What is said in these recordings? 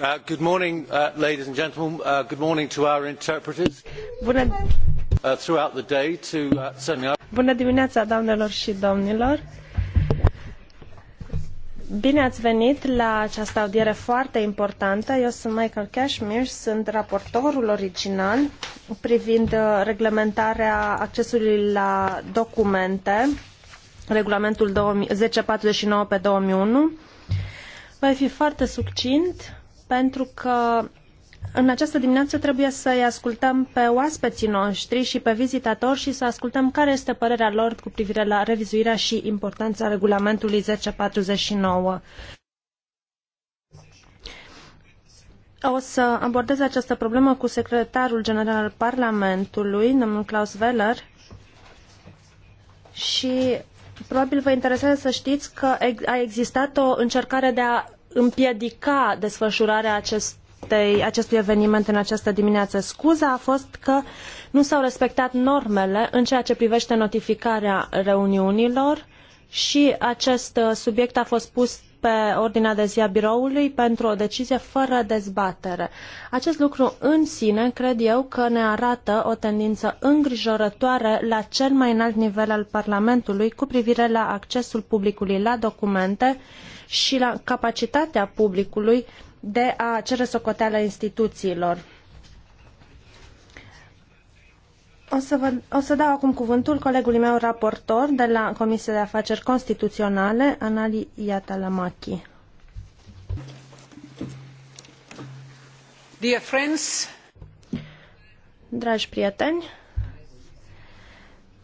Uh, good morning, uh, ladies and gentlemen. Uh, good morning to our interpreters. Bună. throughout the day to Bună dimineața, doamnelor și domnilor. Bine ați venit la această audiere foarte importantă. Eu sunt Michael Cashmere, sunt raportorul original privind reglementarea accesului la documente, regulamentul 1049 pe 2001. Voi fi foarte succint pentru că în această dimineață trebuie să-i ascultăm pe oaspeții noștri și pe vizitatori și să ascultăm care este părerea lor cu privire la revizuirea și importanța regulamentului 1049. O să abordez această problemă cu secretarul general al Parlamentului, domnul Klaus Weller, și probabil vă interesează să știți că a existat o încercare de a împiedica desfășurarea acestei, acestui eveniment în această dimineață. Scuza a fost că nu s-au respectat normele în ceea ce privește notificarea reuniunilor și acest uh, subiect a fost pus pe ordinea de zi a biroului pentru o decizie fără dezbatere. Acest lucru în sine cred eu că ne arată o tendință îngrijorătoare la cel mai înalt nivel al Parlamentului cu privire la accesul publicului la documente și la capacitatea publicului de a cere socoteala instituțiilor. O să, vă, o să dau acum cuvântul colegului meu raportor de la Comisia de Afaceri Constituționale, Anali Iatalamachi. Dear friends, dragi prieteni,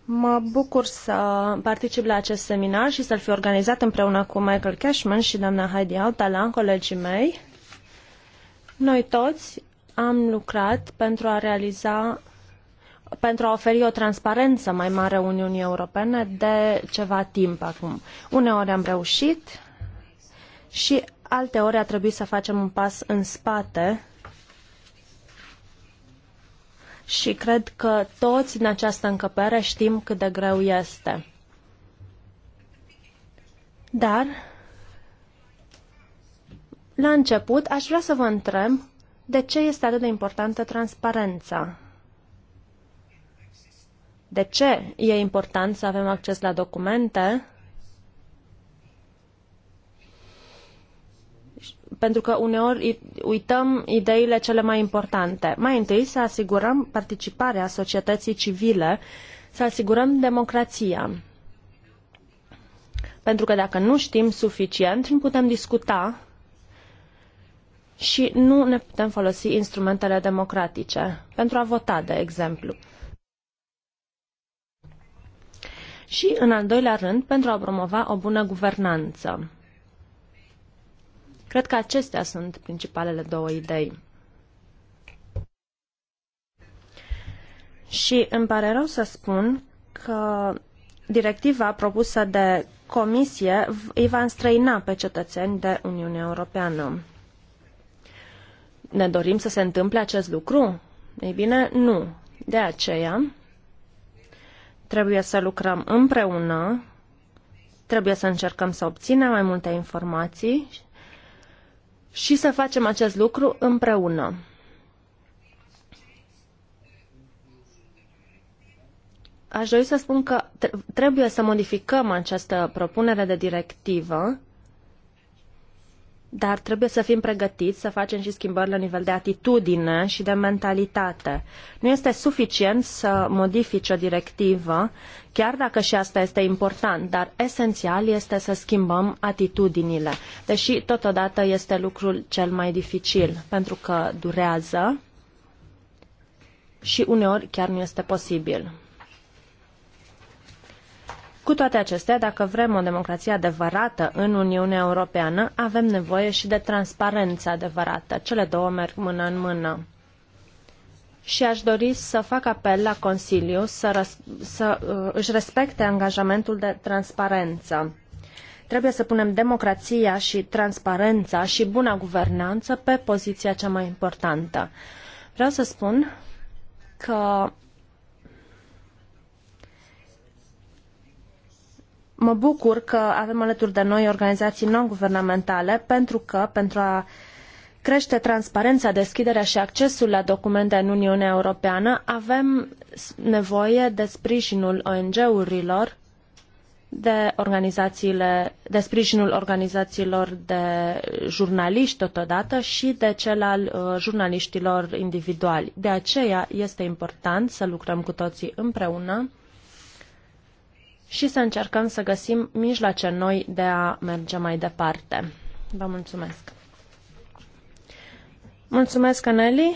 Mă bucur să particip la acest seminar și să-l fi organizat împreună cu Michael Cashman și doamna Heidi Autala, colegii mei. Noi toți am lucrat pentru a realiza pentru a oferi o transparență mai mare Uniunii Europene de ceva timp acum. Uneori am reușit și alteori a trebuit să facem un pas în spate și cred că toți în această încăpere știm cât de greu este. Dar, la început, aș vrea să vă întreb de ce este atât de importantă transparența. De ce e important să avem acces la documente? pentru că uneori uităm ideile cele mai importante. Mai întâi să asigurăm participarea societății civile, să asigurăm democrația. Pentru că dacă nu știm suficient, nu putem discuta și nu ne putem folosi instrumentele democratice pentru a vota, de exemplu. Și, în al doilea rând, pentru a promova o bună guvernanță. Cred că acestea sunt principalele două idei. Și îmi pare rău să spun că directiva propusă de Comisie îi va înstrăina pe cetățeni de Uniunea Europeană. Ne dorim să se întâmple acest lucru? Ei bine, nu. De aceea, trebuie să lucrăm împreună, trebuie să încercăm să obținem mai multe informații și să facem acest lucru împreună. Aș dori să spun că trebuie să modificăm această propunere de directivă dar trebuie să fim pregătiți să facem și schimbări la nivel de atitudine și de mentalitate. Nu este suficient să modifici o directivă, chiar dacă și asta este important, dar esențial este să schimbăm atitudinile, deși totodată este lucrul cel mai dificil, pentru că durează și uneori chiar nu este posibil. Cu toate acestea, dacă vrem o democrație adevărată în Uniunea Europeană, avem nevoie și de transparență adevărată. Cele două merg mână în mână. Și aș dori să fac apel la Consiliu să, să uh, își respecte angajamentul de transparență. Trebuie să punem democrația și transparența și buna guvernanță pe poziția cea mai importantă. Vreau să spun că Mă bucur că avem alături de noi organizații non-guvernamentale pentru că, pentru a crește transparența, deschiderea și accesul la documente în Uniunea Europeană, avem nevoie de sprijinul ONG-urilor, de, organizațiile, de sprijinul organizațiilor de jurnaliști totodată și de cel al uh, jurnaliștilor individuali. De aceea este important să lucrăm cu toții împreună și să încercăm să găsim mijloace noi de a merge mai departe. Vă mulțumesc! Mulțumesc, Aneli.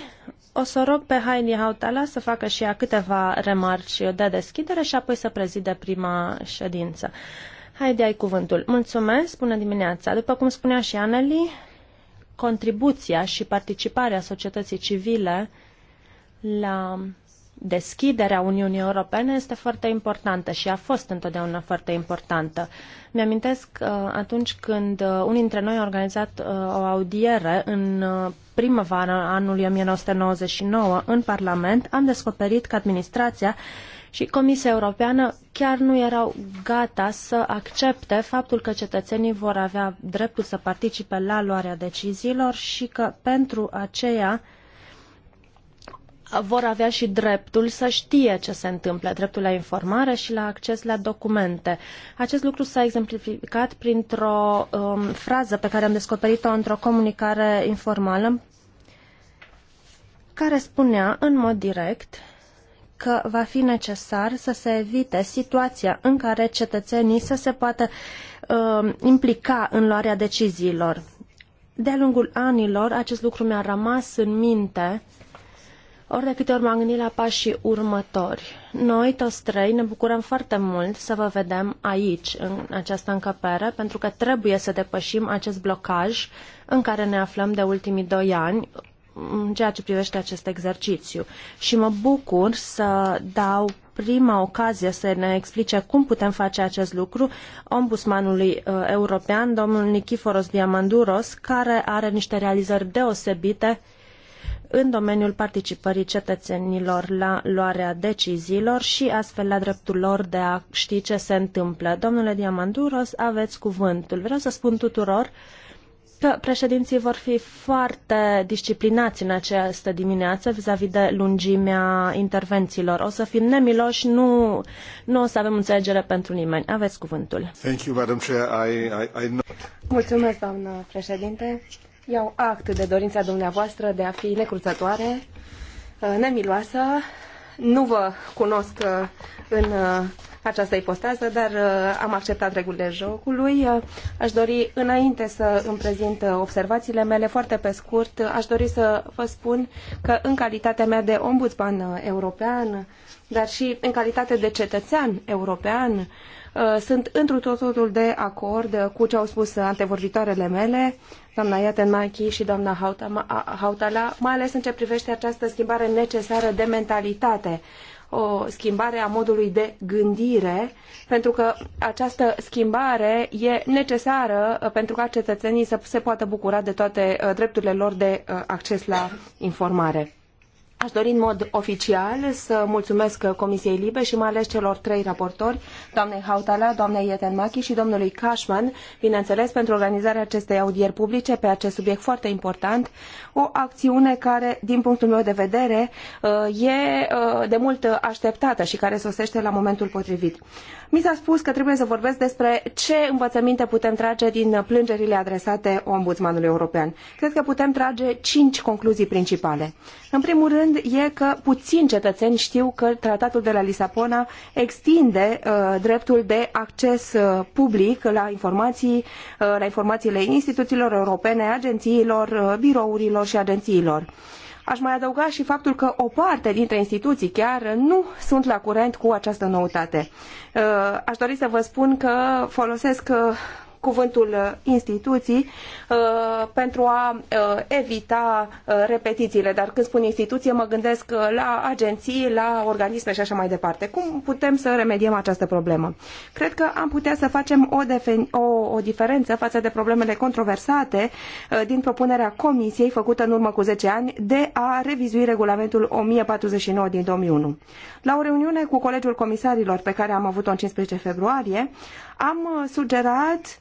O să rog pe Heidi Hautala să facă și ea câteva remarci de deschidere și apoi să prezide prima ședință. Haide, ai cuvântul. Mulțumesc, bună dimineața. După cum spunea și Aneli, contribuția și participarea societății civile la deschiderea Uniunii Europene este foarte importantă și a fost întotdeauna foarte importantă. Mi-amintesc uh, atunci când uh, unii dintre noi a organizat uh, o audiere în primăvara anului 1999 în Parlament, am descoperit că administrația și Comisia Europeană chiar nu erau gata să accepte faptul că cetățenii vor avea dreptul să participe la luarea deciziilor și că pentru aceea vor avea și dreptul să știe ce se întâmplă, dreptul la informare și la acces la documente. Acest lucru s-a exemplificat printr-o um, frază pe care am descoperit-o într-o comunicare informală care spunea în mod direct că va fi necesar să se evite situația în care cetățenii să se poată uh, implica în luarea deciziilor. De-a lungul anilor, acest lucru mi-a rămas în minte ori de câte ori m-am gândit la pașii următori. Noi, toți trei, ne bucurăm foarte mult să vă vedem aici, în această încăpere, pentru că trebuie să depășim acest blocaj în care ne aflăm de ultimii doi ani, în ceea ce privește acest exercițiu. Și mă bucur să dau prima ocazie să ne explice cum putem face acest lucru ombudsmanului uh, european, domnul Nikiforos Diamanduros, care are niște realizări deosebite în domeniul participării cetățenilor la luarea deciziilor și astfel la dreptul lor de a ști ce se întâmplă. Domnule Diamanduros, aveți cuvântul. Vreau să spun tuturor că președinții vor fi foarte disciplinați în această dimineață vis-a-vis de lungimea intervențiilor. O să fim nemiloși, nu, nu o să avem înțelegere pentru nimeni. Aveți cuvântul. Thank you, Madam Chair. I, I, I... Mulțumesc, doamnă președinte. Iau act de dorința dumneavoastră de a fi necruțătoare, uh, nemiloasă. Nu vă cunosc uh, în uh, această ipostază, dar am acceptat regulile jocului. Aș dori, înainte să îmi prezint observațiile mele, foarte pe scurt, aș dori să vă spun că în calitatea mea de ombudsman european, dar și în calitate de cetățean european, Uh, sunt întru totul de acord cu ce au spus antevorbitoarele mele, doamna Iatenmachi și doamna Hautala, mai ales în ce privește această schimbare necesară de mentalitate o schimbare a modului de gândire, pentru că această schimbare e necesară uh, pentru ca cetățenii să se poată bucura de toate uh, drepturile lor de acces la informare. Aș dori în mod oficial să mulțumesc Comisiei Libe și mai ales celor trei raportori, doamnei Hautala, doamnei Etenmachi și domnului Cashman, bineînțeles, pentru organizarea acestei audieri publice pe acest subiect foarte important, o acțiune care, din punctul meu de vedere, uh, e uh, de mult așteptată și care sosește la momentul potrivit. Mi s-a spus că trebuie să vorbesc despre ce învățăminte putem trage din plângerile adresate Ombudsmanului European. Cred că putem trage cinci concluzii principale. În primul rând, rând, e că puțini cetățeni știu că tratatul de la Lisabona extinde uh, dreptul de acces uh, public la informații, uh, la informațiile instituțiilor europene, agențiilor, uh, birourilor și agențiilor. Aș mai adăuga și faptul că o parte dintre instituții chiar nu sunt la curent cu această noutate. Uh, aș dori să vă spun că folosesc uh, cuvântul uh, instituții Uh, pentru a uh, evita uh, repetițiile. Dar când spun instituție, mă gândesc la agenții, la organisme și așa mai departe. Cum putem să remediem această problemă? Cred că am putea să facem o, defen- o, o diferență față de problemele controversate din propunerea Comisiei făcută în urmă cu 10 ani de a revizui regulamentul 1049 din 2001. La o reuniune cu Colegiul Comisarilor pe care am avut-o în 15 februarie, am sugerat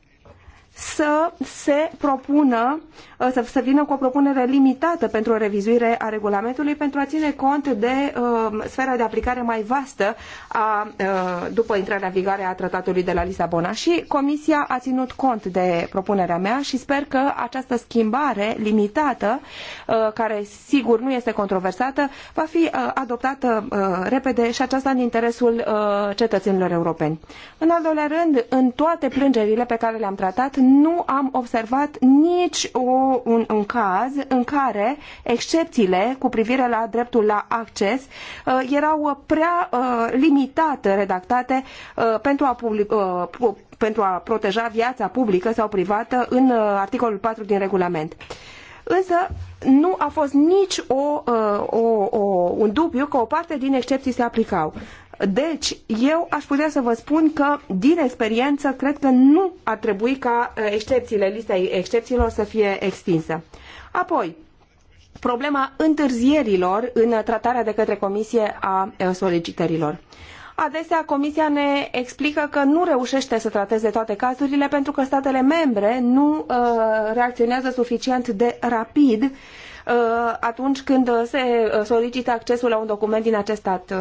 să se propună, uh, să, să vină cu o propunere limitată pentru o revizuire a regulamentului pentru a ține cont de uh, sfera de aplicare mai vastă a, uh, după intrarea vigoare a tratatului de la Lisabona. Și Comisia a ținut cont de propunerea mea și sper că această schimbare limitată, uh, care sigur nu este controversată, va fi uh, adoptată uh, repede și aceasta în interesul uh, cetățenilor europeni. În al doilea rând, în toate plângerile pe care le-am tratat, nu am observat nici o, un, un caz în care excepțiile cu privire la dreptul la acces uh, erau prea uh, limitat redactate uh, pentru a public, uh, pentru a proteja viața publică sau privată în uh, articolul 4 din regulament. Însă nu a fost nici o, uh, o, o, un dubiu că o parte din excepții se aplicau. Deci, eu aș putea să vă spun că, din experiență, cred că nu ar trebui ca excepțiile, lista excepțiilor să fie extinsă. Apoi, problema întârzierilor în tratarea de către Comisie a solicitărilor. Adesea, Comisia ne explică că nu reușește să trateze toate cazurile pentru că statele membre nu uh, reacționează suficient de rapid uh, Uh, atunci când se solicită accesul la un document din acest stat uh,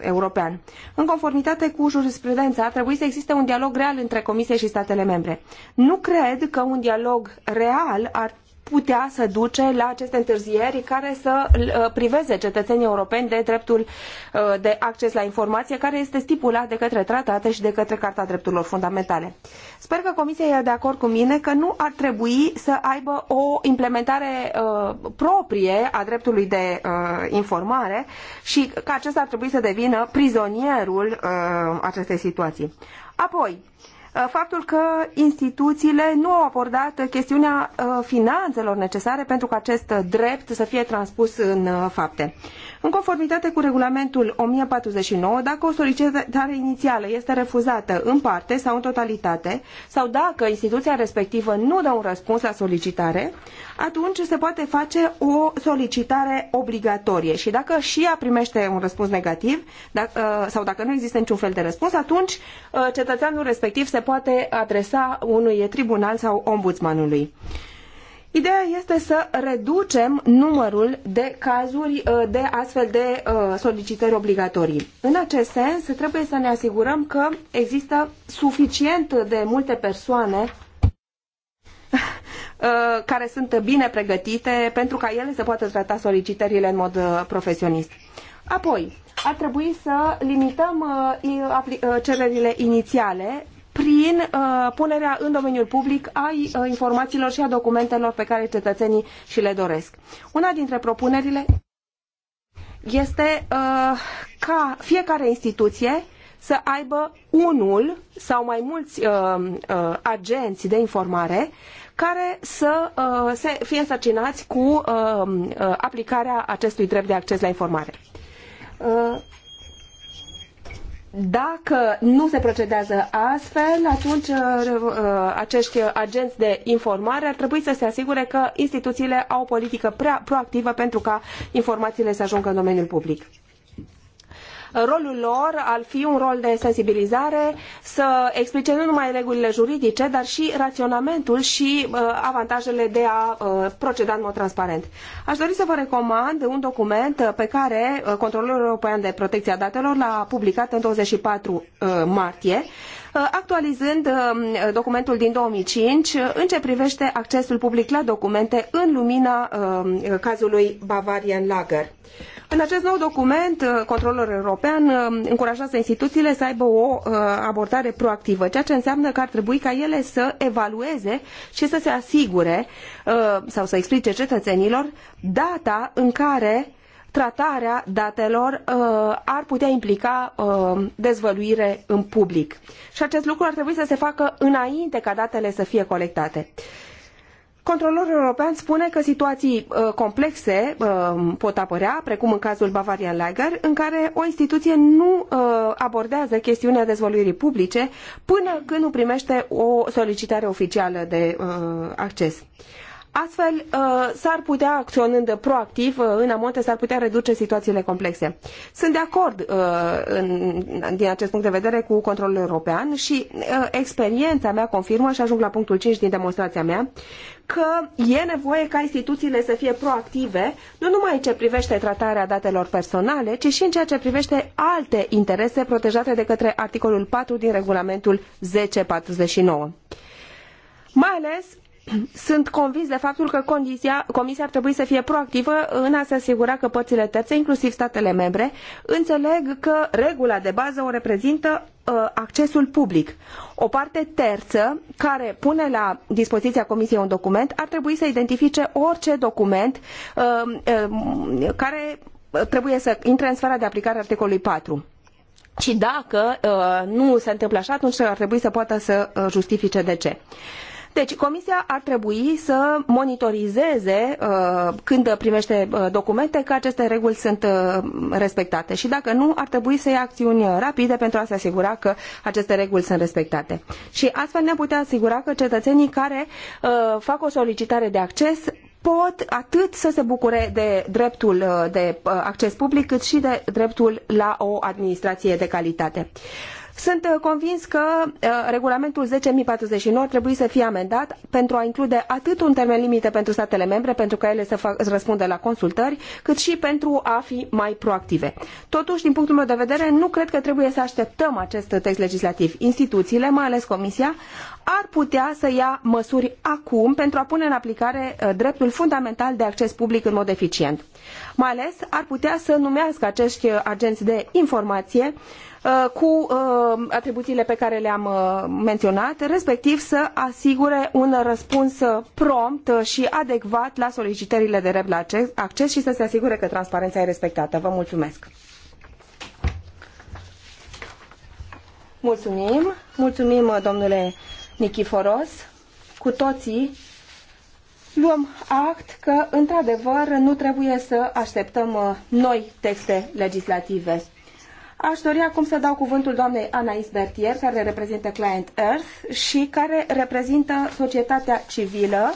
european. În conformitate cu jurisprudența, ar trebui să existe un dialog real între Comisie și statele membre. Nu cred că un dialog real ar putea să duce la aceste întârzieri care să uh, priveze cetățenii europeni de dreptul uh, de acces la informație care este stipulat de către tratate și de către Carta Drepturilor Fundamentale. Sper că Comisia e de acord cu mine că nu ar trebui să aibă o implementare uh, proprie a dreptului de informare și că acesta ar trebui să devină prizonierul acestei situații. Apoi, Uh, faptul că instituțiile nu au abordat chestiunea uh, finanțelor necesare pentru ca acest drept să fie transpus în uh, fapte. În conformitate cu regulamentul 1049, dacă o solicitare inițială este refuzată în parte sau în totalitate, sau dacă instituția respectivă nu dă un răspuns la solicitare, atunci se poate face o solicitare obligatorie și dacă și ea primește un răspuns negativ da, sau dacă nu există niciun fel de răspuns, atunci cetățeanul respectiv se poate adresa unui tribunal sau ombudsmanului. Ideea este să reducem numărul de cazuri uh, de astfel de uh, solicitări obligatorii. În acest sens, trebuie să ne asigurăm că există suficient de multe persoane uh, care sunt bine pregătite pentru ca ele să poată trata solicitările în mod profesionist. Apoi, ar trebui să limităm cererile inițiale prin uh, punerea în domeniul public a uh, informațiilor și a documentelor pe care cetățenii și le doresc. Una dintre propunerile este uh, ca fiecare instituție să aibă unul sau mai mulți uh, uh agenți de informare care să uh, se fie însărcinați cu uh, aplicarea acestui drept de acces la informare dacă nu se procedează astfel, atunci uh, uh, acești agenți de informare ar trebui să se asigure că instituțiile au o politică prea proactivă pentru ca informațiile să ajungă în domeniul public rolul lor ar fi un rol de sensibilizare, să explice nu numai regulile juridice, dar și raționamentul și uh, avantajele de a uh, proceda în mod transparent. Aș dori să vă recomand un document uh, pe care Controlul European de protecția a Datelor l-a publicat în 24 martie Uh, actualizând uh, documentul din 2005 uh, în ce privește accesul public la documente în lumina cazului Bavarian Lager. În acest nou document, controlul european încurajează instituțiile să aibă o abordare proactivă, ceea ce înseamnă că ar trebui ca ele să evalueze și să se asigure sau să explice cetățenilor data în care tratarea datelor uh, ar putea implica uh, dezvăluire în public. Și acest lucru ar trebui să se facă înainte ca datele să fie colectate. Controlorul european spune că situații uh, complexe uh, pot apărea, precum în cazul Bavarian Lager, în care o instituție nu uh, abordează chestiunea dezvăluirii publice până când nu primește o solicitare oficială de uh, acces. Astfel, uh, s-ar putea, acționând proactiv, uh, în amonte, s-ar putea reduce situațiile complexe. Sunt de acord uh, în, din acest punct de vedere cu controlul european și experiența mea confirmă, și ajung la punctul 5 din demonstrația mea, că e nevoie ca instituțiile să fie proactive, nu numai în ce privește tratarea datelor personale, ci și în ceea ce privește alte interese protejate de către articolul 4 din regulamentul 1049. Mai ales sunt convins de faptul că condiția, Comisia ar trebui să fie proactivă în a se asigura că părțile terțe, inclusiv statele membre, înțeleg că regula de bază o reprezintă uh, accesul public. O parte terță care pune la dispoziția Comisiei un document ar trebui să identifice orice document uh, uh, care trebuie să intre în sfera de aplicare a articolului 4. Și dacă uh, nu se întâmplă așa, atunci ar trebui să poată să uh, justifice de ce. Uh, deci, Comisia ar trebui să monitorizeze uh, când primește uh, documente că aceste reguli sunt uh, respectate și dacă nu, ar trebui să ia acțiuni rapide pentru a se asigura că aceste reguli sunt respectate. Și astfel ne putea asigura că cetățenii care fac o solicitare de acces pot atât să se bucure de dreptul de acces public, cât și de dreptul la o administrație de calitate. Sunt uh, convins că uh, regulamentul 10.049 trebuie să fie amendat pentru a include atât un termen limite pentru statele membre, pentru ca ele să fac, răspundă la consultări, cât și pentru a fi mai proactive. Totuși, din punctul meu de vedere, nu cred că trebuie să așteptăm acest text legislativ. Instituțiile, mai ales Comisia, ar putea să ia măsuri acum pentru a pune în aplicare uh, dreptul fundamental de acces public în mod eficient. Mai ales ar putea să numească acești agenți de informație Uh, cu uh, atribuțiile pe care le-am uh, menționat, respectiv să asigure un răspuns prompt și adecvat la solicitările de drept la acces și să se asigure că transparența e respectată. Vă mulțumesc! Mulțumim! Mulțumim, domnule Nichiforos! Cu toții luăm act că, într-adevăr, nu trebuie să așteptăm noi texte legislative Aș dori acum să dau cuvântul doamnei Anais Bertier, care reprezintă Client Earth și care reprezintă societatea civilă.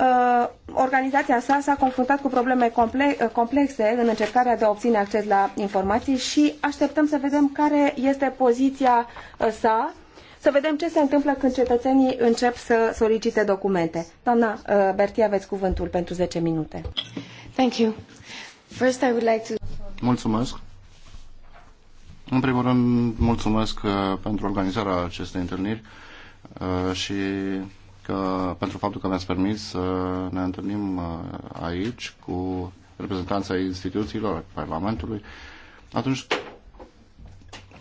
Uh, organizația sa s-a confruntat cu probleme uh, complexe în încercarea de a obține acces la informații și așteptăm să vedem care este poziția uh, sa, să vedem ce se întâmplă când cetățenii încep să solicite documente. Doamna Bertier, aveți cuvântul pentru 10 minute. Thank you. First I would like to... Mulțumesc. În primul rând, mulțumesc uh, pentru organizarea acestei întâlniri uh, și că, pentru faptul că mi-ați permis să ne întâlnim uh, aici cu reprezentanța instituțiilor Parlamentului atunci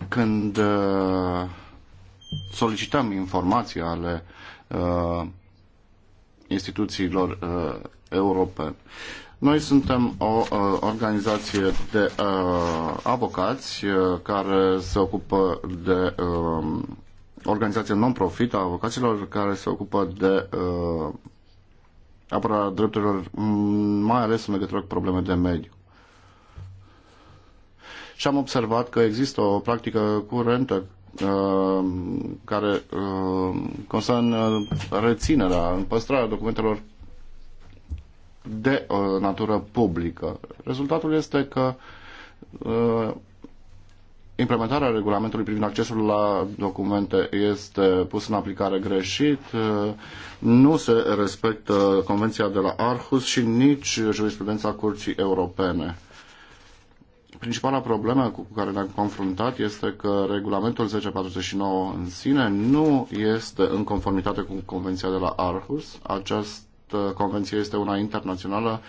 când solicităm informații ale instituțiilor europene. Noi suntem o uh, organizație de uh, avocați uh, care se ocupă de uh, organizație non-profit a avocaților care se ocupă de uh, apărarea drepturilor, mai ales în legătură cu probleme de mediu. Și am observat că există o practică curentă uh, care uh, constă în uh, reținerea, în păstrarea documentelor de uh, natură publică. Rezultatul este că uh, implementarea regulamentului privind accesul la documente este pusă în aplicare greșit, uh, nu se respectă Convenția de la Arhus și nici jurisprudența Curții Europene. Principala problemă cu care ne-am confruntat este că regulamentul 1049 în sine nu este în conformitate cu Convenția de la Arhus. Acest Uh, convenție este una internațională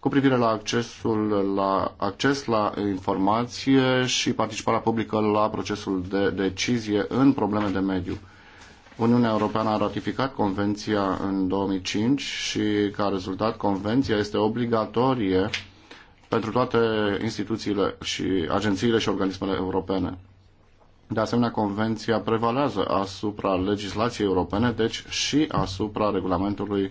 cu privire la accesul la acces la informație și participarea publică la procesul de decizie în probleme de mediu. Uniunea Europeană a ratificat convenția în 2005 și ca rezultat convenția este obligatorie pentru toate instituțiile și agențiile și organismele europene. De asemenea, convenția prevalează asupra legislației europene, deci și asupra regulamentului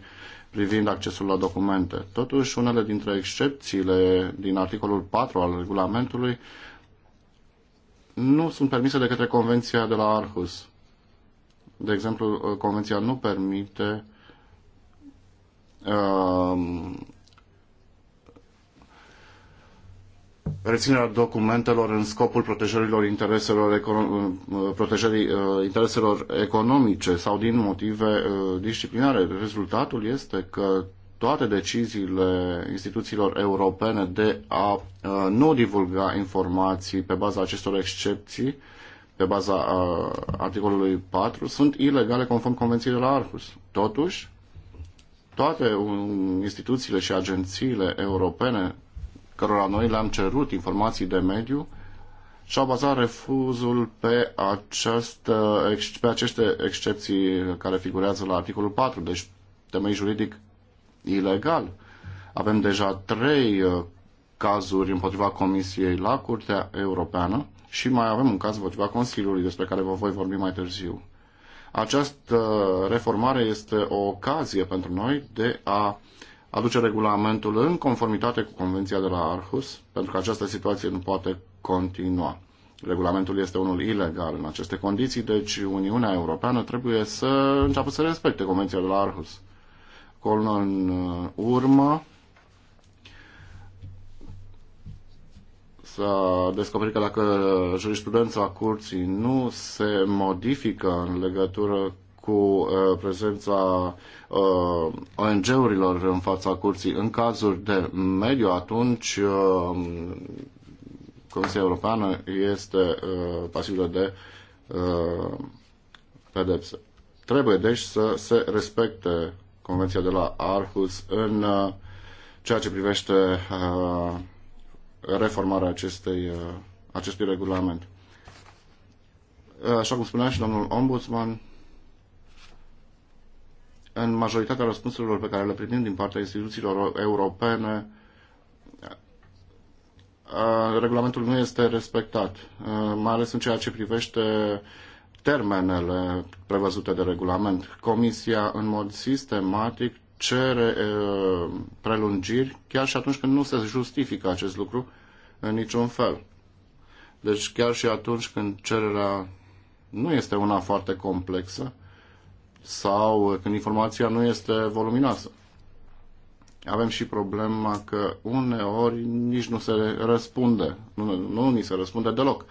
privind accesul la documente. Totuși, unele dintre excepțiile din articolul 4 al regulamentului nu sunt permise de către Convenția de la Arhus. De exemplu, Convenția nu permite uh, reținerea documentelor în scopul protejărilor intereselor, uh, protejării uh, intereselor economice sau din motive uh, disciplinare. Rezultatul este că toate deciziile instituțiilor europene de a nu divulga informații pe baza acestor excepții, pe baza articolului 4, sunt ilegale conform convenției de la Arhus. Totuși, toate instituțiile și agențiile europene cărora noi le-am cerut informații de mediu și-au bazat refuzul pe, acest, pe aceste excepții care figurează la articolul 4, deci temei juridic ilegal. Avem deja trei uh, cazuri împotriva Comisiei la Curtea Europeană și mai avem un caz împotriva Consiliului, despre care vă voi vorbi mai târziu. Această uh, reformare este o ocazie pentru noi de a aduce regulamentul în conformitate cu Convenția de la Arhus, pentru că această situație nu poate continua. Regulamentul este unul ilegal în aceste condiții, deci Uniunea Europeană trebuie să înceapă să respecte Convenția de la Arhus. Colnă în uh, urmă s-a descoperit că dacă jurisprudența curții nu se modifică în legătură cu uh, prezența uh, ONG-urilor în fața curții în cazuri de mediu, atunci uh, Comisia Europeană este pasibilă de pedepse. Trebuie deci să se respecte Convenția de la Arhus în ceea ce privește reformarea acestei, acestui regulament. Așa cum spunea și domnul ombudsman, în majoritatea răspunsurilor pe care le primim din partea instituțiilor europene, regulamentul nu este respectat, mai ales în ceea ce privește termenele prevăzute de regulament. Comisia, în mod sistematic, cere prelungiri chiar și atunci când nu se justifică acest lucru în niciun fel. Deci chiar și atunci când cererea nu este una foarte complexă, sau când informația nu este voluminoasă. Avem și problema că uneori nici nu se răspunde, nu, nu ni se răspunde deloc.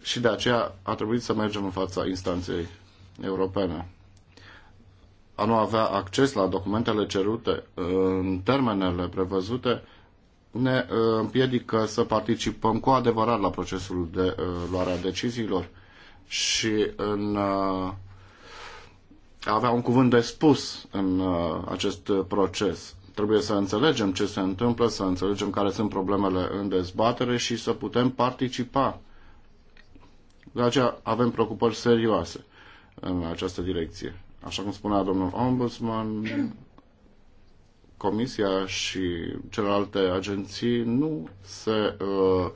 Și de aceea a trebuit să mergem în fața instanței europene. A nu avea acces la documentele cerute în termenele prevăzute ne uh, împiedică să participăm cu adevărat la procesul de uh, luare a deciziilor și în uh, avea un cuvânt de spus în uh, acest proces. Trebuie să înțelegem ce se întâmplă, să înțelegem care sunt problemele în dezbatere și să putem participa. De aceea avem preocupări serioase în această direcție. Așa cum spunea domnul ombudsman, Comisia și celelalte agenții nu se uh,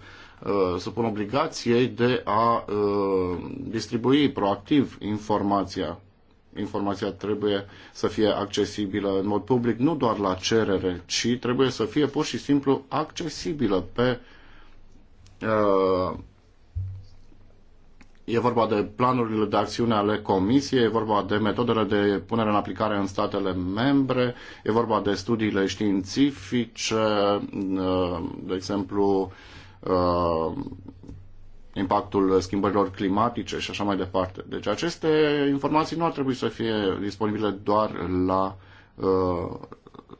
uh, supun obligației de a uh, distribui proactiv informația informația trebuie să fie accesibilă în mod public, nu doar la cerere, ci trebuie să fie pur și simplu accesibilă pe uh, E vorba de planurile de acțiune ale Comisiei, e vorba de metodele de punere în aplicare în statele membre, e vorba de studiile științifice, uh, de exemplu, uh, impactul schimbărilor climatice și așa mai departe. Deci aceste informații nu ar trebui să fie disponibile doar la uh,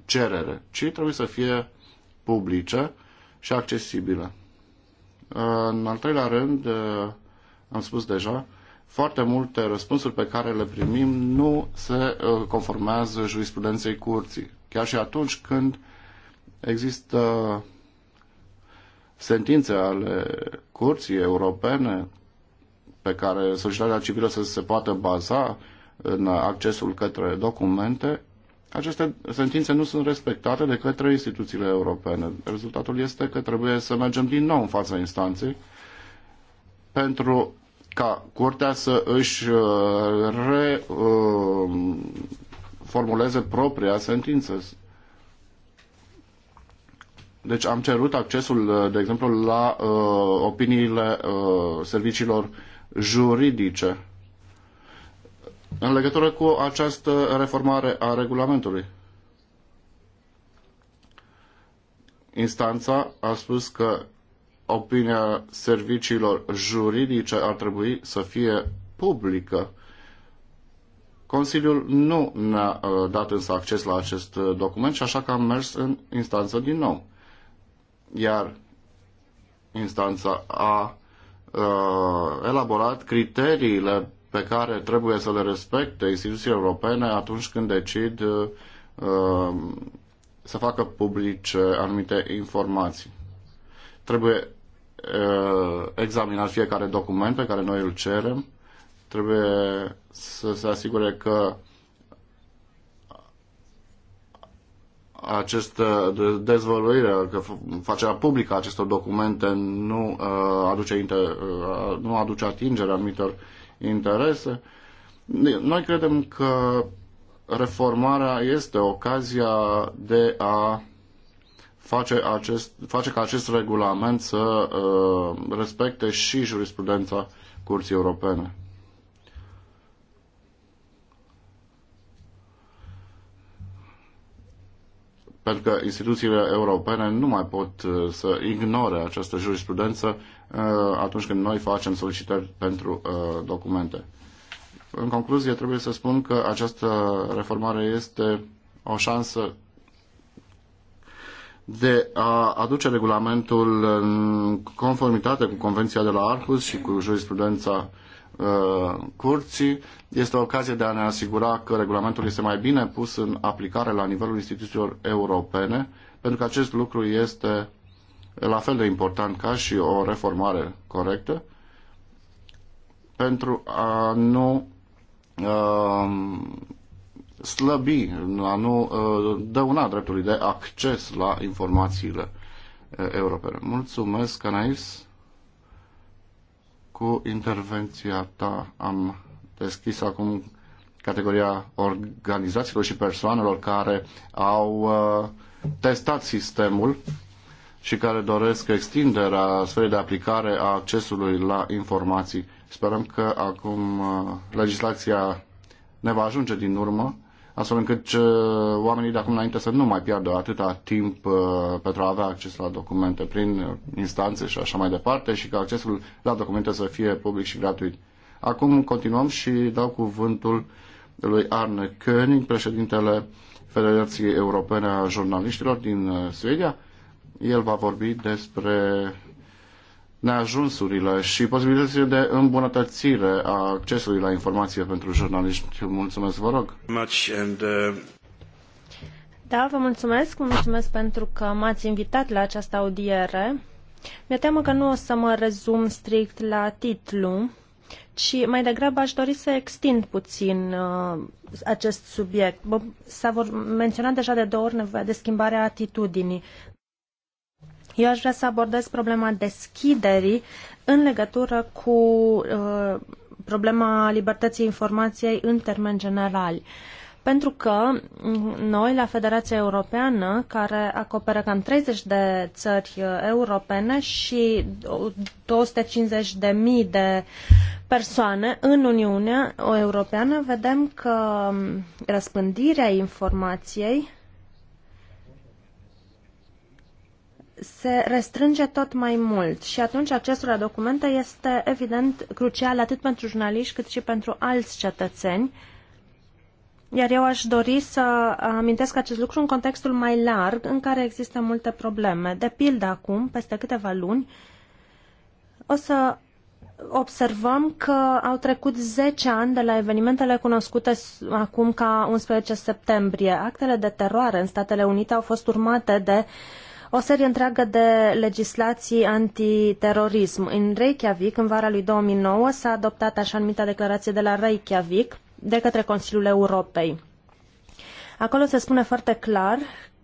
cerere, ci trebuie să fie publice și accesibile. Uh, în al treilea rând, uh, am spus deja, foarte multe răspunsuri pe care le primim nu se uh, conformează jurisprudenței curții. Chiar și atunci când există sentințe ale curții europene pe care societatea civilă să se poată baza în accesul către documente, aceste sentințe nu sunt respectate de către instituțiile europene. Rezultatul este că trebuie să mergem din nou în fața instanței pentru ca curtea să își uh, reformuleze uh, propria sentință. Deci am cerut accesul, uh, de exemplu, la uh, opiniile uh, serviciilor juridice în legătură cu această reformare a regulamentului. Instanța a spus că opinia serviciilor juridice ar trebui să fie publică. Consiliul nu ne-a uh, dat însă acces la acest uh, document și așa că am mers în instanță din nou iar instanța a uh, elaborat criteriile pe care trebuie să le respecte instituțiile europene atunci când decid uh, să facă publice anumite informații. Trebuie uh, examinat fiecare document pe care noi îl cerem, trebuie să se asigure că uh, această dezvăluire, că facerea publică a acestor documente nu uh, aduce, inter, uh, nu aduce atingere anumitor interese. Noi credem că reformarea este ocazia de a face, acest, face ca acest regulament să uh, respecte și jurisprudența Curții Europene. pentru că instituțiile europene nu mai pot uh, să ignore această jurisprudență uh, atunci când noi facem solicitări pentru uh, documente. În concluzie, trebuie să spun că această reformare este o șansă de a aduce regulamentul în conformitate cu Convenția de la Arhus și cu jurisprudența Uh, curții. Este o ocazie de a ne asigura că regulamentul este mai bine pus în aplicare la nivelul instituțiilor europene, pentru că acest lucru este la fel de important ca și o reformare corectă pentru a nu uh, slăbi, a nu uh, dăuna dreptului de acces la informațiile europene. Mulțumesc, Anais cu intervenția ta am deschis acum categoria organizațiilor și persoanelor care au uh, testat sistemul și care doresc extinderea sferei de aplicare a accesului la informații. Sperăm că acum uh, legislația ne va ajunge din urmă astfel încât uh, oamenii de acum înainte să nu mai piardă atâta timp uh, pentru a avea acces la documente prin uh, instanțe și așa mai departe și că accesul la documente să fie public și gratuit. Acum continuăm și dau cuvântul lui Arne König, președintele Federației Europene a Jurnaliștilor din Suedia. El va vorbi despre neajunsurile și posibilitățile de îmbunătățire a accesului la informație pentru jurnaliști. Mulțumesc, vă rog. Uh, da, vă mulțumesc. Mulțumesc pentru că m-ați invitat la această audiere. Mi-e teamă că nu o să mă rezum strict la titlu, ci mai degrabă aș dori să extind puțin uh, acest subiect. S-a menționat deja de două ori nevoia de schimbarea atitudinii, eu aș vrea să abordez problema deschiderii în legătură cu uh, problema libertății informației în termen general. Pentru că mm, noi, la Federația Europeană, care acoperă cam 30 de țări uh, europene și 250 de mii de persoane în Uniunea Europeană, vedem că mm, răspândirea informației se restrânge tot mai mult și atunci accesul la documente este evident crucial atât pentru jurnaliști cât și pentru alți cetățeni. Iar eu aș dori să amintesc acest lucru în contextul mai larg în care există multe probleme. De pildă acum, peste câteva luni, o să observăm că au trecut 10 ani de la evenimentele cunoscute acum ca 11 septembrie. Actele de teroare în Statele Unite au fost urmate de uh, o serie întreagă de legislații antiterorism. În Reykjavik, în vara lui 2009, s-a adoptat așa numita declarație de la Reykjavik de către Consiliul Europei. Acolo se spune foarte clar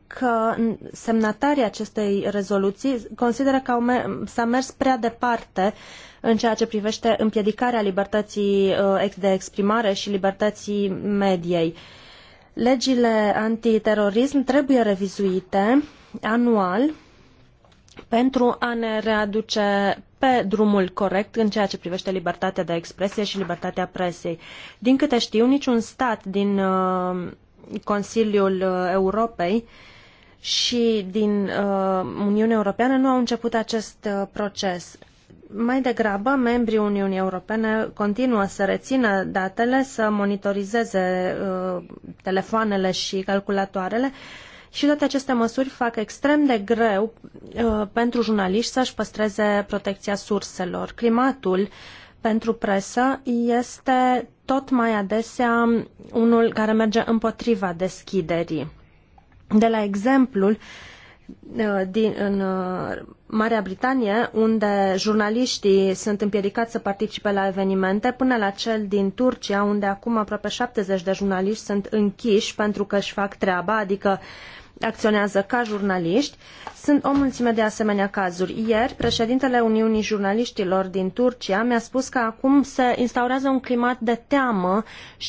că semnatarii acestei rezoluții consideră că s-a mers prea departe în ceea ce privește împiedicarea libertății uh, de exprimare și libertății mediei. Legile antiterorism trebuie revizuite anual pentru a ne readuce pe drumul corect în ceea ce privește libertatea de expresie și libertatea presei. Din câte știu, niciun stat din uh, Consiliul Europei și din uh, Uniunea Europeană nu au început acest uh, proces. Mai degrabă, membrii Uniunii Europene continuă să rețină datele, să monitorizeze telefoanele și calculatoarele, uh, și toate aceste măsuri fac extrem de greu uh, pentru jurnaliști să-și păstreze protecția surselor. Climatul pentru presă este tot mai adesea unul care merge împotriva deschiderii. De la exemplul uh, din, în uh, Marea Britanie, unde jurnaliștii sunt împiedicați să participe la evenimente, până la cel din Turcia, unde acum aproape 70 de jurnaliști sunt închiși pentru că își fac treaba, adică uh, acționează ca jurnaliști. Sunt o mulțime de asemenea cazuri. Ieri, președintele Uniunii Jurnaliștilor din Turcia mi-a spus că acum se instaurează un climat de teamă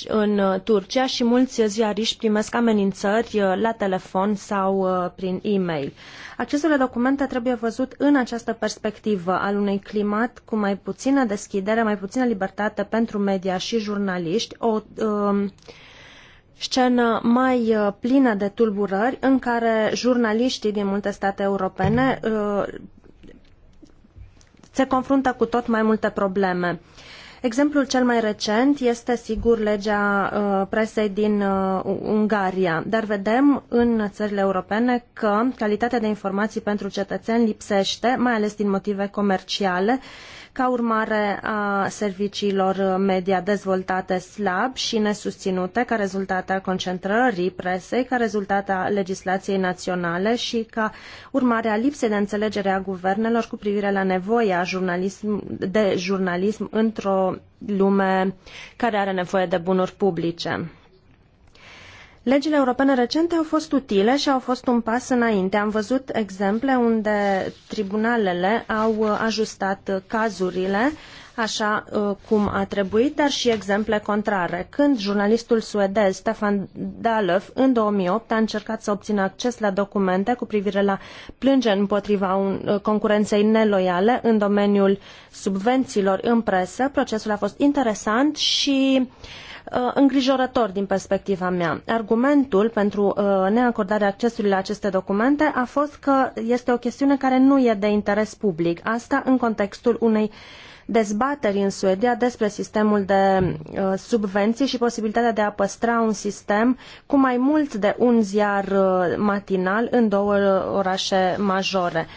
în uh, Turcia și mulți ziariști primesc amenințări uh, la telefon sau uh, prin e-mail. Accesul la documente trebuie văzut în această perspectivă al unui climat cu mai puțină deschidere, mai puțină libertate pentru media și jurnaliști, o um, scenă mai uh, plină de tulburări în care jurnaliștii din multe state europene uh, se confruntă cu tot mai multe probleme. Exemplul cel mai recent este, sigur, legea uh, presei din Ungaria, dar vedem în țările europene că calitatea de informații pentru cetățeni lipsește, mai ales din motive comerciale, ca urmare a serviciilor media dezvoltate slab și nesusținute ca rezultat al concentrării presei, ca rezultat a legislației naționale și ca urmare a lipsei de înțelegere a guvernelor cu privire la nevoia jurnalism, de jurnalism într-o lume care are nevoie de bunuri publice. Legile europene recente au fost utile și au fost un pas înainte. Am văzut exemple unde tribunalele au ajustat cazurile uh, așa uh, cum a trebuit, dar și exemple contrare. Când jurnalistul suedez Stefan Dalöf în 2008 a încercat să obțină acces la documente cu privire la plângeri împotriva un, uh, concurenței neloiale în domeniul subvențiilor în presă, procesul a fost interesant și uh, îngrijorător din perspectiva mea. Argumentul pentru neacordarea accesului la aceste documente a fost că este o chestiune care nu e de interes public. Asta în contextul unei uh, dezbateri în Suedia despre sistemul de uh, subvenții și posibilitatea de a păstra un sistem cu mai mult de un ziar uh, matinal în două uh, orașe majore.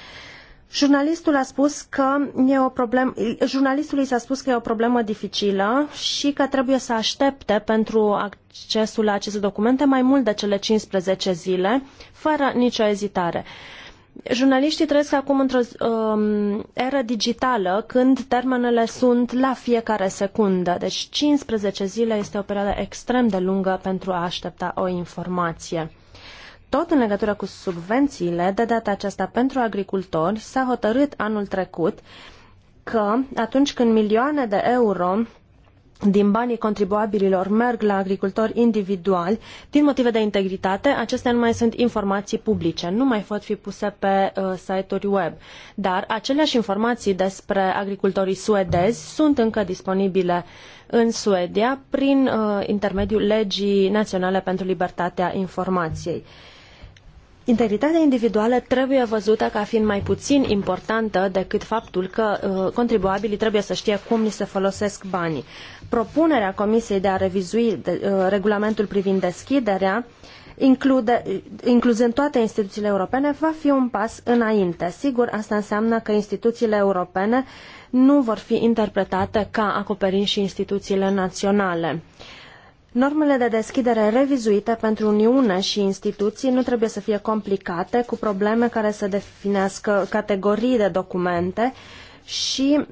Jurnalistul a spus că e o problemă, jurnalistului s-a spus că e o problemă dificilă și că trebuie să aștepte pentru accesul la aceste documente mai mult de cele 15 zile, fără nicio ezitare. Uh, Jurnaliștii trăiesc acum într-o um, eră digitală când termenele sunt la fiecare secundă, deci 15 zile este o perioadă extrem de lungă pentru a aștepta o informație. Tot în legătură cu subvențiile, de data aceasta pentru agricultori, s-a hotărât anul trecut că atunci când milioane de euro din banii contribuabililor merg la agricultori individuali, din motive de integritate, acestea nu mai sunt informații publice, nu mai pot fi puse pe uh, site-uri web. Dar aceleași informații despre agricultorii suedezi sunt încă disponibile în Suedia prin uh, intermediul legii naționale pentru libertatea informației. Uh, Integritatea individuală trebuie văzută ca fiind mai puțin importantă decât faptul că uh, contribuabilii trebuie să știe cum li se folosesc banii. Propunerea Comisiei de a revizui de, uh, regulamentul privind deschiderea include, incluzând toate instituțiile europene, va fi un pas înainte. Sigur, asta înseamnă că instituțiile europene nu vor fi interpretate ca acoperind și instituțiile naționale. Uh, Normele de deschidere revizuite pentru Uniune și instituții nu trebuie să fie complicate, cu probleme care să definească categorii de documente și,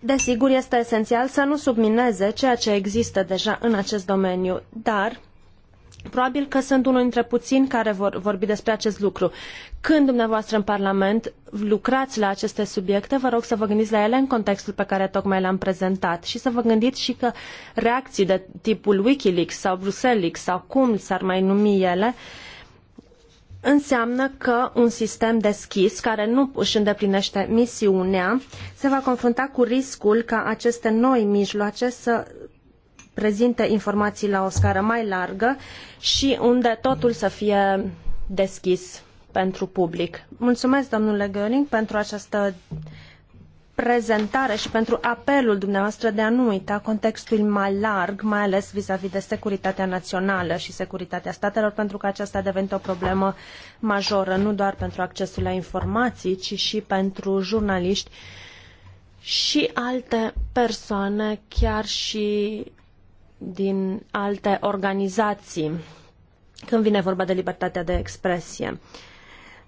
desigur, este esențial să nu submineze ceea ce există deja în acest domeniu, dar Probabil că sunt unul dintre puțini care vor vorbi despre acest lucru. Când dumneavoastră în Parlament lucrați la aceste subiecte, vă rog să vă gândiți la ele în contextul pe care tocmai l-am prezentat și să vă gândiți și că reacții de tipul Wikileaks sau Bruxelles sau cum s-ar mai numi ele, înseamnă că un sistem deschis care nu își îndeplinește misiunea se va confrunta cu riscul ca aceste noi mijloace să prezinte informații la o scară mai largă și unde totul să fie deschis pentru public. Mulțumesc, domnule Göring, pentru această prezentare și pentru apelul dumneavoastră de a nu uita contextul mai larg, mai ales vizavi de securitatea națională și securitatea statelor, pentru că aceasta a devenit o problemă majoră, nu doar pentru accesul la informații, ci și pentru jurnaliști și alte persoane, chiar și din alte organizații când vine vorba de libertatea de expresie.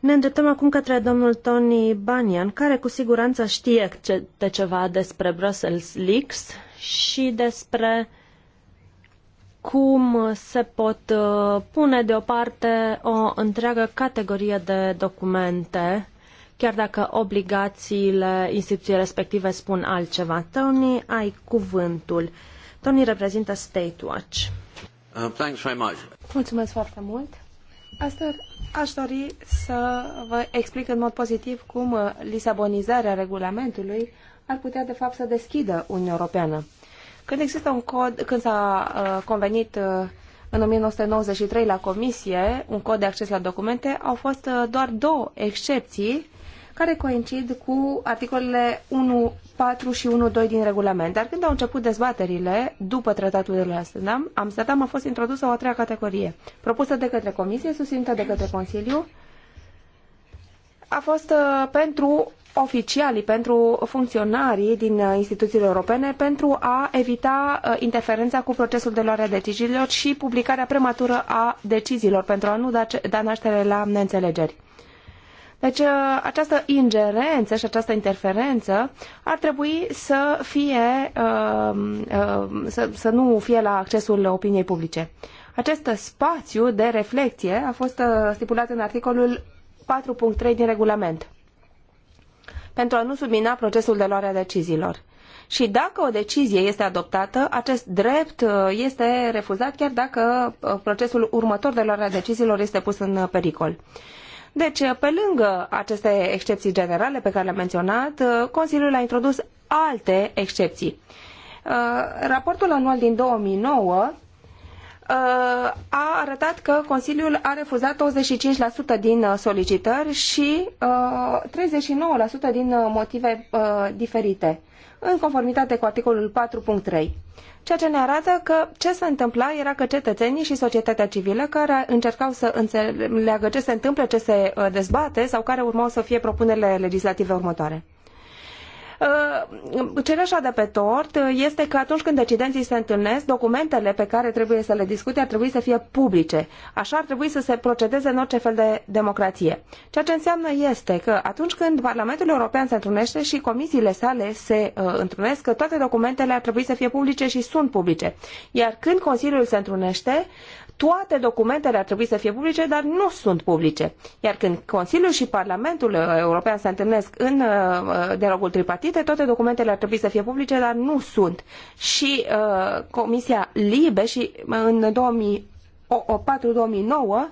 Ne îndreptăm acum către domnul Tony Banian, care cu siguranță știe de ceva despre Brussels Leaks și despre cum se pot uh, pune deoparte o întreagă categorie de documente, chiar dacă obligațiile instituției respective spun altceva. Tony, ai cuvântul. Tony reprezintă State Watch. Uh, thanks very much. Mulțumesc foarte mult. Astăzi, aș dori să vă explic în mod pozitiv cum uh, lisabonizarea regulamentului ar putea de fapt să deschidă Uniunea Europeană. Când există un cod, când s-a uh, convenit în 1993 la Comisie un cod de acces la documente, au fost doar două excepții care coincid cu articolele 1.4 și 1.2 din regulament. Dar când au început dezbaterile, după tratatul de la Amsterdam, Amsterdam a fost introdusă o a treia categorie, propusă de către Comisie, susținută de către Consiliu, a fost uh, pentru oficialii, pentru funcționarii din uh, instituțiile europene pentru a evita uh, interferența cu procesul de luare a deciziilor și publicarea prematură a deciziilor pentru a nu da, da naștere la neînțelegeri. Deci uh, această ingerență și această interferență ar trebui să fie uh, uh, să, să nu fie la accesul opiniei publice. Acest spațiu de reflecție a fost stipulat în articolul 4.3 din regulament pentru a nu submina procesul de luare a deciziilor. Și dacă o decizie este adoptată, acest drept este refuzat chiar dacă procesul următor de luare a deciziilor este pus în pericol. Deci, pe lângă aceste excepții generale pe care le-am menționat, uh, Consiliul a introdus alte excepții. Uh, raportul anual din 2009 uh, a arătat că Consiliul a refuzat 25% din solicitări și 39% din motive diferite în conformitate cu articolul 4.3. Ceea ce ne arată că ce se întâmpla era că cetățenii și societatea civilă care încercau să înțeleagă ce se întâmplă, ce se uh, dezbate sau care urmau să fie propunerile legislative următoare. Uh, cereșa de pe tort este că atunci când decidenții se întâlnesc, documentele pe care trebuie să le discute ar trebui să fie publice. Așa ar trebui să se procedeze în orice fel de democrație. Ceea ce înseamnă este că atunci când Parlamentul European se întrunește și comisiile sale se uh, întrunesc, toate documentele ar trebui să fie publice și sunt publice. Iar când Consiliul se întrunește, toate documentele ar trebui să fie publice, dar nu sunt publice. Iar când Consiliul și Parlamentul uh, European se întâlnesc în uh, uh, dialogul tripartite, toate documentele ar trebui să fie publice, dar nu sunt. Și uh, Comisia Libe și în 2004-2009 uh,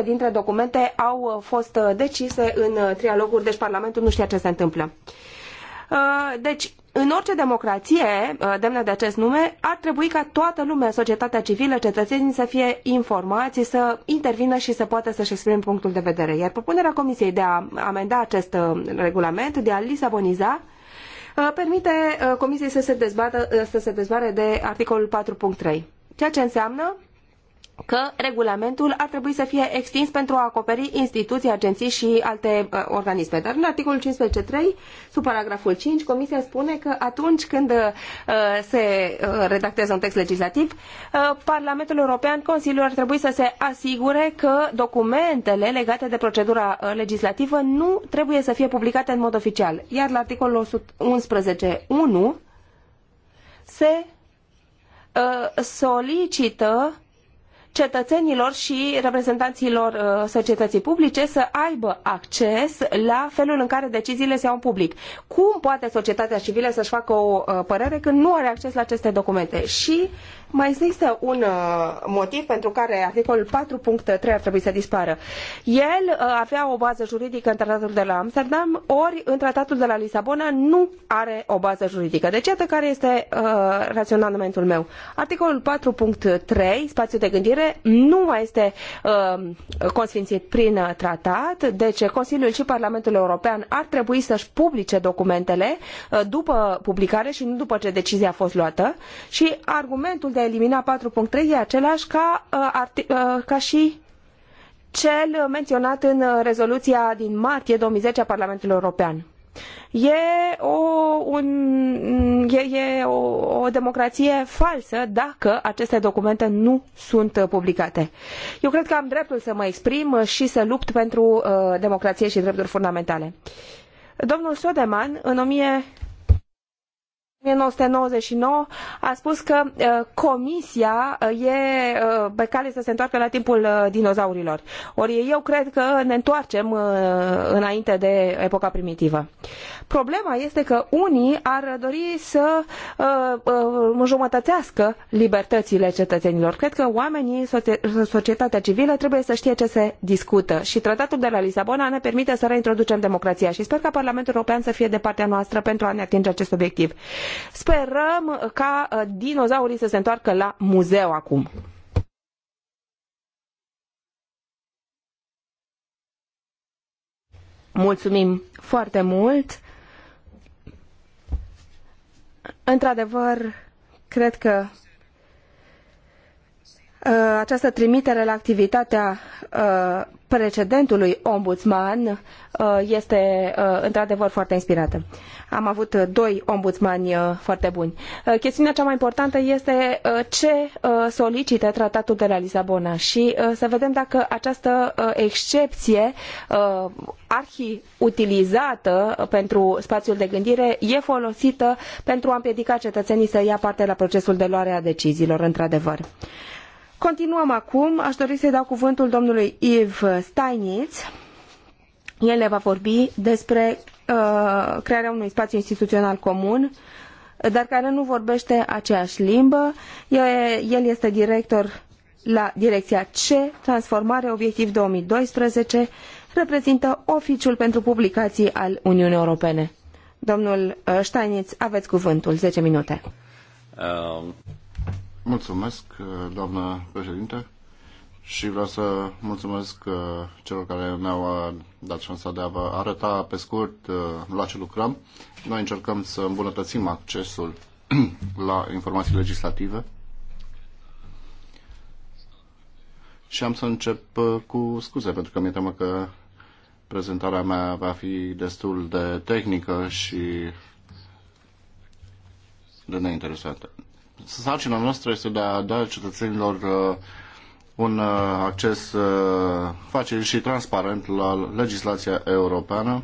80% dintre documente au fost decise în trialoguri, deci Parlamentul nu știa ce se întâmplă. Uh, Uh, deci, în orice democrație uh, demnă de acest nume, ar trebui ca toată lumea, societatea civilă, cetățenii să fie informați, să intervină și să poată să-și exprime punctul de vedere. Iar propunerea Comisiei de a amenda acest uh, regulament, de a lisaboniza, permite Comisiei să se, dezbată, să se dezbare de articolul 4.3. Ceea ce înseamnă că regulamentul ar trebui să fie extins pentru a acoperi instituții, agenții și alte uh, organisme. Dar în articolul 15.3, sub paragraful 5, Comisia spune că atunci când uh, se uh, redactează un text legislativ, uh, Parlamentul European, Consiliul ar trebui să se asigure că documentele legate de procedura uh, legislativă nu trebuie să fie publicate în mod oficial. Iar la articolul 11.1 se uh, solicită cetățenilor și reprezentanților uh, societății publice să aibă acces la felul în care deciziile se iau în public. Cum poate societatea civilă să-și facă o uh, părere când nu are acces la aceste documente? Și mai există un uh, motiv pentru care articolul 4.3 ar trebui să dispară. El uh, avea o bază juridică în tratatul de la Amsterdam, ori în tratatul de la Lisabona nu are o bază juridică. Deci iată care este uh, raționamentul meu. Articolul 4.3, spațiu de gândire, nu mai este uh, consfințit prin tratat, deci Consiliul și Parlamentul European ar trebui să-și publice documentele uh, după publicare și nu după ce decizia a fost luată și argumentul de a elimina 4.3 e același ca, uh, uh, ca și cel menționat în uh, rezoluția din martie 2010 a Parlamentului European. E o, un, e, e o, o democrație falsă dacă aceste documente nu sunt publicate. Eu cred că am dreptul să mă exprim și să lupt pentru uh, democrație și drepturi fundamentale. Domnul Sodeman, în 1000 1999 a spus că uh, comisia uh, e uh, pe cale să se întoarcă la timpul dinozaurilor. Ori eu cred că ne întoarcem înainte de epoca primitivă. Uh, Problema este că unii ar dori să uh, uh, jumătățească libertățile cetățenilor. Cred că oamenii, societatea civilă trebuie să știe ce se discută și tratatul de la Lisabona ne permite să reintroducem democrația și sper ca Parlamentul European să fie de partea noastră pentru a ne atinge acest obiectiv. Sperăm ca uh, dinozaurii să se întoarcă la muzeu acum. Mulțumim foarte mult Într-adevăr, cred că Uh, această trimitere la activitatea uh, precedentului ombudsman uh, este într-adevăr foarte inspirată. Am avut doi ombudsmani foarte buni. Chestiunea cea mai importantă este ce solicită tratatul de la Lisabona și să vedem dacă această excepție utilizată pentru spațiul de gândire e folosită pentru a împiedica cetățenii să ia parte la procesul de luare a deciziilor, într-adevăr. Continuăm acum. Aș dori să-i dau cuvântul domnului Yves Steinitz. El ne va vorbi despre uh, crearea unui spațiu instituțional comun, dar care nu vorbește aceeași limbă. El este director la direcția C, Transformare Obiectiv 2012, reprezintă Oficiul pentru Publicații al Uniunii Europene. Domnul uh, Steinitz, aveți cuvântul, 10 minute. Um... Mulțumesc, uh, doamnă președinte, și vreau să mulțumesc uh, celor care ne-au uh, dat șansa de a vă arăta pe scurt la ce lucrăm. Noi încercăm să îmbunătățim accesul la informații legislative și am să încep cu scuze, pentru că mi-e teamă că prezentarea mea va fi destul de tehnică și de neinteresantă sarcina noastră este de a da cetățenilor uh, un uh, acces uh, facil și transparent la legislația europeană.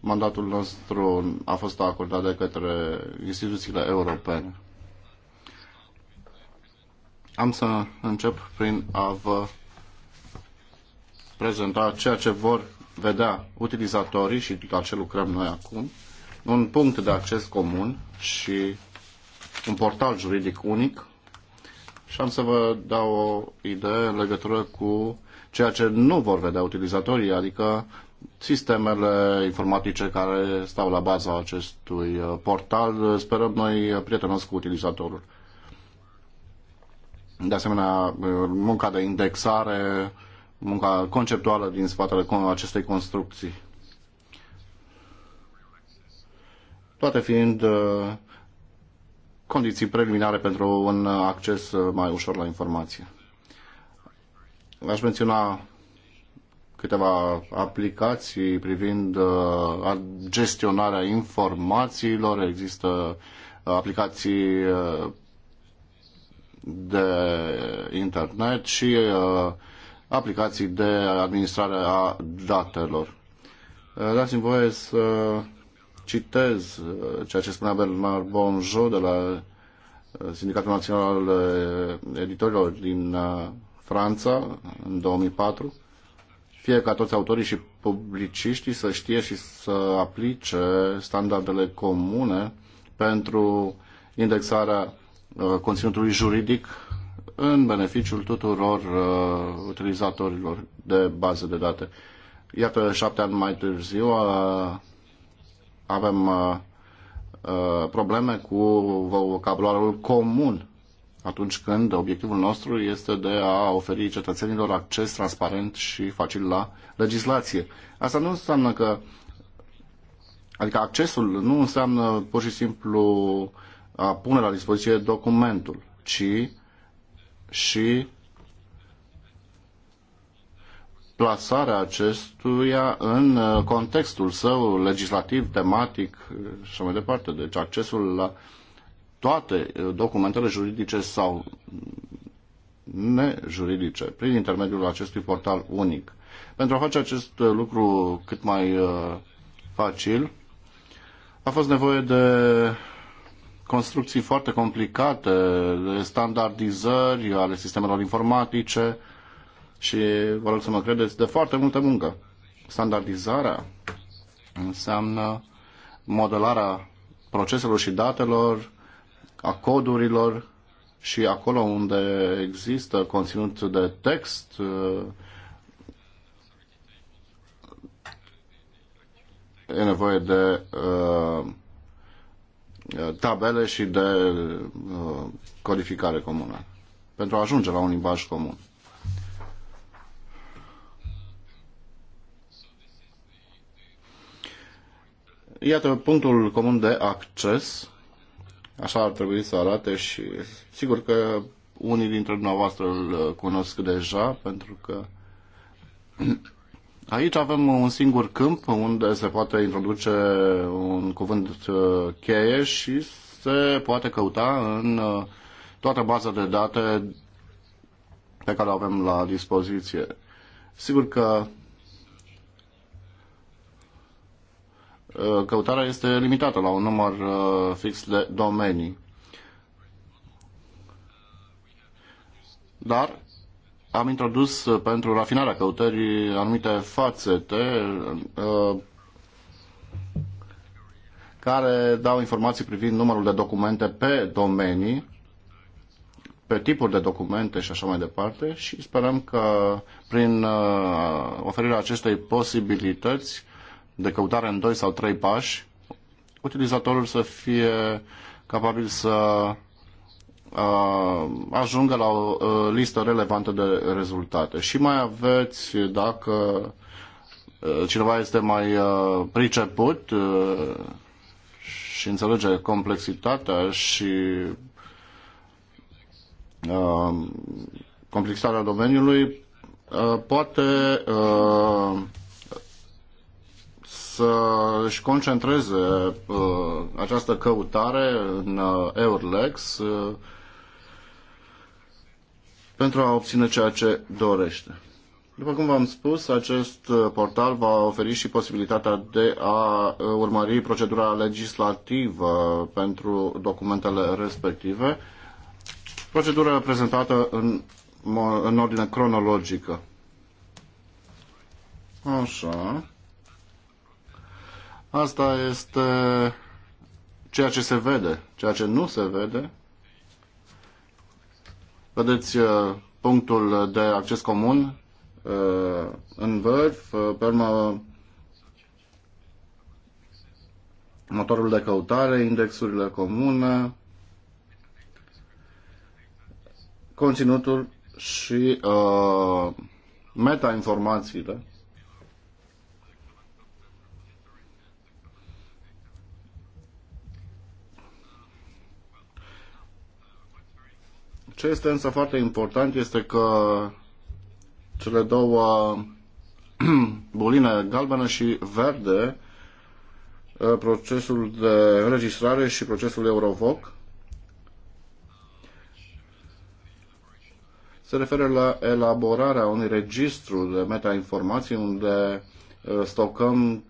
Mandatul nostru a fost acordat de către instituțiile europene. Am să încep prin a vă prezenta ceea ce vor vedea utilizatorii și la ce lucrăm noi acum, un punct de acces comun și un portal juridic unic și am să vă dau o idee în legătură cu ceea ce nu vor vedea utilizatorii, adică sistemele informatice care stau la baza acestui uh, portal. Sperăm noi uh, prietenos cu utilizatorul. De asemenea, uh, munca de indexare, munca conceptuală din spatele acestei construcții. Toate fiind condiții preliminare pentru un acces uh, mai ușor la informație. Aș menționa câteva aplicații privind uh, gestionarea informațiilor. Există aplicații uh, de internet și aplicații de administrare a datelor. Dați-mi voie să citez uh, ceea ce spunea Bernard Bonjo de la uh, Sindicatul Național al uh, Editorilor din Franța în 2004, fie ca toți autorii și publiciștii să știe și să aplice standardele comune pentru indexarea conținutului juridic în beneficiul tuturor uh, utilizatorilor de bază de date. Iată, șapte ani mai târziu, a avem uh, uh, probleme cu vocabularul comun atunci când obiectivul nostru este de a oferi cetățenilor acces transparent și facil la legislație. Asta nu înseamnă că Adică accesul nu înseamnă pur și simplu a pune la dispoziție documentul, ci și plasarea acestuia în uh, contextul său legislativ, tematic uh, și mai departe. Deci accesul la toate uh, documentele juridice sau nejuridice prin intermediul acestui portal unic. Pentru a face acest lucru cât mai facil, a fost nevoie de construcții foarte complicate, de standardizări ale sistemelor informatice, și vă rog să mă credeți, de foarte multă muncă. Standardizarea înseamnă modelarea proceselor și datelor, a codurilor și acolo unde există conținut de text, e nevoie de uh, tabele și de uh, codificare comună pentru a ajunge la un limbaj comun. Iată punctul comun de acces. Așa ar trebui să arate și sigur că unii dintre dumneavoastră îl cunosc deja, pentru că aici avem un singur câmp unde se poate introduce un cuvânt uh, cheie și se poate căuta în uh, toată baza de date pe care o avem la dispoziție. Sigur că Uh, căutarea este limitată la un număr uh, fix de domenii. Dar am introdus uh, pentru rafinarea căutării anumite fațete care dau informații privind numărul de documente pe domenii, pe tipuri de documente și așa mai departe și sperăm că prin oferirea acestei posibilități de căutare în 2 sau 3 pași, utilizatorul să fie capabil să uh, ajungă la o uh, listă relevantă de rezultate. Și mai aveți, dacă uh, cineva este mai priceput și înțelege complexitatea și complexitatea domeniului, poate să își concentreze uh, această căutare în uh, Eurlex uh, pentru a obține ceea ce dorește. După cum v-am spus, acest portal va oferi și posibilitatea de a urmări procedura legislativă pentru documentele respective, procedura prezentată în, în ordine cronologică. Așa. Asta este ceea ce se vede, ceea ce nu se vede. Vedeți uh, punctul de acces comun uh, în vârf, uh, pe urmă motorul de căutare, indexurile comune, conținutul și uh, meta-informațiile. Ce este însă foarte important este că cele două buline galbenă și verde, ă, procesul de înregistrare și procesul Eurovoc, se referă la elaborarea unui registru de metainformații unde ă, stocăm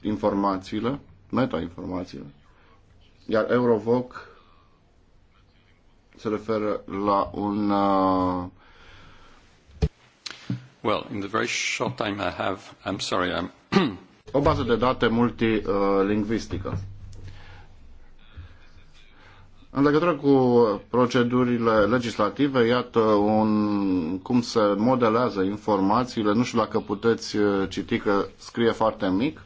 informațiile, metainformațiile. Iar Eurovoc se referă la un uh, Well, in the very short time I have, I'm sorry, I'm o bază de date multilingvistică. În legătură cu procedurile legislative, iată un, cum se modelează informațiile. Nu știu dacă puteți uh, citi că scrie foarte mic.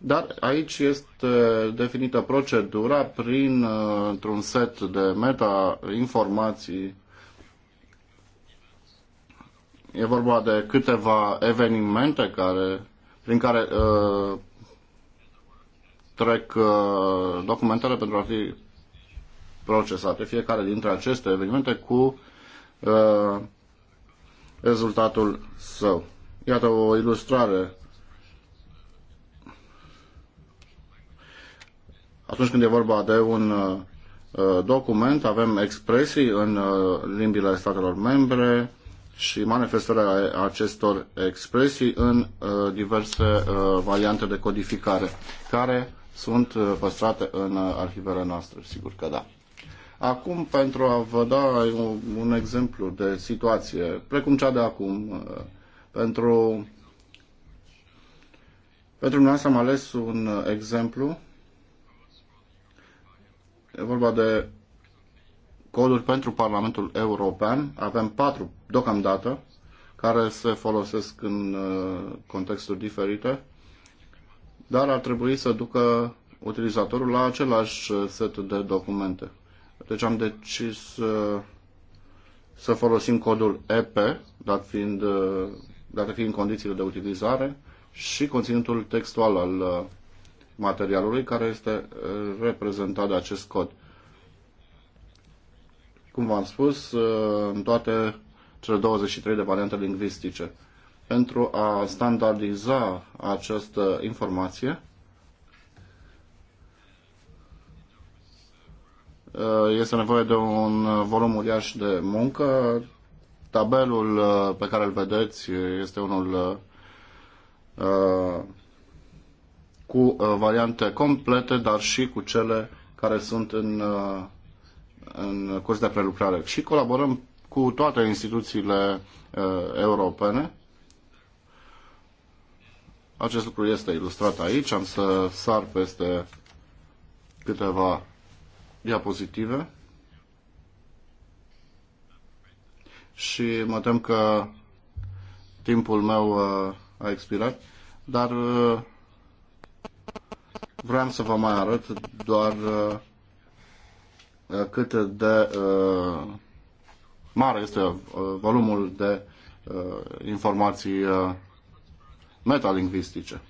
Dar aici este definită procedura prin uh, un set de meta-informații. E vorba de câteva evenimente care, prin care uh, trec uh, documentele pentru a fi procesate, fiecare dintre aceste evenimente cu uh, rezultatul său. Iată o ilustrare Atunci când e vorba de un uh, uh, document, avem expresii în uh, limbile statelor membre și manifestarea acestor expresii în diverse variante de codificare, care sunt păstrate în arhivele noastre, sigur că da. Acum, pentru a vă da un exemplu de situație, precum cea de acum, pentru, pentru noi am ales un exemplu E vorba de coduri pentru Parlamentul European. Avem patru deocamdată care se folosesc în uh, contexturi diferite, dar ar trebui să ducă utilizatorul la același uh, set de documente. Deci am decis uh, să folosim codul EP, dat fiind, dat fiind condițiile de utilizare și conținutul textual al materialului care este uh, reprezentat de acest cod. Cum v-am spus, uh, în toate cele 23 de variante lingvistice. Pentru a standardiza această informație, uh, este nevoie de un volum uriaș de muncă. Tabelul pe care îl vedeți este unul cu uh, variante complete, dar și cu cele care sunt în, uh, în curs de prelucrare. Și colaborăm cu toate instituțiile uh, europene. Acest lucru este ilustrat aici. Am să sar peste câteva diapozitive. și mă tem că timpul meu a expirat, dar Vreau să vă mai arăt doar uh, cât de uh, mare este uh, volumul de informații metalingvistice.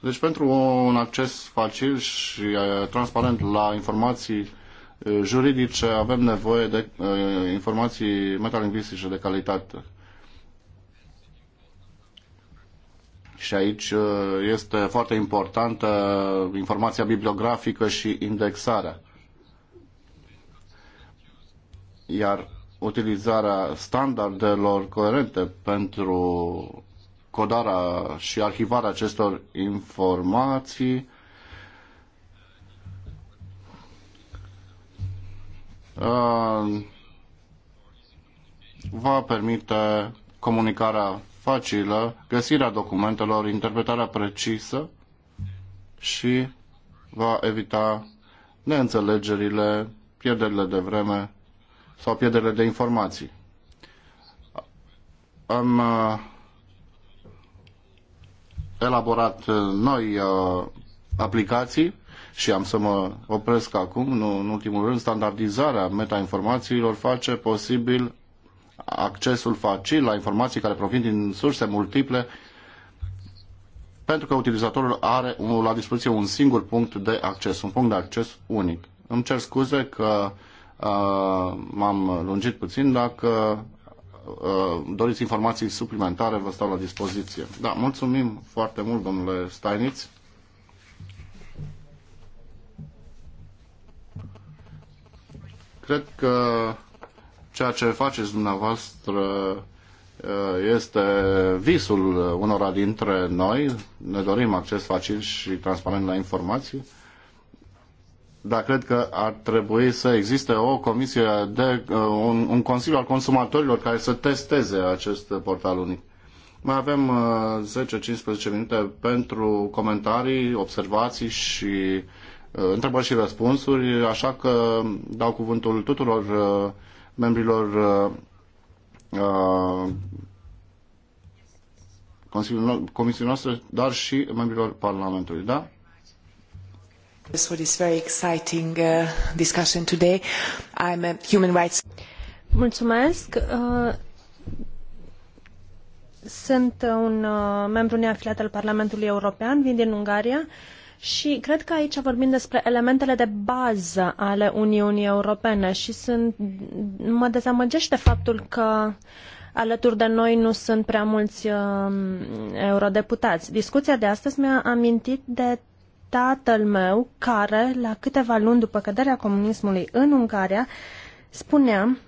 Deci pentru un acces facil și transparent la informații juridice avem nevoie de informații metalingvistice de calitate. Și aici uh, este foarte importantă informația bibliografică și indexarea. Iar utilizarea standardelor coerente pentru codarea și arhivarea acestor informații uh, va permite comunicarea facilă găsirea documentelor, interpretarea precisă și va evita neînțelegerile, pierderile de vreme sau pierderile de informații. Am uh, elaborat uh, noi uh, aplicații și am să mă opresc acum, nu în ultimul rând, standardizarea metainformațiilor face posibil accesul facil la informații care provin din surse multiple, pentru că utilizatorul are la dispoziție un singur punct de acces, un punct de acces unic. Îmi cer scuze că uh, m-am lungit puțin, dacă uh, doriți informații suplimentare, vă stau la dispoziție. Da, mulțumim foarte mult, domnule Steiniț. Cred că Ceea ce faceți dumneavoastră uh, este visul unora dintre noi. Ne dorim acces facil și transparent la informații, dar cred că ar trebui să existe o comisie de uh, un, un consiliu al consumatorilor care să testeze acest portal unic. Mai avem 10-15 uh, minute pentru comentarii, observații și întrebări și răspunsuri, așa că dau cuvântul tuturor membrilor uh, uh, Comisiei noastre, dar și membrilor Parlamentului. Da? Uh, Mulțumesc. Uh, sunt un uh, membru neafiliat al Parlamentului European, vin din Ungaria și cred că aici vorbim despre elementele de bază ale Uniunii Europene și sunt, mă dezamăgește faptul că alături de noi nu sunt prea mulți uh, eurodeputați. Discuția de astăzi mi-a amintit de tatăl meu care, la câteva luni după căderea comunismului în Ungaria, spunea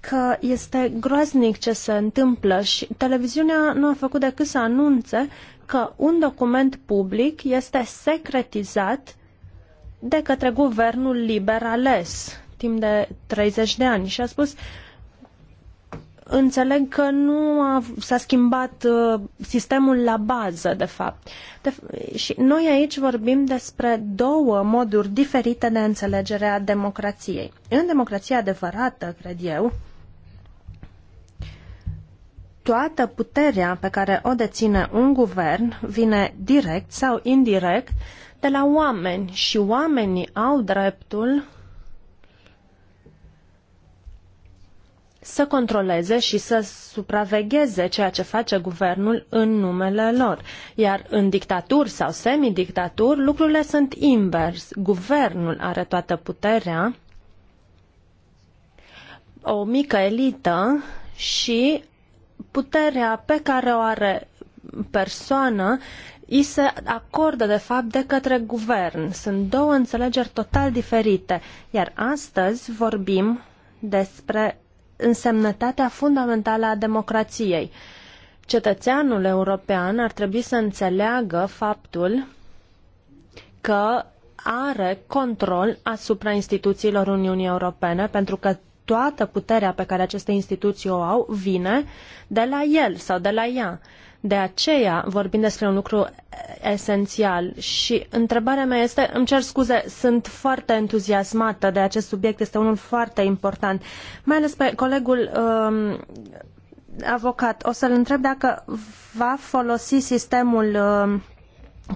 că este groaznic ce se întâmplă și televiziunea nu a făcut decât să anunțe că un document public este secretizat de către guvernul liber ales timp de 30 de ani și a spus înțeleg că nu a, s-a schimbat uh, sistemul la bază, de fapt. De, și noi aici vorbim despre două moduri diferite de înțelegere a democrației. În democrația adevărată, cred eu, toată puterea pe care o deține un guvern vine direct sau indirect de la oameni și oamenii au dreptul să controleze și să supravegheze ceea ce face guvernul în numele lor. Iar în dictaturi sau semidictaturi, lucrurile sunt invers. Guvernul are toată puterea, o mică elită și puterea pe care o are persoană i se acordă de fapt de către guvern. Sunt două înțelegeri total diferite, iar astăzi vorbim despre însemnătatea fundamentală a democrației. Cetățeanul european ar trebui să înțeleagă faptul că are control asupra instituțiilor Uniunii Europene, pentru că toată puterea pe care aceste instituții o au vine de la el sau de la ea. De aceea vorbim despre un lucru esențial și întrebarea mea este, îmi cer scuze, sunt foarte entuziasmată de acest subiect, este unul foarte important, mai ales pe colegul um, avocat. O să-l întreb dacă va folosi sistemul um,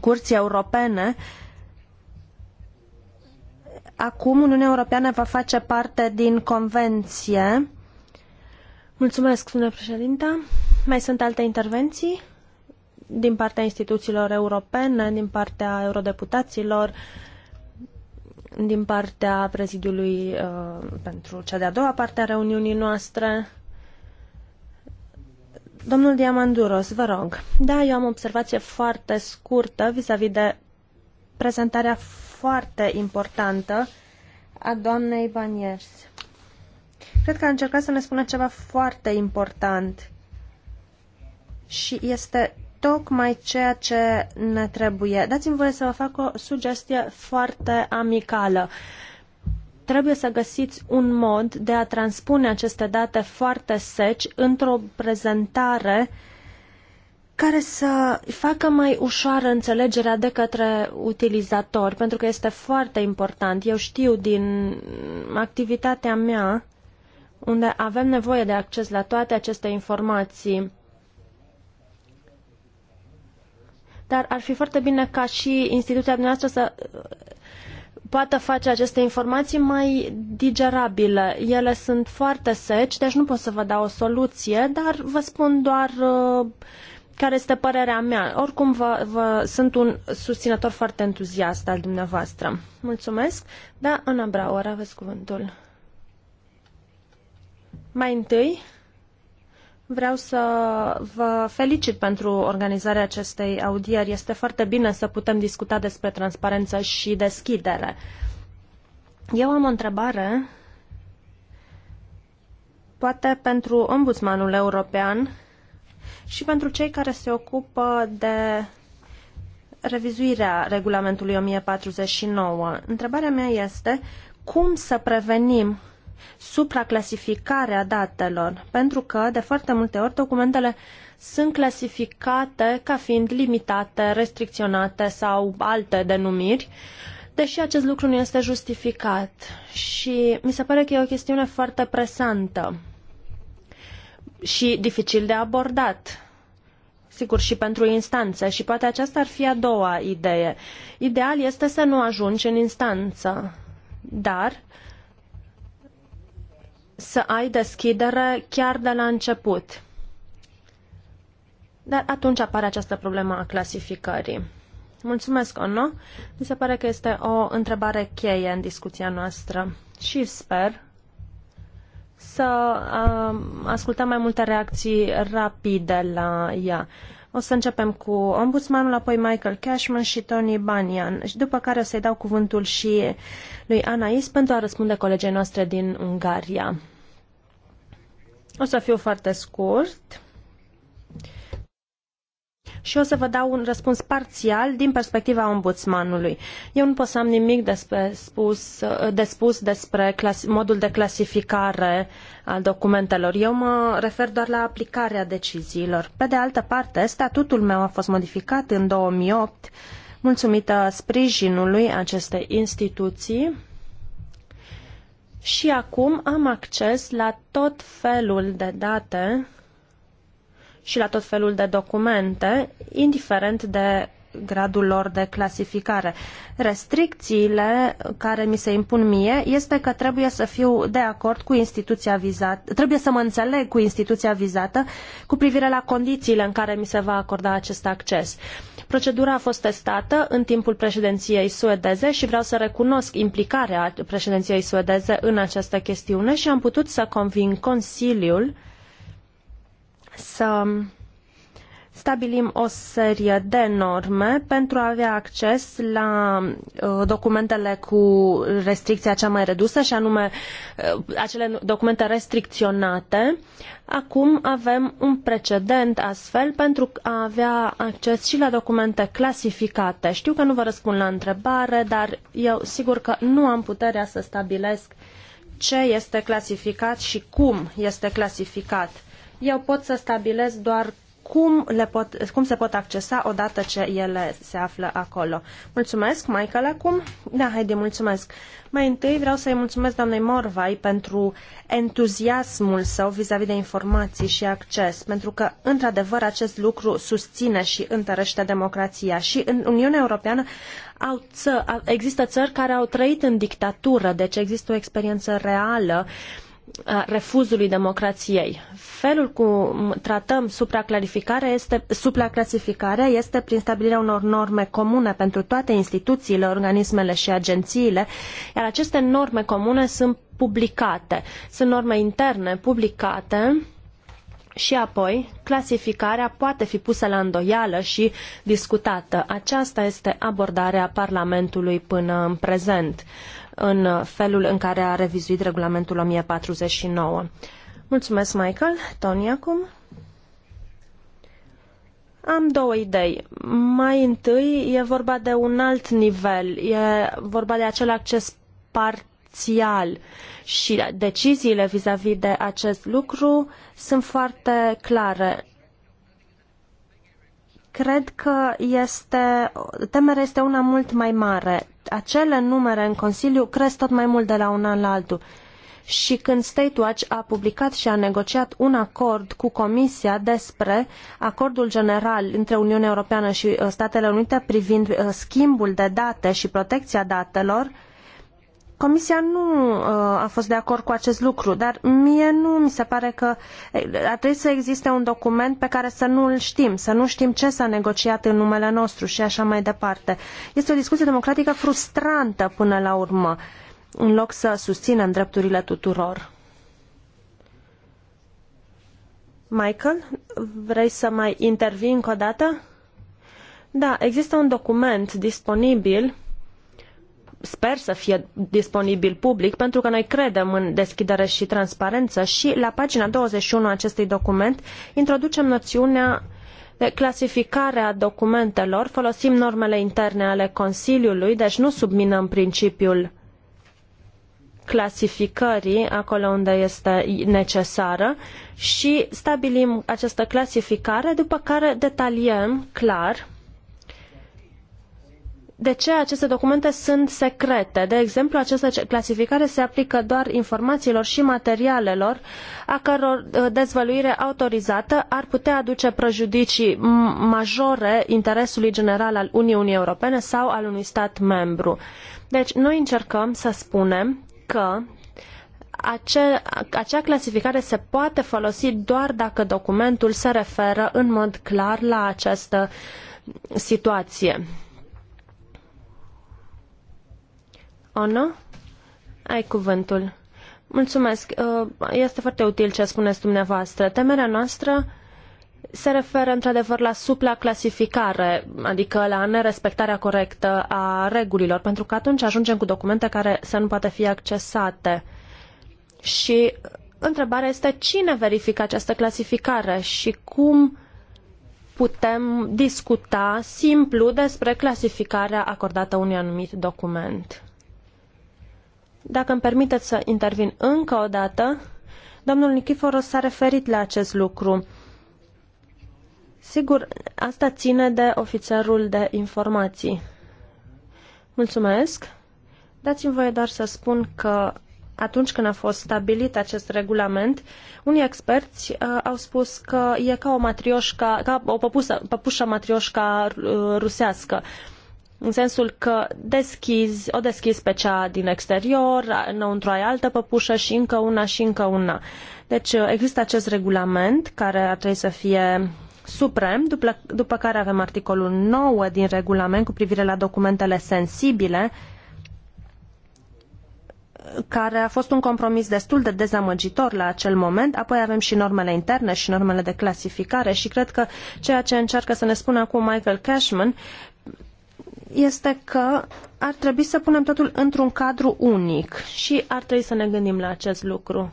Curții Europene uh, Acum Uniunea Europeană va face parte din convenție. Mulțumesc, spune președinta. Mai sunt alte intervenții din partea instituțiilor europene, din partea eurodeputaților, din partea prezidiului uh, pentru cea de-a doua parte a reuniunii noastre. Domnul Diamanduros, vă rog. Da, eu am o observație foarte scurtă vis a -vis de prezentarea foarte importantă a doamnei Baniers. Cred că a încercat să ne spună ceva foarte important și este tocmai ceea ce ne trebuie. Dați-mi voie să vă fac o sugestie foarte amicală. Trebuie să găsiți un mod de a transpune aceste date foarte seci într-o prezentare uh, care să facă mai ușoară înțelegerea de către utilizatori, pentru că este foarte important. Eu știu din activitatea mea, unde avem nevoie de acces la toate aceste informații, dar ar fi foarte bine ca și instituția dumneavoastră să uh, poată face aceste informații mai digerabile. Ele sunt foarte seci, deci nu pot să vă dau o soluție, dar vă spun doar uh, care este părerea mea. Oricum, vă, vă, sunt un susținător foarte entuziast al dumneavoastră. Mulțumesc. Da, Ana Brauer, aveți cuvântul. Mai întâi, vreau să vă felicit pentru organizarea acestei audieri. Este foarte bine să putem discuta despre transparență și deschidere. Eu am o întrebare, poate pentru ombudsmanul european, și pentru cei care se ocupă de revizuirea regulamentului 1049. Întrebarea mea este cum să prevenim supraclasificarea datelor, pentru că, de foarte multe ori, documentele sunt clasificate ca fiind limitate, restricționate sau alte denumiri, deși acest lucru nu este justificat. Și mi se pare că e o chestiune foarte presantă și dificil de abordat. Sigur, și pentru instanță. Și poate aceasta ar fi a doua idee. Ideal este să nu ajungi în instanță, dar să ai deschidere chiar de la început. Dar atunci apare această problemă a clasificării. Mulțumesc, Ono. Mi se pare că este o întrebare cheie în discuția noastră și sper să um, ascultăm mai multe reacții rapide la ea. O să începem cu ombudsmanul, apoi Michael Cashman și Tony Banian. Și după care o să-i dau cuvântul și lui Anais pentru a răspunde colegei noastre din Ungaria. O să fiu foarte scurt și o să vă dau un răspuns parțial din perspectiva ombudsmanului. Eu nu pot să am nimic despre spus, de spus despre clas, modul de clasificare al documentelor. Eu mă refer doar la aplicarea deciziilor. Pe de altă parte, statutul meu a fost modificat în 2008 mulțumită sprijinului acestei instituții și acum am acces la tot felul de date și la tot felul de documente, indiferent de gradul lor de clasificare. Restricțiile care mi se impun mie este că trebuie să fiu de acord cu instituția vizată, trebuie să mă înțeleg cu instituția vizată cu privire la condițiile în care mi se va acorda acest acces. Procedura a fost testată în timpul președinției suedeze și vreau să recunosc implicarea președinției suedeze în această chestiune și am putut să conving Consiliul să stabilim o serie de norme pentru a avea acces la uh, documentele cu restricția cea mai redusă și anume uh, acele documente restricționate. Acum avem un precedent astfel pentru a avea acces și la documente clasificate. Știu că nu vă răspund la întrebare, dar eu sigur că nu am puterea să stabilesc ce este clasificat și cum este clasificat eu pot să stabilez doar cum, le pot, cum se pot accesa odată ce ele se află acolo. Mulțumesc, Michael, acum. Da, Heidi, mulțumesc. Mai întâi vreau să-i mulțumesc doamnei Morvai pentru entuziasmul său vis-a-vis -vis de informații și acces, pentru că, într-adevăr, acest lucru susține și întărește democrația. Și în Uniunea Europeană au ță, există țări care au trăit în dictatură, deci există o experiență reală uh, refuzului democrației. Felul cum tratăm supraclarificarea este, supraclasificarea este prin stabilirea unor norme comune pentru toate instituțiile, organismele și agențiile, iar aceste norme comune sunt publicate. Sunt norme interne publicate și apoi clasificarea poate fi pusă la îndoială și discutată. Aceasta este abordarea Parlamentului până în prezent. Uh, în felul în care a revizuit regulamentul 1049. Mulțumesc, Michael. Tony, acum? Am două idei. Mai întâi, e vorba de un alt nivel. E vorba de acel acces parțial și deciziile vis-a-vis de acest lucru sunt foarte clare cred că este, temerea este una mult mai mare. Acele numere în Consiliu cresc tot mai mult de la un an la altul. Și când State Watch a publicat și a negociat un acord cu Comisia despre acordul general între Uniunea Europeană și uh, Statele Unite privind uh, schimbul de date și protecția datelor, uh, Comisia nu uh, a fost de acord cu acest lucru, dar mie nu mi se pare că eh, ar trebui să existe un document pe care să nu-l știm, să nu știm ce s-a negociat în numele nostru și așa mai departe. Este o discuție democratică frustrantă până la urmă, în loc să susținem drepturile tuturor. Michael, vrei să mai intervii încă o dată? Da, există un document disponibil sper să fie disponibil public, pentru că noi credem în deschidere și transparență și la pagina 21 a acestui document introducem noțiunea de clasificare a documentelor, folosim normele interne ale Consiliului, deci nu subminăm principiul clasificării acolo unde este necesară și stabilim această clasificare, după care detaliem clar de ce aceste documente sunt secrete. De exemplu, această clasificare se aplică doar informațiilor și materialelor a căror uh, dezvăluire autorizată ar putea aduce prejudicii majore interesului general al Uniunii Europene sau al unui stat membru. Deci, noi încercăm să spunem că acea, acea clasificare se poate folosi doar dacă documentul se referă în mod clar la această situație. Ono, ai cuvântul. Mulțumesc. Uh, este foarte util ce spuneți dumneavoastră. Temerea noastră se referă într-adevăr la supraclasificare, adică la nerespectarea corectă a regulilor, pentru că atunci ajungem cu documente care să nu poate fi accesate. Și întrebarea este cine verifică această clasificare și cum putem discuta simplu despre clasificarea acordată unui anumit document. Dacă îmi permiteți să intervin încă o dată, domnul Nichiforos s-a referit la acest lucru. Sigur, asta ține de ofițerul de informații. Mulțumesc. Dați-mi voie doar să spun că atunci când a fost stabilit acest regulament, unii experți uh, au spus că e ca o matrioșca, ca o păpusă, păpușă matrioșca uh, rusească. Uh, în sensul că deschizi, o deschizi pe cea din exterior, înăuntru ai altă păpușă și încă una și încă una. Deci uh, există acest regulament care ar trebui să fie suprem, după, după care avem articolul 9 din regulament cu privire la documentele sensibile, care a fost un compromis destul de dezamăgitor la acel moment, apoi avem și normele interne și normele de clasificare și cred că ceea ce încearcă să ne spună acum Michael Cashman este că ar trebui să punem totul într-un cadru unic și ar trebui să ne gândim la acest lucru.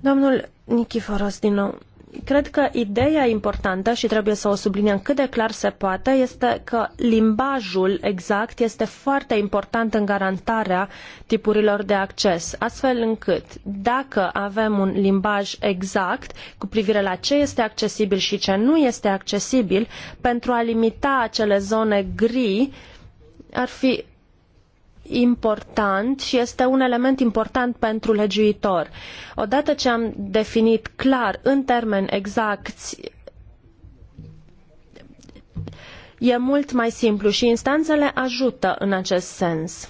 Domnul Nichiforos, din nou. Cred că ideea importantă și trebuie să o subliniem cât de clar se poate este că limbajul exact este foarte important în garantarea tipurilor de acces, astfel încât dacă avem un limbaj exact cu privire la ce este accesibil și ce nu este accesibil, pentru a limita acele zone gri, ar fi important și este un element important pentru legiuitor. Odată ce am definit clar, în termeni exacti, e mult mai simplu și instanțele ajută în acest sens.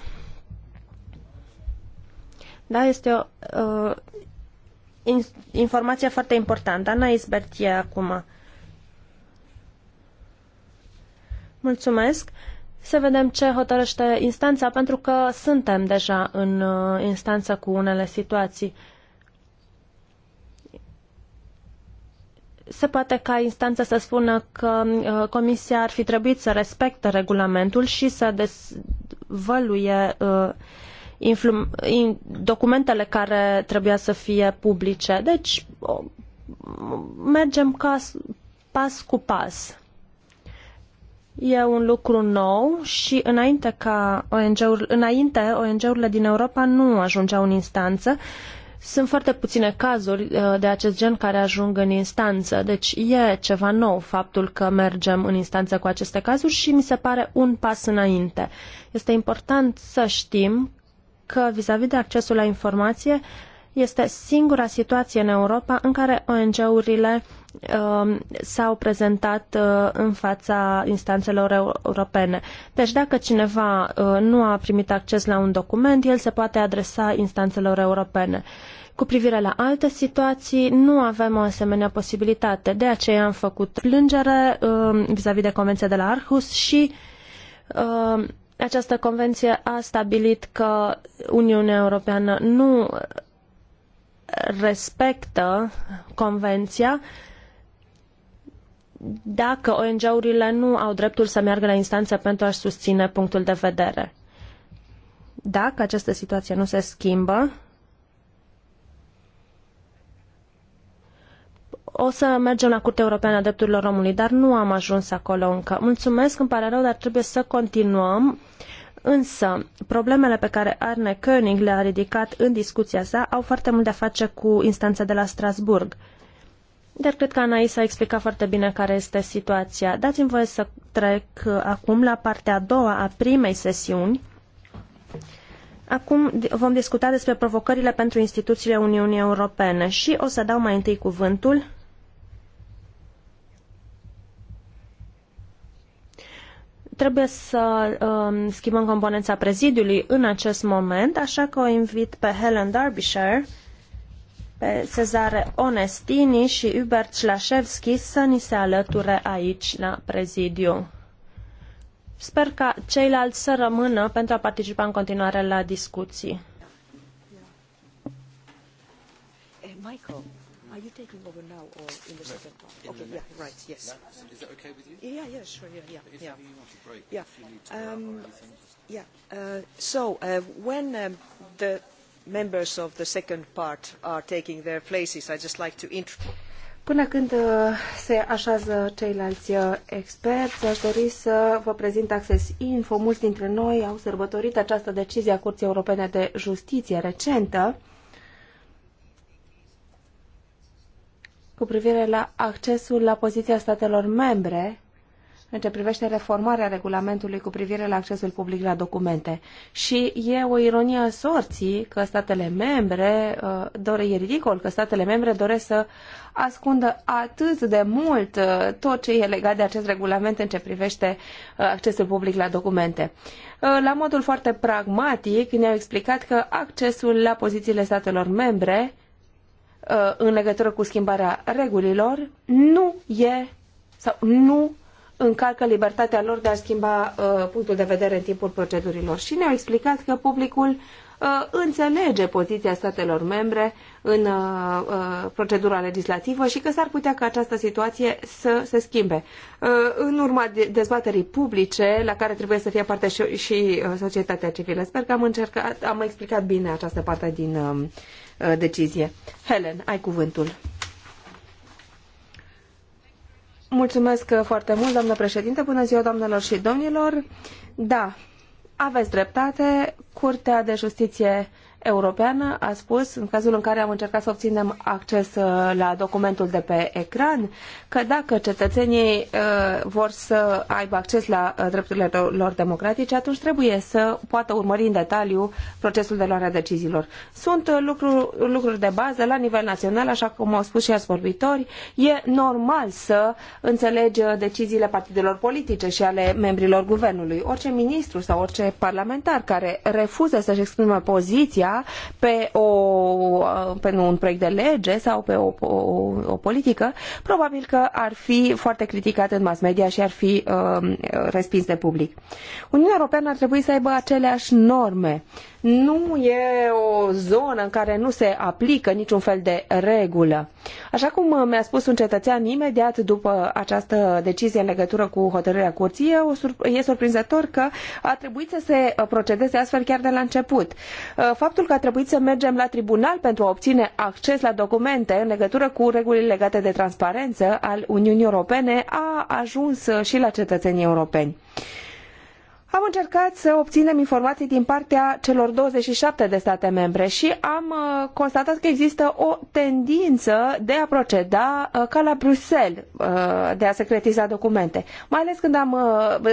Da, este o uh, informație foarte importantă. Ana Isbert e acum. Mulțumesc. Uh, să vedem ce hotărăște instanța, pentru că suntem deja în uh, instanță cu unele situații. se poate ca instanța să spună că uh, Comisia ar fi trebuit să respecte regulamentul și să dezvăluie uh, documentele care trebuia să fie publice. Deci, mergem ca pas cu pas. E un lucru nou și înainte ca ONG-uri, înainte ONG-urile din Europa nu ajungeau în instanță. Sunt foarte puține cazuri uh, de acest gen care ajung în instanță, deci e ceva nou faptul că mergem în instanță cu aceste cazuri și mi se pare un pas înainte. Este important să știm că vis-a-vis -vis de accesul la informație este singura situație în Europa în care ONG-urile Um, s-au prezentat uh, în fața instanțelor europene. Deci dacă cineva uh, nu a primit acces la un document, el se poate adresa instanțelor europene. Cu privire la alte situații, nu avem o asemenea posibilitate. De aceea am făcut plângere um, vis-a-vis de Convenția de la Arhus și um, această convenție a stabilit că Uniunea Europeană nu respectă convenția uh, dacă ONG-urile nu au dreptul să meargă la instanță pentru a-și susține punctul de vedere. Dacă această situație nu se schimbă, o să mergem la Curtea Europeană a Drepturilor Omului, dar nu am ajuns acolo încă. Mulțumesc, îmi pare rău, dar trebuie să continuăm. Însă, problemele pe care Arne König le-a ridicat în discuția sa au foarte mult de a face cu instanța de la Strasburg. Dar cred că Anais a explicat foarte bine care este situația. Dați-mi voie să trec uh, acum la partea a doua a primei sesiuni. Acum vom discuta despre provocările pentru instituțiile Uniunii Europene și o să dau mai întâi cuvântul Trebuie să um, schimbăm componența prezidiului în acest moment, așa că o invit pe Helen Derbyshire pe Cezare Onestini și Hubert Șlașevski să ni se alăture aici la prezidiu. Sper ca ceilalți să rămână pentru a participa în continuare la discuții. Eh, Michael, are you taking over now or in the no, second part? In okay, the yeah, right, yes. is that okay with you? Yeah, yeah, sure, yeah, yeah. If yeah. you want to break, yeah. if you need to um, grab or anything. Just... Yeah, uh, so uh, when um, the members of the second part are taking their places, just like to introduce. Până când uh, se așează ceilalți uh, experți, aș dori să vă prezint Access Info. Mulți dintre noi au sărbătorit această decizie a Curții Europene de Justiție recentă cu privire la accesul la poziția statelor membre în ce privește reformarea regulamentului cu privire la accesul public la documente. Și e o ironie a sorții că statele membre, uh, dore, e ridicol că statele membre doresc să ascundă atât de mult uh, tot ce e legat de acest regulament în ce privește uh, accesul public la documente. La modul foarte pragmatic ne-au explicat că accesul la pozițiile statelor membre în legătură cu schimbarea regulilor nu e sau nu încalcă libertatea lor de a schimba uh, punctul de vedere în timpul procedurilor. Și ne-au explicat că publicul uh, înțelege poziția statelor membre în uh, uh, procedura legislativă și că s-ar putea ca această situație să se schimbe. Uh, în urma dezbaterii publice, la care trebuie să fie parte și, și uh, societatea civilă, sper că am încercat, am explicat bine această parte din uh, uh decizie. Helen, ai cuvântul. Mulțumesc uh, foarte mult, doamnă președinte. Bună ziua, doamnelor și domnilor. Da, aveți dreptate. Curtea de Justiție Europeană a spus, în cazul în care am încercat să obținem acces uh, la documentul de pe ecran, că dacă cetățenii uh, vor să aibă acces la uh, drepturile lor democratice, atunci trebuie să poată urmări în detaliu procesul de luare a deciziilor. Sunt lucruri, lucruri de bază la nivel național, așa cum au spus și alți vorbitori. E normal să înțelegi deciziile partidelor politice și ale membrilor guvernului. Orice ministru sau orice parlamentar care refuză să-și exprime poziția pe, o, pe un proiect de lege sau pe o, o, o politică, probabil că ar fi foarte criticat în mass media și ar fi uh, respins de public. Uniunea Europeană ar trebui să aibă aceleași norme uh, nu e o zonă în care nu se aplică niciun fel de regulă. Așa cum mi-a spus un cetățean imediat după această decizie în legătură cu hotărârea curții, e surprinzător că a trebuit să se procedeze astfel chiar de la început. Uh, faptul că a trebuit să mergem la tribunal pentru a obține acces la documente în legătură cu regulile legate de transparență al Uniunii Europene a ajuns și la cetățenii europeni. Am încercat să obținem informații din partea celor 27 de state membre și am uh, constatat că există o tendință de a proceda uh, ca la Bruxelles, uh, de a secretiza documente. Mai ales când am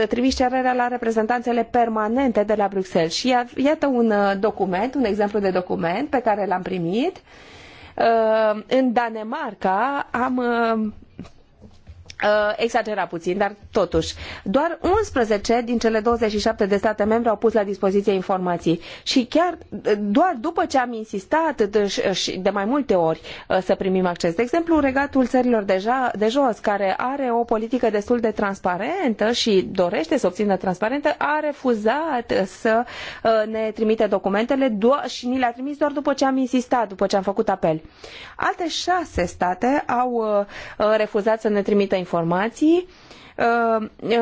trimis cererea la reprezentanțele permanente de la Bruxelles. Și iată un document, un exemplu de document pe care l-am primit. În Danemarca am Uh, exagerat puțin, dar totuși. Doar 11 din cele 27 de state membre au pus la dispoziție informații și chiar uh, doar după ce am insistat de uh, mai multe ori să primim acces. De exemplu, regatul țărilor deja, de jos, care are o politică destul de transparentă și dorește să obțină transparentă, a refuzat să ne trimite documentele și ni le-a trimis doar după ce am insistat, după ce am făcut apel. Alte șase state au refuzat să ne trimită informații informații. Uh, uh,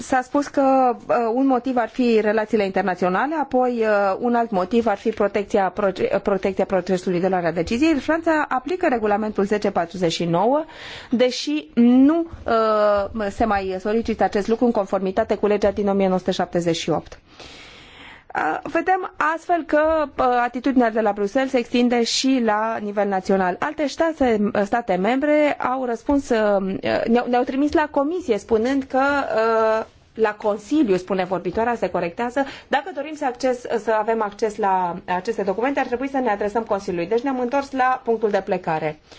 s-a spus că uh, un motiv ar fi relațiile internaționale, apoi un alt motiv ar fi protecția, protecția procesului de luare a deciziei. Franța aplică regulamentul 1049, deși nu se mai solicită acest lucru în conformitate cu legea din 1978 vedem astfel că atitudinea de la Bruxelles se extinde și la nivel național. Alte state, state membre au răspuns, ă, ne-au, ne trimis la comisie spunând că ă, la Consiliu, spune vorbitoarea, se corectează, dacă dorim să, acces, să avem acces la aceste documente, ar trebui să ne adresăm Consiliului. Deci ne-am întors la punctul de plecare. Uh,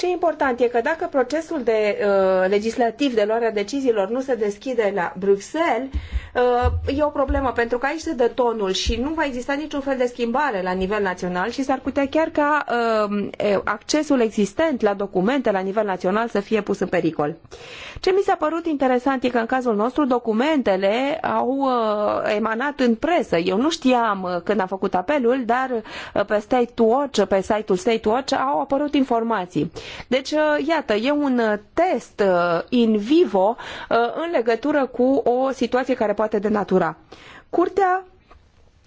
ce important e că dacă procesul de, uh, legislativ de luarea deciziilor nu se deschide la Bruxelles, uh, e o problemă pentru că aici se dă tonul și nu va exista niciun fel de schimbare la nivel național și s-ar putea chiar ca uh, accesul existent la documente la nivel național să fie pus în pericol. Ce mi s-a părut interesant e că în cazul nostru documentele au uh, emanat în presă. Eu nu știam uh, când am făcut apelul, dar uh, pe State Watch, pe site-ul State Watch au apărut informații. Deci, uh, iată, e un uh, test uh, in vivo în legătură cu o situație care poate denatura. Curtea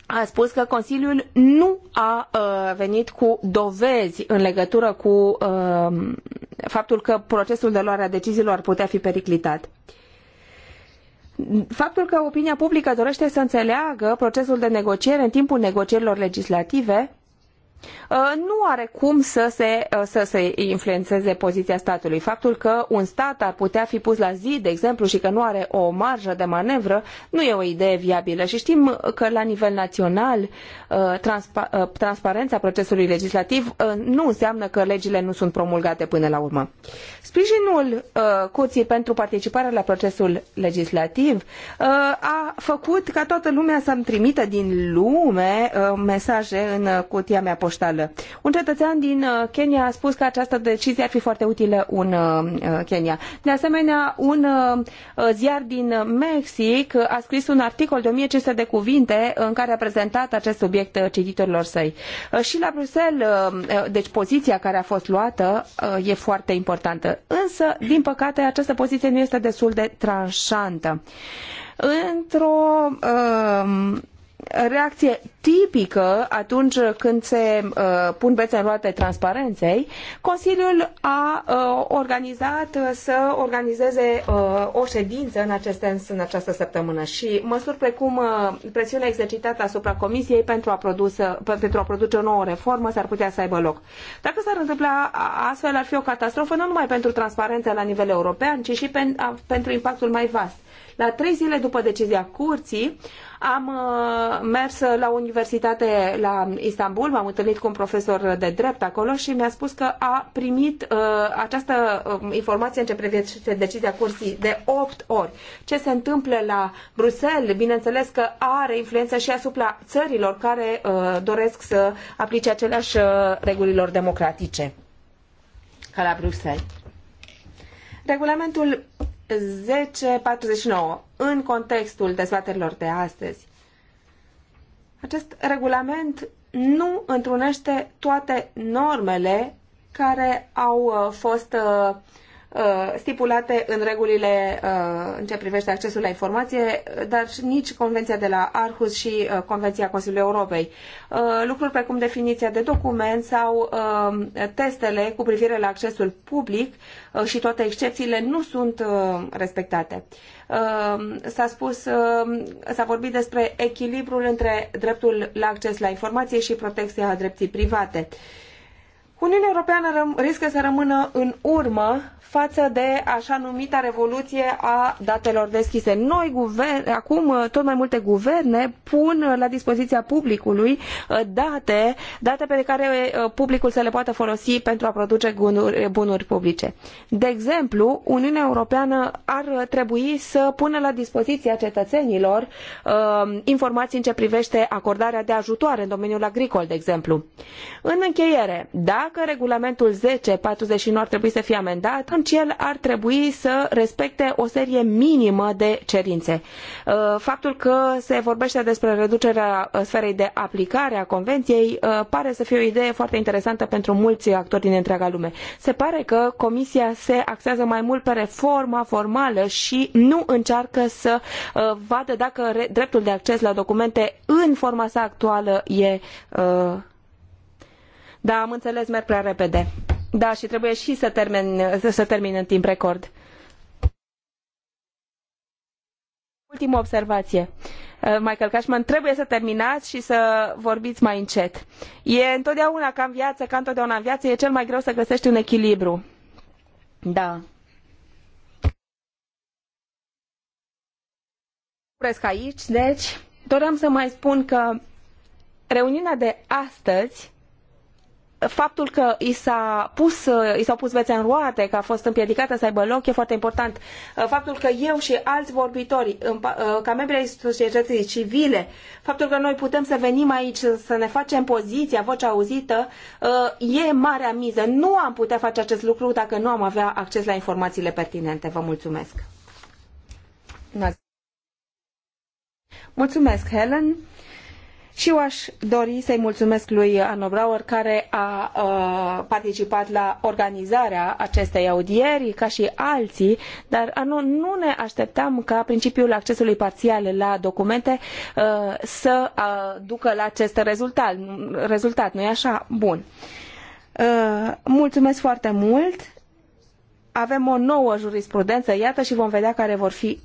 a spus că Consiliul nu a venit cu dovezi în legătură cu um, faptul că procesul de luare a deciziilor ar putea fi periclitat. Faptul că opinia publică dorește să înțeleagă procesul de negociere în timpul negocierilor legislative Uh, nu are cum să se, uh, să se influențeze poziția statului. Faptul că un stat ar putea fi pus la zi, de exemplu, și că nu are o marjă de manevră, nu e o idee viabilă. Și știm că la nivel național uh, transpa- transparența procesului legislativ nu înseamnă că legile nu sunt promulgate până la urmă. Sprijinul Curții pentru participarea la procesul legislativ a făcut ca toată lumea să-mi trimită din lume mesaje în cutia mea poștală poștală. Un cetățean din uh, Kenya a spus că această decizie ar fi foarte utilă în uh, uh, Kenya. De asemenea, un ziar din Mexic a scris un articol de 1500 de cuvinte în care a prezentat acest subiect cititorilor săi. Și la Bruxelles, deci poziția care a fost luată e foarte importantă. Însă, din păcate, această poziție nu este destul de tranșantă. Într-o uh, reacție tipică atunci când se uh, pun bețe în roate transparenței, Consiliul a uh, organizat să organizeze uh, o ședință în acest sens în această săptămână și măsuri precum uh, presiunea exercitată asupra Comisiei pentru a, produse, uh, pentru a produce o nouă reformă s-ar putea să aibă loc. Dacă s-ar întâmpla astfel, ar fi o catastrofă nu numai pentru transparența la nivel european, ci și pen, a, pentru impactul mai vast. La trei zile după decizia curții, am uh, mers la universitate la Istanbul, m-am întâlnit cu un profesor de drept acolo și mi-a spus că a primit uh, această um, informație în ce privește decizia cursii de opt ori. Ce se întâmplă la Bruxelles, bineînțeles că are influență și asupra țărilor care uh, doresc să aplice aceleași uh, regulilor democratice ca la Bruxelles. Regulamentul 1049 în contextul dezbaterilor de astăzi acest regulament nu întrunește toate normele care au uh, fost uh, Uh, stipulate în regulile uh, în ce privește accesul la informație, dar nici Convenția de la Arhus și uh, Convenția Consiliului Europei. Lucruri precum definiția de document sau testele cu privire la accesul public și toate excepțiile nu sunt respectate. S-a spus, s-a vorbit despre echilibrul între dreptul la acces la informație și protecția dreptii private. Uh, Uniunea Europeană riscă să rămână în urmă față de așa numita revoluție a datelor deschise. Noi, guvern, acum, uh, tot mai multe guverne pun uh, la dispoziția publicului uh, date, date pe care publicul să le poată folosi pentru a produce bunuri, bunuri publice. De exemplu, Uniunea Europeană ar trebui să pună la dispoziția cetățenilor uh, informații în ce privește acordarea de ajutoare în domeniul agricol, de exemplu. În încheiere, dacă dacă regulamentul 1049 ar trebui să fie amendat, atunci el ar trebui să respecte o serie minimă de cerințe. Uh, faptul că se vorbește despre reducerea uh, sferei de aplicare a convenției uh, pare să fie o idee foarte interesantă pentru mulți actori din întreaga lume. Se pare că Comisia se axează mai mult pe reforma formală și nu încearcă să vadă dacă dreptul de acces la documente în forma sa actuală e da, am înțeles, merg prea repede. Da, și trebuie și să termin, să termin în timp record. Ultima observație. Uh, Michael Cashman, trebuie să terminați și să vorbiți mai încet. E întotdeauna ca în viață, ca întotdeauna în viață, e cel mai greu să găsești un echilibru. Da. Opresc aici, deci doream să mai spun că reuniunea de astăzi faptul că i, s-a pus, uh, i s-au pus vețe în roate, că a fost împiedicată să aibă loc, e foarte important. Uh, faptul că eu și alți vorbitori, uh, ca membri ai societății civile, faptul că noi putem să venim aici, să ne facem poziția, vocea auzită, e marea miză. Nu am putea face acest lucru dacă nu am avea acces la informațiile pertinente. Vă mulțumesc. Mulțumesc, Helen. Și eu aș dori să-i mulțumesc lui Anno Brauer care a uh, participat la organizarea acestei audieri, ca și alții, dar anu, nu ne așteptam ca principiul accesului parțial la documente uh, să uh, ducă la acest rezultat. Rezultat, nu-i așa? Bun. mulțumesc foarte mult. Avem o nouă jurisprudență, iată, și vom vedea care vor fi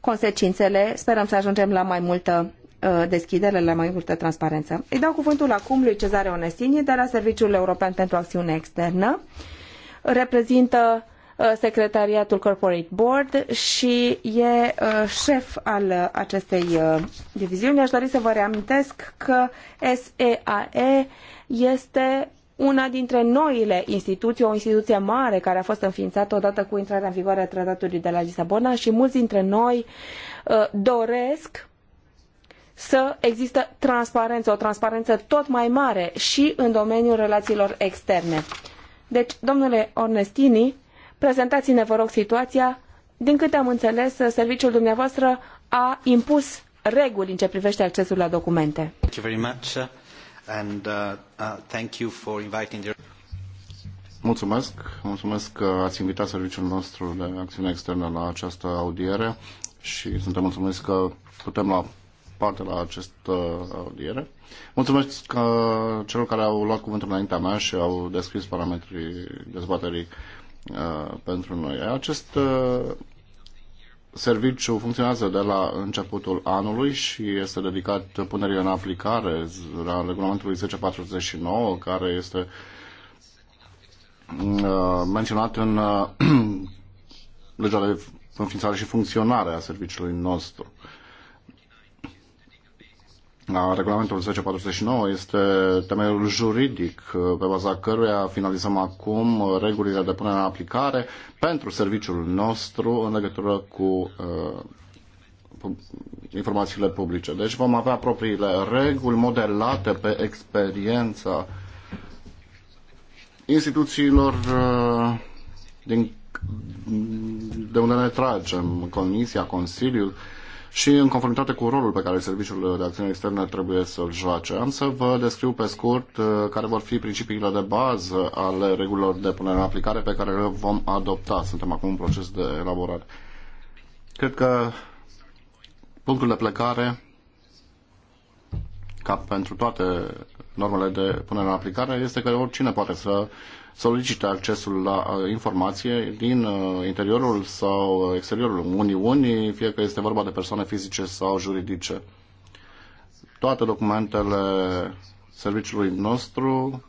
consecințele. Sperăm să ajungem la mai multă Uh, deschidere, la mai multă transparență. Îi dau cuvântul acum lui Cezare Onestini de la Serviciul European pentru Acțiune Externă. Reprezintă uh, secretariatul Corporate Board și e uh, șef al acestei diviziuni. Aș dori să vă reamintesc că SEAE este una dintre noile instituții, o instituție mare care a fost înființată odată cu intrarea în vigoare a tratatului de la Lisabona și mulți dintre noi doresc să există transparență, o transparență tot mai mare și în domeniul relațiilor externe. Deci, domnule Ornestini, prezentați-ne, vă rog, situația. Din câte am înțeles, serviciul dumneavoastră a impus reguli în ce privește accesul la documente. Mulțumesc. Mulțumesc că ați invitat serviciul nostru de acțiune externă la această audiere și suntem mulțumesc că putem la parte la această audiere. Mulțumesc că uh, celor care au luat cuvântul înaintea mea și au descris parametrii dezbaterii uh, pentru noi. Acest uh, serviciu funcționează de la începutul anului și este dedicat punerii în aplicare a regulamentului 1049, care este uh, menționat în uh, legea de înființare și funcționare a serviciului nostru. Uh, regulamentul 1049 este temeiul juridic pe baza căruia finalizăm acum regulile de punere în aplicare pentru serviciul nostru în legătură cu uh, informațiile publice. Deci vom avea propriile reguli modelate pe experiența instituțiilor uh, din, de unde ne tragem, Comisia, Consiliul, uh, și în conformitate cu rolul pe care Serviciul de Acțiune Externă trebuie să-l joace. Am să vă descriu pe scurt uh, care vor fi principiile de bază ale regulilor de punere în aplicare pe care le vom adopta. Suntem acum în proces de elaborare. Cred că punctul de plecare ca pentru toate normele de punere în aplicare este că oricine poate să solicite accesul la uh, informație din uh, interiorul sau uh, exteriorul Uniunii, fie că este vorba de persoane fizice sau juridice. Toate documentele serviciului nostru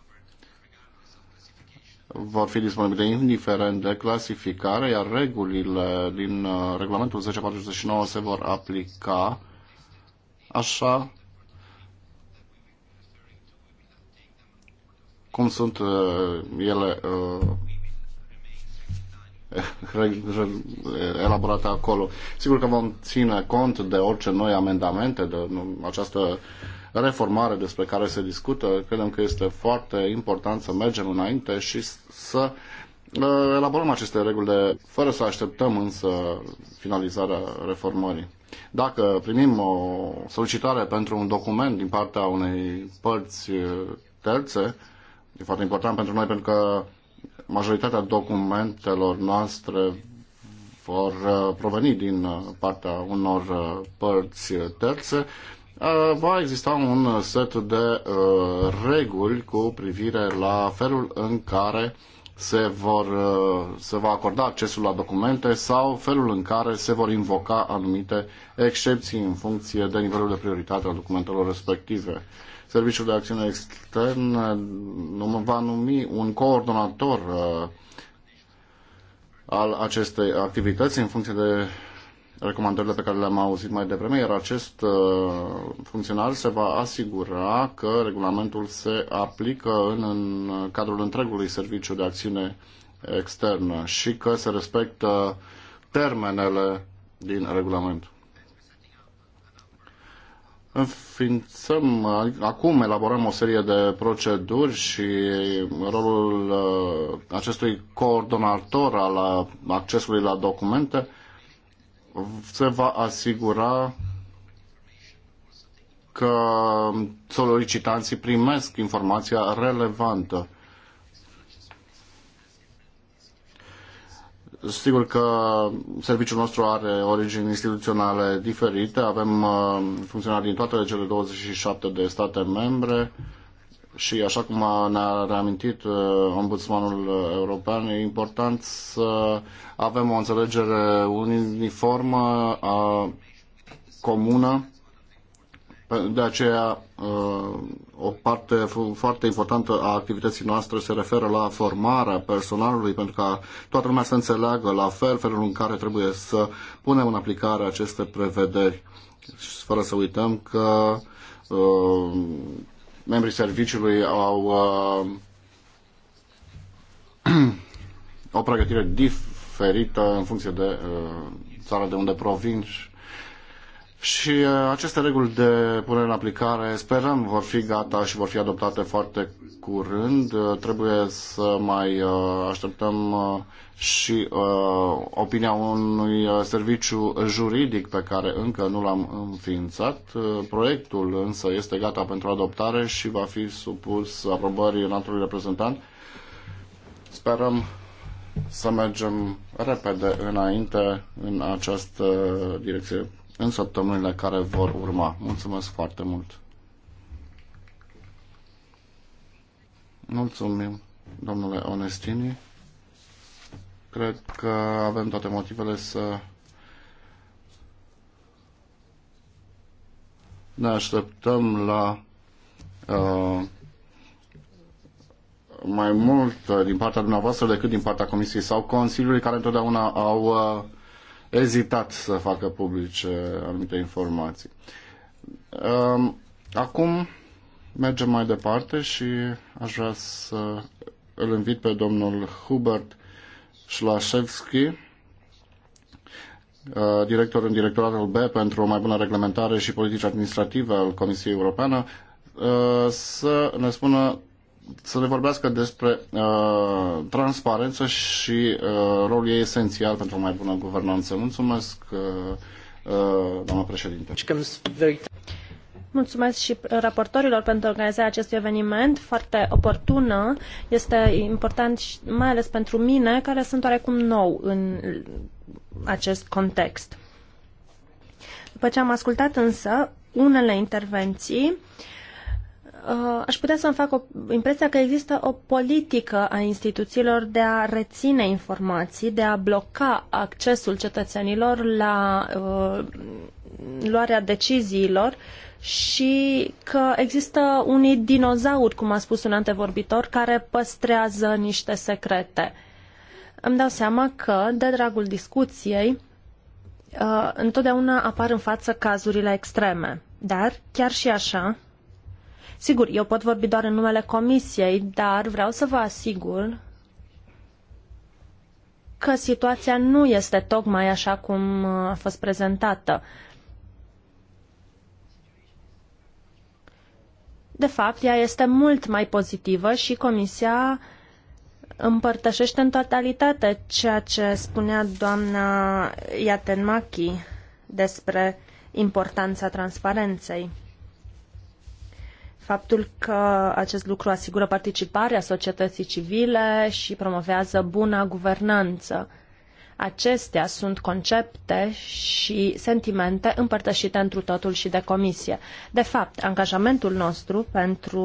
vor fi disponibile indiferent de clasificare, iar regulile din regulamentul 1049 se vor aplica așa cum sunt uh, ele uh, elaborate acolo. Sigur că vom ține cont de orice noi amendamente, de această reformare despre care se discută. Credem că este foarte important să mergem înainte și să uh, elaborăm aceste reguli fără să așteptăm însă finalizarea reformării. Dacă primim o solicitare pentru un document din partea unei părți terțe, E foarte important pentru noi pentru că majoritatea documentelor noastre vor uh, proveni din uh, partea unor uh, părți terțe, va exista un set de reguli cu privire la felul în care se, vor, se va acorda accesul la documente sau felul în care se vor invoca anumite excepții în funcție de nivelul de prioritate al documentelor respective. Serviciul de Acțiune Externă va numi un coordonator uh, al acestei activități în funcție de recomandările pe care le-am auzit mai devreme, iar acest uh, funcționar se va asigura că regulamentul se aplică în, în cadrul întregului serviciu de acțiune externă și că se respectă termenele din regulament înființăm, acum elaborăm o serie de proceduri și rolul uh, acestui coordonator al accesului la documente se va asigura că solicitanții primesc informația relevantă. Sigur că serviciul nostru are origini instituționale diferite, avem uh, funcționari din toate cele 27 de state membre și, așa cum ne-a reamintit uh, Ombudsmanul European, e important să avem o înțelegere uniformă, uh, comună de aceea, uh, o parte foarte importantă a activității noastre se referă la formarea personalului, pentru ca toată lumea să înțeleagă la fel felul în care trebuie să punem în aplicare aceste prevederi. Și fără să uităm că uh, membrii serviciului au uh, o pregătire diferită în funcție de uh, țara de unde provin și și uh, aceste reguli de punere în aplicare sperăm vor fi gata și vor fi adoptate foarte curând. Uh, trebuie să mai uh, așteptăm și opinia unui serviciu juridic pe care încă nu l-am înființat. Proiectul însă este gata pentru adoptare și va fi supus aprobării înaltului reprezentant. Sperăm să mergem repede înainte în această direcție în săptămânile care vor urma. Mulțumesc foarte mult! Mulțumim, domnule Onestini. Cred că avem toate motivele să ne așteptăm la uh, mai mult din partea dumneavoastră decât din partea Comisiei sau Consiliului, care întotdeauna au uh, ezitat să facă publice anumite informații. Um, acum mergem mai departe și aș vrea să îl invit pe domnul Hubert Șlașevski, uh, director în directoratul B pentru o mai bună reglementare și politici administrative al Comisiei Europeană, uh, să ne spună să ne vorbească despre uh, transparență și uh, rolul ei esențial pentru o mai bună guvernanță. Mulțumesc, uh, uh, doamna președinte. Mulțumesc și raportorilor pentru organizarea acestui eveniment foarte oportună. Este important și mai ales pentru mine, care sunt oarecum nou în acest context. După ce am ascultat însă unele intervenții, uh, Uh, aș putea să-mi fac o impresia că există o politică a instituțiilor de a reține informații, de a bloca accesul cetățenilor la uh, luarea deciziilor și că există unii dinozauri, cum a spus un antevorbitor, care păstrează niște secrete. Îmi dau seama că, de dragul discuției, uh, întotdeauna apar în față cazurile extreme. Dar, chiar și așa, Sigur, eu pot vorbi doar în numele Comisiei, dar vreau să vă asigur că situația nu este tocmai așa cum uh, a fost prezentată. De fapt, ea este mult mai pozitivă și Comisia împărtășește în totalitate ceea ce spunea doamna Iatenmachi despre importanța transparenței faptul că acest lucru asigură participarea societății civile și promovează buna guvernanță. Acestea sunt concepte și sentimente împărtășite întru totul și de comisie. De fapt, angajamentul nostru pentru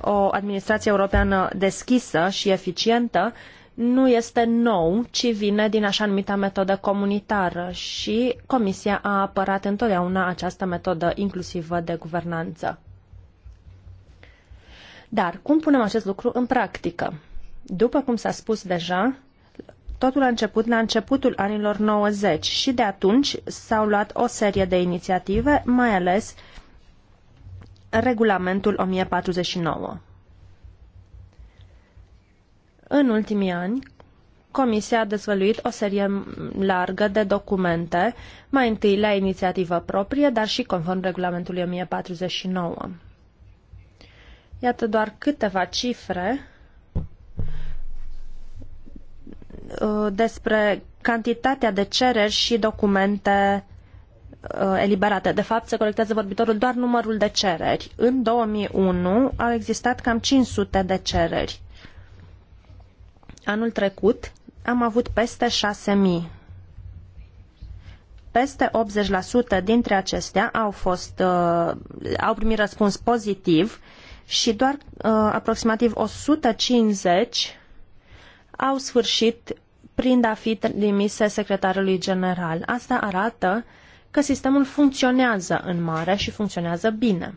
o administrație europeană deschisă și eficientă nu este nou, ci vine din așa numita metodă comunitară și Comisia a apărat întotdeauna această metodă inclusivă de guvernanță. Dar cum punem acest lucru în practică? După cum s-a spus deja, totul a început la începutul anilor 90 și de atunci s-au luat o serie de inițiative, mai ales regulamentul 1049. În ultimii ani, Comisia a dezvăluit o serie largă de documente, mai întâi la inițiativă proprie, dar și conform regulamentului 1049. Iată doar câteva cifre uh, despre cantitatea de cereri și documente uh, eliberate. De fapt, se colectează vorbitorul doar numărul de cereri. În 2001 au existat cam 500 de cereri. Anul trecut am avut peste 6.000. Peste 80% dintre acestea au, fost, uh, au primit răspuns pozitiv uh, și doar uh, aproximativ 150 au sfârșit prin a fi trimise secretarului general. Asta arată că sistemul funcționează în mare și funcționează bine.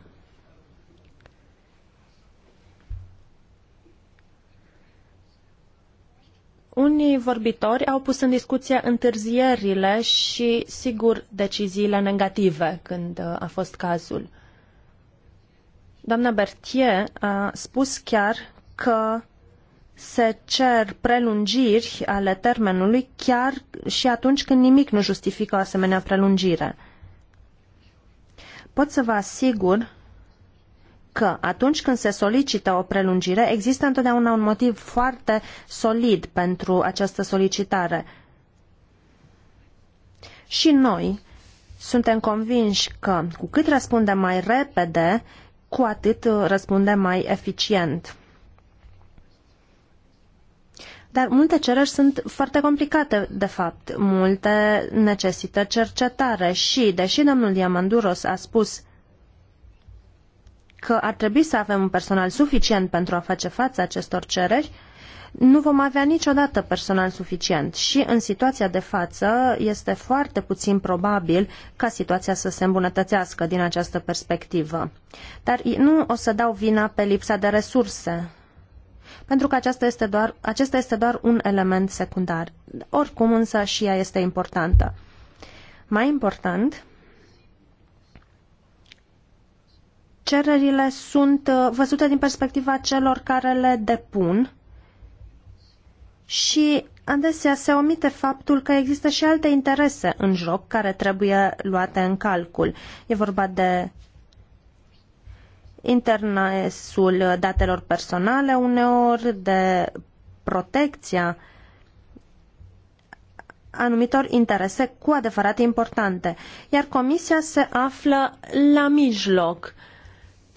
Unii vorbitori au pus în discuție întârzierile și, sigur, deciziile negative când uh, a fost cazul. Doamna Berthier a spus chiar că se cer prelungiri ale termenului chiar și atunci când nimic nu justifică o asemenea prelungire. Pot să vă asigur că atunci când se solicită o prelungire, există întotdeauna un motiv foarte solid pentru această solicitare. Și noi suntem convinși că cu cât răspundem mai repede, cu atât uh, răspundem mai eficient. Dar multe cereri sunt foarte complicate, de fapt. Multe necesită cercetare și, deși domnul Diamanduros a spus că ar trebui să avem un personal suficient pentru a face față acestor cereri, nu vom avea niciodată personal suficient și în situația de față este foarte puțin probabil ca situația să se îmbunătățească din această perspectivă. Dar nu o să dau vina pe lipsa de resurse, pentru că acesta este doar, acesta este doar un element secundar. Oricum însă și ea este importantă. Mai important, cererile sunt uh, văzute din perspectiva celor care le depun și adesea se omite faptul că există și alte interese în joc care trebuie luate în calcul. E vorba de internesul datelor personale uneori, de protecția anumitor interese cu adevărat importante, iar Comisia se află la mijloc. Uh,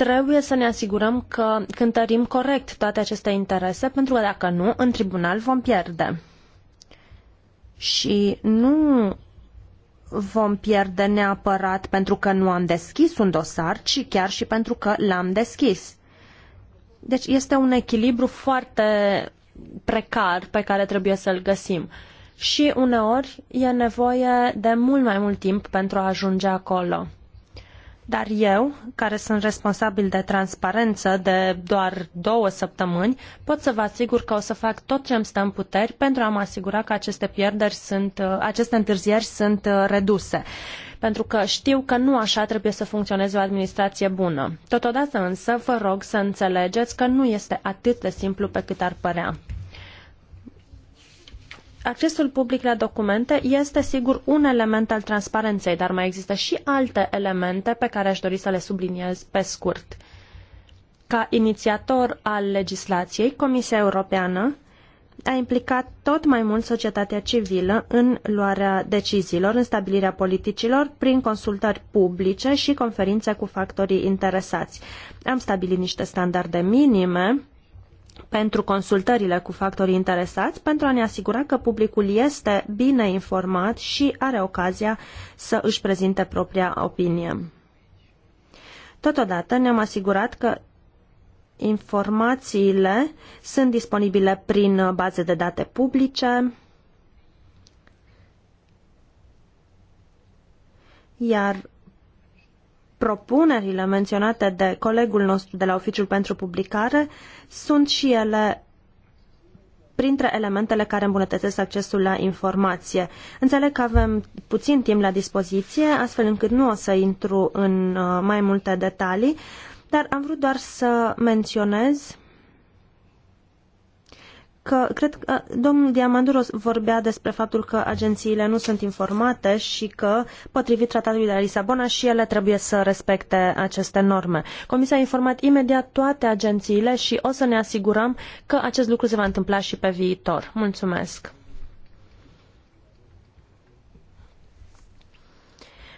trebuie să ne asigurăm că cântărim corect toate aceste interese, pentru că dacă nu, în tribunal vom pierde. Și nu vom pierde neapărat pentru că nu am deschis un dosar, ci chiar și pentru că l-am deschis. Deci este un echilibru foarte precar pe care trebuie să-l găsim. Și uneori e nevoie de mult mai mult timp pentru a ajunge acolo. Dar eu, care sunt responsabil de transparență de doar două săptămâni, pot să vă asigur că o să fac tot ce îmi stă în puteri pentru a mă asigura că aceste pierderi sunt, aceste întârzieri sunt uh, reduse pentru că știu că nu așa trebuie să funcționeze o administrație bună. Totodată însă vă rog să înțelegeți că nu este atât de simplu pe cât ar părea accesul public la documente este sigur un element al transparenței, dar mai există și alte elemente pe care aș dori să le subliniez pe scurt. Ca inițiator al legislației, Comisia Europeană a implicat tot mai mult societatea civilă în luarea deciziilor, în stabilirea politicilor, prin consultări publice și conferințe cu factorii interesați. Am stabilit niște standarde minime pentru consultările cu factorii interesați pentru a ne asigura că publicul este bine informat și are ocazia să își prezinte propria opinie. Totodată ne-am asigurat că informațiile sunt disponibile prin baze de date publice, iar propunerile menționate de colegul nostru de la Oficiul pentru Publicare sunt și ele printre elementele care îmbunătățesc accesul la informație. Înțeleg că avem puțin timp la dispoziție, astfel încât nu o să intru în uh, mai multe detalii, dar am vrut doar să menționez că cred că domnul Diamanduros vorbea despre faptul că agențiile nu sunt informate și că, potrivit tratatului de la Lisabona, și ele trebuie să respecte aceste norme. Comisia a informat imediat toate agențiile și o să ne asigurăm că acest lucru se va întâmpla și pe viitor. Mulțumesc!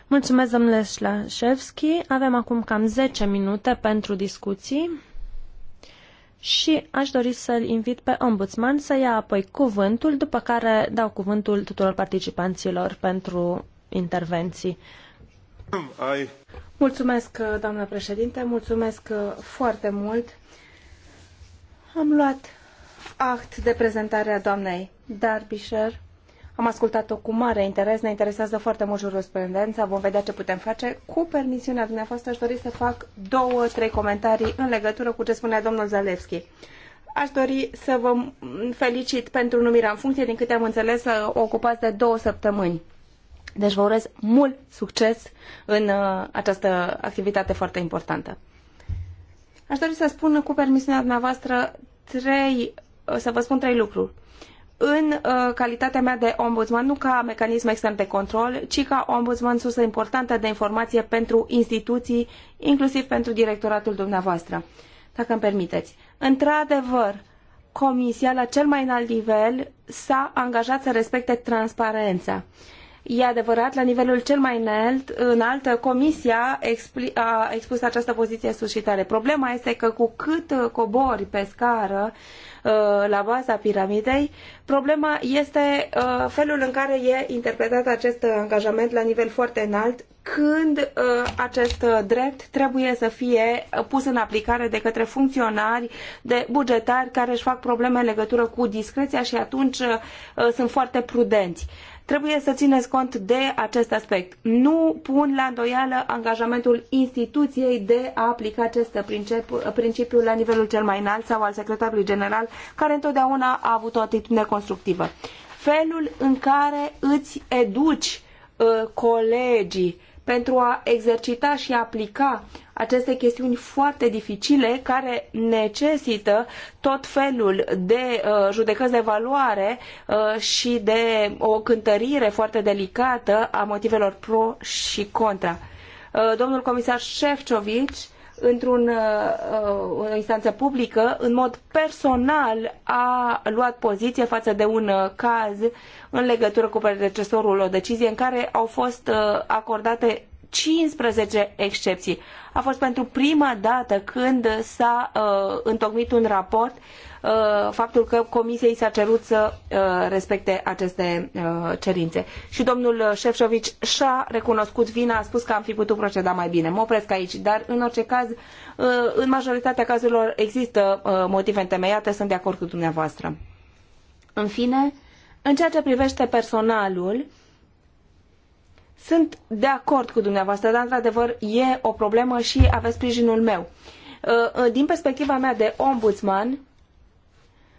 Mulțumesc, domnule Șlașevski. Avem acum cam 10 minute pentru discuții și aș dori să-l invit pe ombudsman să ia apoi cuvântul, după care dau cuvântul tuturor participanților pentru intervenții. Ai... Mulțumesc, doamnă președinte, mulțumesc foarte mult. Am luat act de a doamnei Darbyshire am ascultat-o cu mare interes, ne interesează foarte mult jurisprudența, vom vedea ce putem face. Cu permisiunea dumneavoastră, aș dori să fac două, trei comentarii în legătură cu ce spunea domnul Zalewski. Aș dori să vă felicit pentru numirea în funcție, din câte am înțeles, să ocupați de două săptămâni. Deci vă urez mult succes în uh, această activitate foarte importantă. Aș dori să spun, cu permisiunea dumneavoastră, trei, să vă spun trei lucruri în uh, calitatea mea de ombudsman, nu ca mecanism extern de control, ci ca ombudsman sursă importantă de informație pentru instituții, inclusiv pentru directoratul dumneavoastră, dacă îmi permiteți. Într-adevăr, Comisia, la cel mai înalt nivel, s-a angajat să respecte transparența. Uh, E adevărat, la nivelul cel mai înalt, înalt Comisia a expus această poziție suscitare. Problema este că cu cât cobori pe scară uh, la baza piramidei, problema este uh, felul în care e interpretat acest angajament la nivel foarte înalt, când uh, acest drept trebuie să fie pus în aplicare de către funcționari, de bugetari care își fac probleme în legătură cu discreția și atunci sunt foarte prudenți. Trebuie să țineți cont de acest aspect. Nu pun la îndoială angajamentul instituției de a aplica acest principiu, la nivelul cel mai înalt sau al secretarului general, care întotdeauna a avut o atitudine constructivă. Felul în care îți educi uh, colegii pentru a exercita și aplica aceste chestiuni foarte dificile care necesită tot felul de uh, judecăți de valoare uh, și de o cântărire foarte delicată a motivelor pro și contra. Uh, domnul comisar Șefcovici într-un uh, uh o instanță publică, în mod personal a luat poziție față de un uh, caz în legătură cu predecesorul, o decizie în care au fost uh, acordate 15 excepții. A fost pentru prima dată când s-a uh, întocmit un raport uh, faptul că comisiei s-a cerut să uh, respecte aceste uh, cerințe. Și domnul Șefșovici și-a recunoscut vina, a spus că am fi putut proceda mai bine. Mă opresc aici, dar în orice caz, în majoritatea cazurilor există motive întemeiate, sunt de acord cu dumneavoastră. În fine, în ceea ce privește personalul, sunt de acord cu dumneavoastră, dar într-adevăr e o problemă și aveți sprijinul meu. Uh, din perspectiva mea de ombudsman,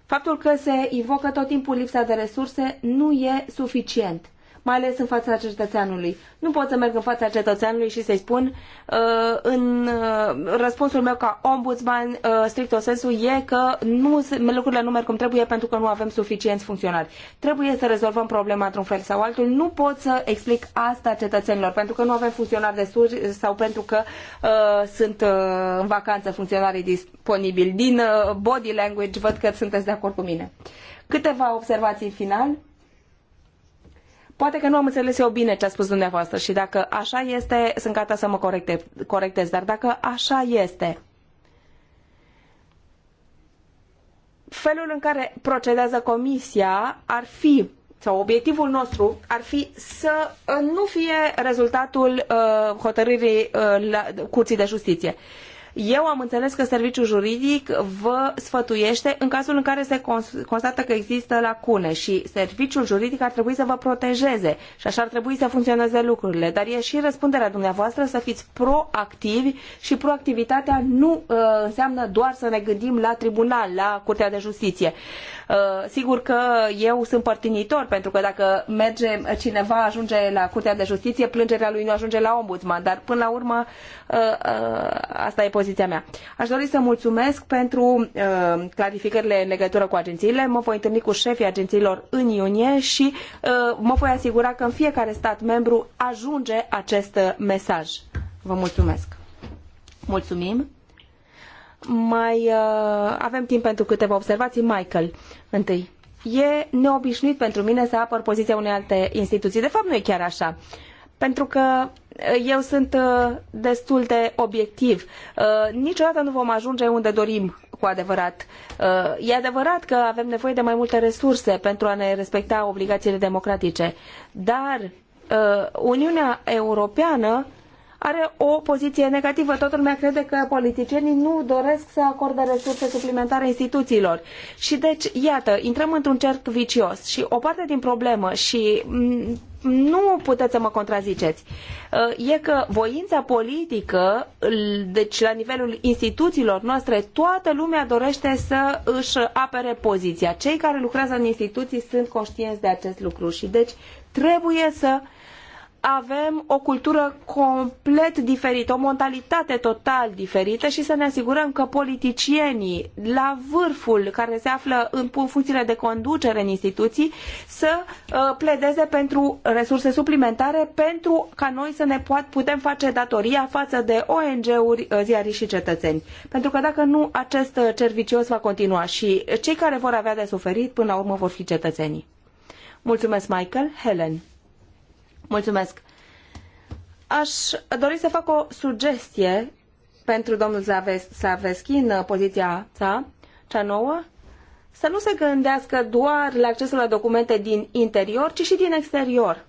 faptul că se invocă tot timpul lipsa de resurse nu e suficient mai ales în fața cetățeanului. Nu pot să merg în fața cetățeanului și să-i spun uh, în uh, răspunsul meu ca ombudsman uh, strict sensul e că nu, lucrurile nu merg cum trebuie pentru că nu avem suficienți funcționari. Trebuie să rezolvăm problema într-un fel sau altul. Nu pot să explic asta cetățenilor pentru că nu avem funcționari desturi sau pentru că uh, sunt uh, în vacanță funcționarii disponibili. Din uh, body language văd că sunteți de acord cu mine. Câteva observații final. Poate că nu am înțeles eu bine ce a spus dumneavoastră și dacă așa este, sunt gata să mă corecte, corectez, dar dacă așa este, felul în care procedează comisia ar fi sau obiectivul nostru ar fi să uh, nu fie rezultatul uh, hotărârii uh, la, Curții de Justiție. Uh, eu am înțeles că serviciul juridic vă sfătuiește în cazul în care se constată că există lacune și serviciul juridic ar trebui să vă protejeze și așa ar trebui să funcționeze lucrurile. Dar e și răspunderea dumneavoastră să fiți proactivi și proactivitatea nu uh, înseamnă doar să ne gândim la tribunal, la Curtea de Justiție. Uh, sigur că eu sunt părtinitor, pentru că dacă merge cineva, ajunge la Curtea de Justiție, plângerea lui nu ajunge la ombudsman, dar până la urmă uh, uh, asta e poziția mea. Aș dori să mulțumesc pentru clarificările în legătură cu agențiile. Mă voi întâlni cu șefii agențiilor în iunie și mă voi asigura că în fiecare stat membru ajunge acest mesaj. Vă mulțumesc! Mulțumim! mai uh, avem timp pentru câteva observații. Michael, întâi. E neobișnuit pentru mine să apăr poziția unei alte instituții. De fapt, nu e chiar așa. Pentru că uh, eu sunt uh, destul de obiectiv. Uh, niciodată nu vom ajunge unde dorim cu adevărat. E adevărat că avem nevoie de mai multe resurse pentru a ne respecta obligațiile democratice, dar Uniunea Europeană are o poziție negativă. Toată lumea crede că politicienii nu doresc să acorde resurse suplimentare instituțiilor. Și deci, iată, intrăm într-un cerc vicios și o parte din problemă și mm, nu puteți să mă contraziceți. Uh, e că voința politică, deci la nivelul instituțiilor noastre, toată lumea dorește să își apere poziția. Cei care lucrează în instituții sunt conștienți de acest lucru și deci trebuie să avem o cultură complet diferită, o mentalitate total diferită și să ne asigurăm că politicienii la vârful care se află în funcțiile de conducere în instituții să uh, pledeze pentru resurse suplimentare pentru ca noi să ne poat, putem face datoria față de ONG-uri, uh, ziarii și cetățeni. Pentru că dacă nu, acest cer uh, vicios va continua și cei care vor avea de suferit până la urmă vor fi cetățenii. Mulțumesc, Michael. Helen. Mulțumesc. Aș dori să fac o sugestie pentru domnul Zaves, în uh, poziția sa, cea nouă, să nu se gândească doar la accesul la documente din interior, ci și din exterior.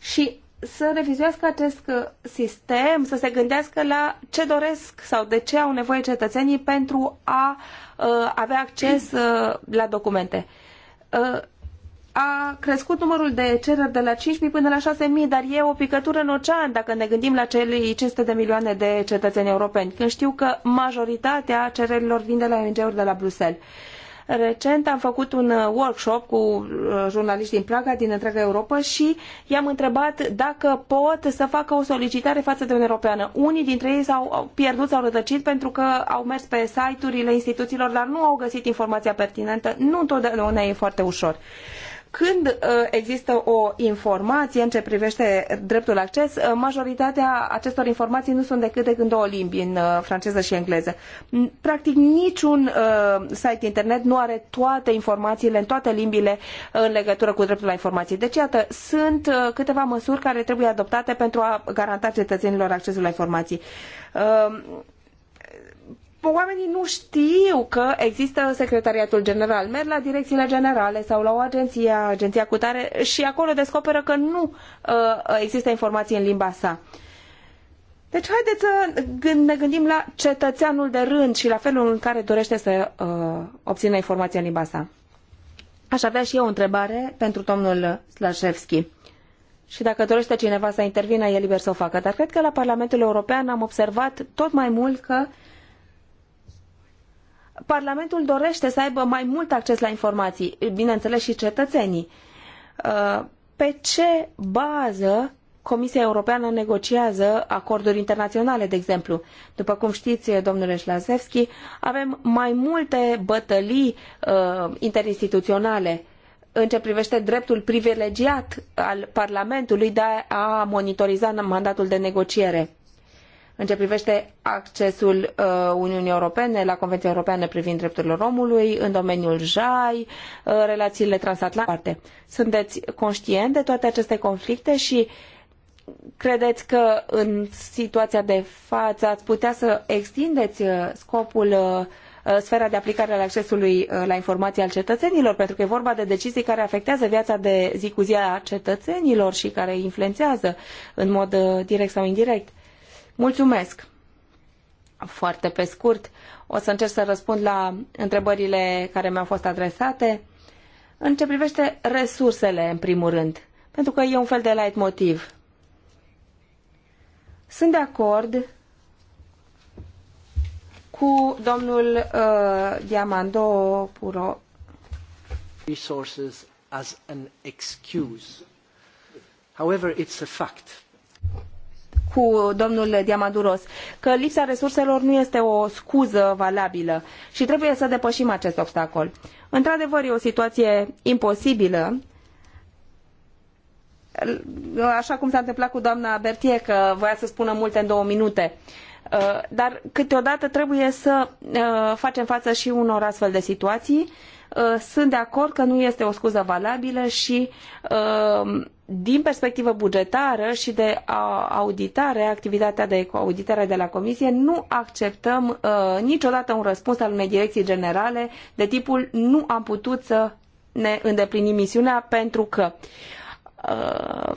Și să revizuiască acest uh, sistem, să se gândească la ce doresc sau de ce au nevoie cetățenii pentru a uh, avea acces uh, la documente. Uh, a crescut numărul de cereri de la 5.000 până la 6.000, dar e o picătură în ocean dacă ne gândim la cei 500 de milioane de cetățeni europeni, când știu că majoritatea cererilor vin de la ONG-uri de la Bruxelles. Recent am făcut un uh, workshop cu uh, jurnaliști din Praga, din întreaga Europa și i-am întrebat dacă pot să facă o solicitare față de Uniunea Europeană. Unii dintre ei s-au pierdut, s-au rătăcit pentru că au mers pe site-urile instituțiilor, dar nu au găsit informația pertinentă. Nu întotdeauna e foarte ușor când uh, există o informație în ce privește dreptul acces, uh, majoritatea acestor informații nu sunt decât în două limbi, în uh, franceză și engleză. Practic niciun site internet nu are toate informațiile în toate limbile în legătură cu dreptul la informații. Deci, iată, sunt câteva măsuri care trebuie adoptate pentru a garanta cetățenilor accesul la informații oamenii nu știu că există secretariatul general. Merg la direcțiile generale sau la o agenție, agenția cutare și acolo descoperă că nu uh, există informații în limba sa. Deci haideți să ne gândim la cetățeanul de rând și la felul în care dorește să uh, obțină informația în limba sa. Aș avea și eu o întrebare pentru domnul Slașevski. Și dacă dorește cineva să intervină, e liber să o facă. Dar cred că la Parlamentul European am observat tot mai mult că uh, Parlamentul dorește să aibă mai mult acces la informații, bineînțeles și cetățenii. Uh, pe ce bază Comisia Europeană negociază acorduri internaționale, de exemplu. După cum știți, domnule Șlazevski, avem mai multe bătălii uh, interinstituționale în ce privește dreptul privilegiat al Parlamentului de a monitoriza mandatul de negociere în ceea ce privește accesul uh, Uniunii Europene la Convenția Europeană privind drepturile omului, în domeniul JAI, uh, relațiile transatlantice. Sunteți conștient de toate aceste conflicte și credeți că în situația de față ați putea să extindeți uh, scopul sfera de aplicare al accesului la informații al cetățenilor, pentru că e vorba de decizii care afectează viața de zi cu zi a cetățenilor și care influențează în mod direct sau indirect. Mulțumesc! Foarte pe scurt, o să încerc să răspund la întrebările care mi-au fost adresate. În ce privește resursele, în primul rând, pentru că e un fel de light motiv. Sunt de acord cu domnul uh, Diamando Puro. Resources as an excuse. However, it's a fact cu domnul Diamanduros, că lipsa resurselor nu este o scuză valabilă și trebuie să depășim acest obstacol. Într-adevăr, e o situație imposibilă, așa cum s-a întâmplat cu doamna Bertie, că voia să spună multe în două minute. Uh, dar câteodată trebuie să uh, facem față și unor astfel de situații Uh, sunt de acord că nu este o scuză valabilă și uh, din perspectivă bugetară și de auditare, activitatea de auditare de la Comisie, nu acceptăm uh, niciodată un răspuns al unei direcții generale de tipul nu am putut să ne îndeplinim misiunea pentru că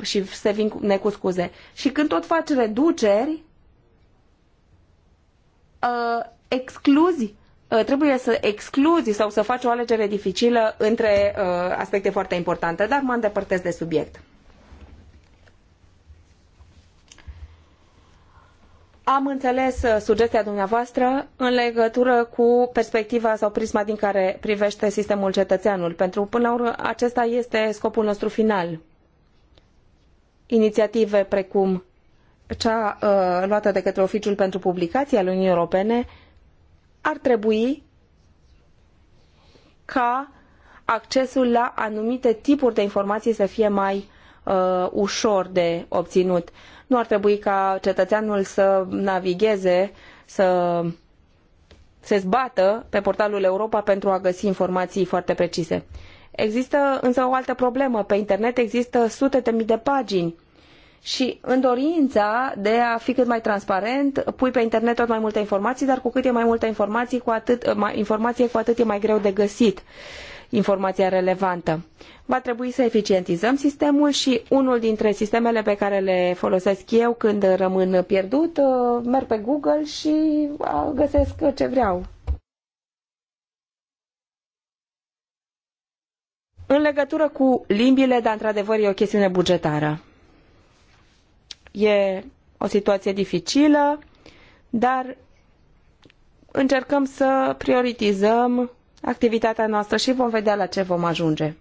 și se vin ne cu scuze. Și când tot faci reduceri, excluzi Uh, trebuie să excluzi sau să faci o alegere dificilă între uh, aspecte foarte importante, dar mă îndepărtez de subiect. Am înțeles uh, sugestia dumneavoastră în legătură cu perspectiva sau prisma din care privește sistemul cetățeanul, pentru până la urmă acesta este scopul nostru final. Inițiative precum cea uh, luată de către Oficiul pentru Publicații al Uniunii Europene uh, ar trebui ca accesul la anumite tipuri de informații să fie mai uh, ușor de obținut. Nu ar trebui ca cetățeanul să navigheze, să se zbată pe portalul Europa pentru a găsi informații foarte precise. Există însă o altă problemă. Pe internet există sute de mii de pagini și în dorința de a fi cât mai transparent, pui pe internet tot mai multe informații, dar cu cât e mai multă informație, cu atât, mai, informație, cu atât e mai greu de găsit informația relevantă. Va trebui să eficientizăm sistemul și unul dintre sistemele pe care le folosesc eu când rămân pierdut, uh, merg pe Google și uh, găsesc ce vreau. În legătură cu limbile, dar într-adevăr e o chestiune bugetară. E o situație dificilă, dar încercăm să prioritizăm activitatea noastră și vom vedea la ce vom ajunge.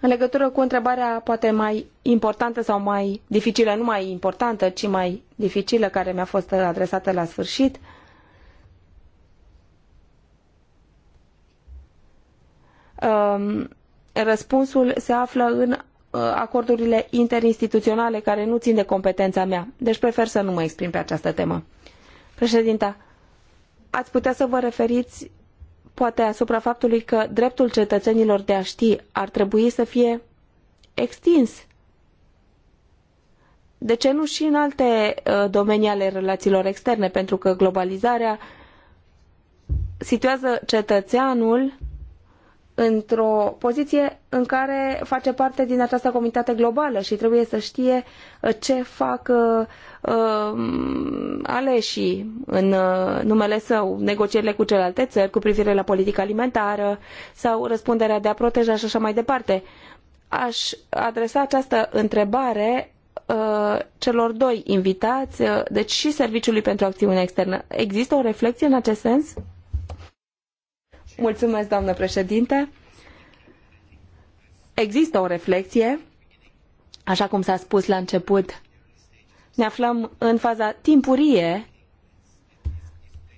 În legătură cu întrebarea poate mai importantă sau mai dificilă, nu mai importantă, ci mai dificilă care mi-a fost adresată la sfârșit, um, răspunsul se află în Uh, acordurile interinstituționale care nu țin de competența mea. Deci prefer să nu mă exprim pe această temă. Președinta, ați putea să vă referiți poate asupra faptului că dreptul cetățenilor de a ști ar trebui să fie extins. De ce nu și în alte uh, domenii ale relațiilor externe? Pentru că globalizarea situează cetățeanul într-o poziție în care face parte din această comunitate globală și trebuie să știe uh, ce fac uh, um, aleșii în uh, numele său, negocierile cu celelalte țări cu privire la politică alimentară sau răspunderea de a proteja și așa mai departe. Aș adresa această întrebare uh, celor doi invitați, deci și Serviciului pentru Acțiune Externă. Există o reflexie în acest sens? Mulțumesc, doamnă președinte. Există o reflexie, așa cum s-a spus la început. Ne aflăm în faza timpurie.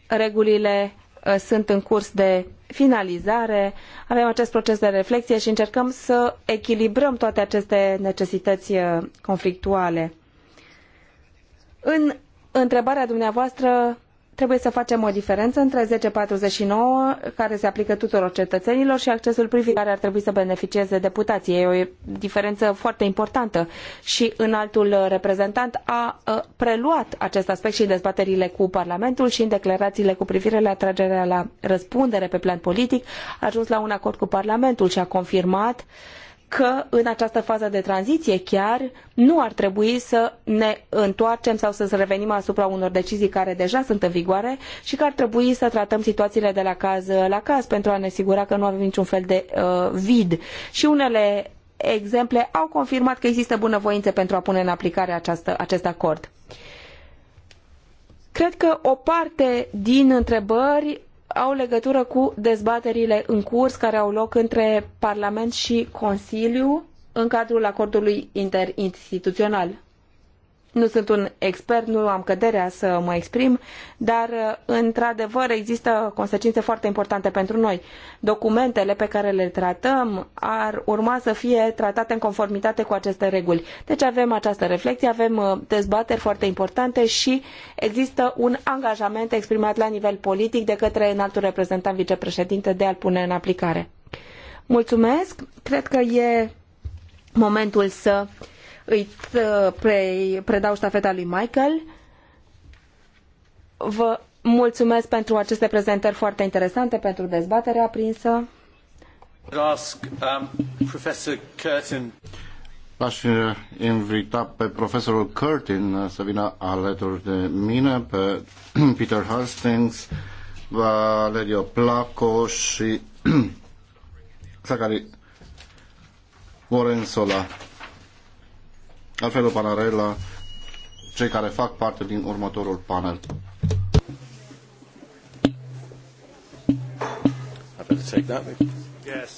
Regulile uh, sunt în curs de finalizare, avem acest proces de reflexie și încercăm să echilibrăm toate aceste necesități uh, conflictuale. În întrebarea dumneavoastră Trebuie să facem o diferență între 1049, care se aplică tuturor cetățenilor, și accesul privind care ar trebui să beneficieze deputației E o diferență foarte importantă și înaltul reprezentant a preluat acest aspect și în dezbaterile cu Parlamentul și în declarațiile cu privire la atragerea la răspundere pe plan politic. A ajuns la un acord cu Parlamentul și a confirmat că în această fază de tranziție chiar nu ar trebui să ne întoarcem sau să revenim asupra unor decizii care deja sunt în vigoare și că ar trebui să tratăm situațiile de la caz la caz pentru a ne asigura că nu avem niciun fel de uh, vid. Și unele exemple au confirmat că există bunăvoință pentru a pune în aplicare această, acest acord. Cred că o parte din întrebări au legătură cu dezbaterile în curs care au loc între Parlament și Consiliu în cadrul acordului interinstituțional. Nu sunt un expert, nu am căderea să mă exprim, dar uh, într-adevăr există consecințe foarte importante pentru noi. Documentele pe care le tratăm ar urma să fie tratate în conformitate cu aceste reguli. Deci avem această reflexie, avem uh, dezbateri foarte importante și există un angajament exprimat la nivel politic de către înaltul reprezentant vicepreședinte de a-l pune în aplicare. Mulțumesc! Cred că e momentul să îi uh, predau ștafeta lui Michael. Vă mulțumesc pentru aceste prezentări foarte interesante, pentru dezbaterea aprinsă. Ask, um, L-aș uh, invita pe profesorul Curtin uh, să vină alături de mine, pe Peter Hastings, Valerio Placo și Zachary Warren Sola fel o paralelă cei care fac parte din următorul panel. better take that. Yes.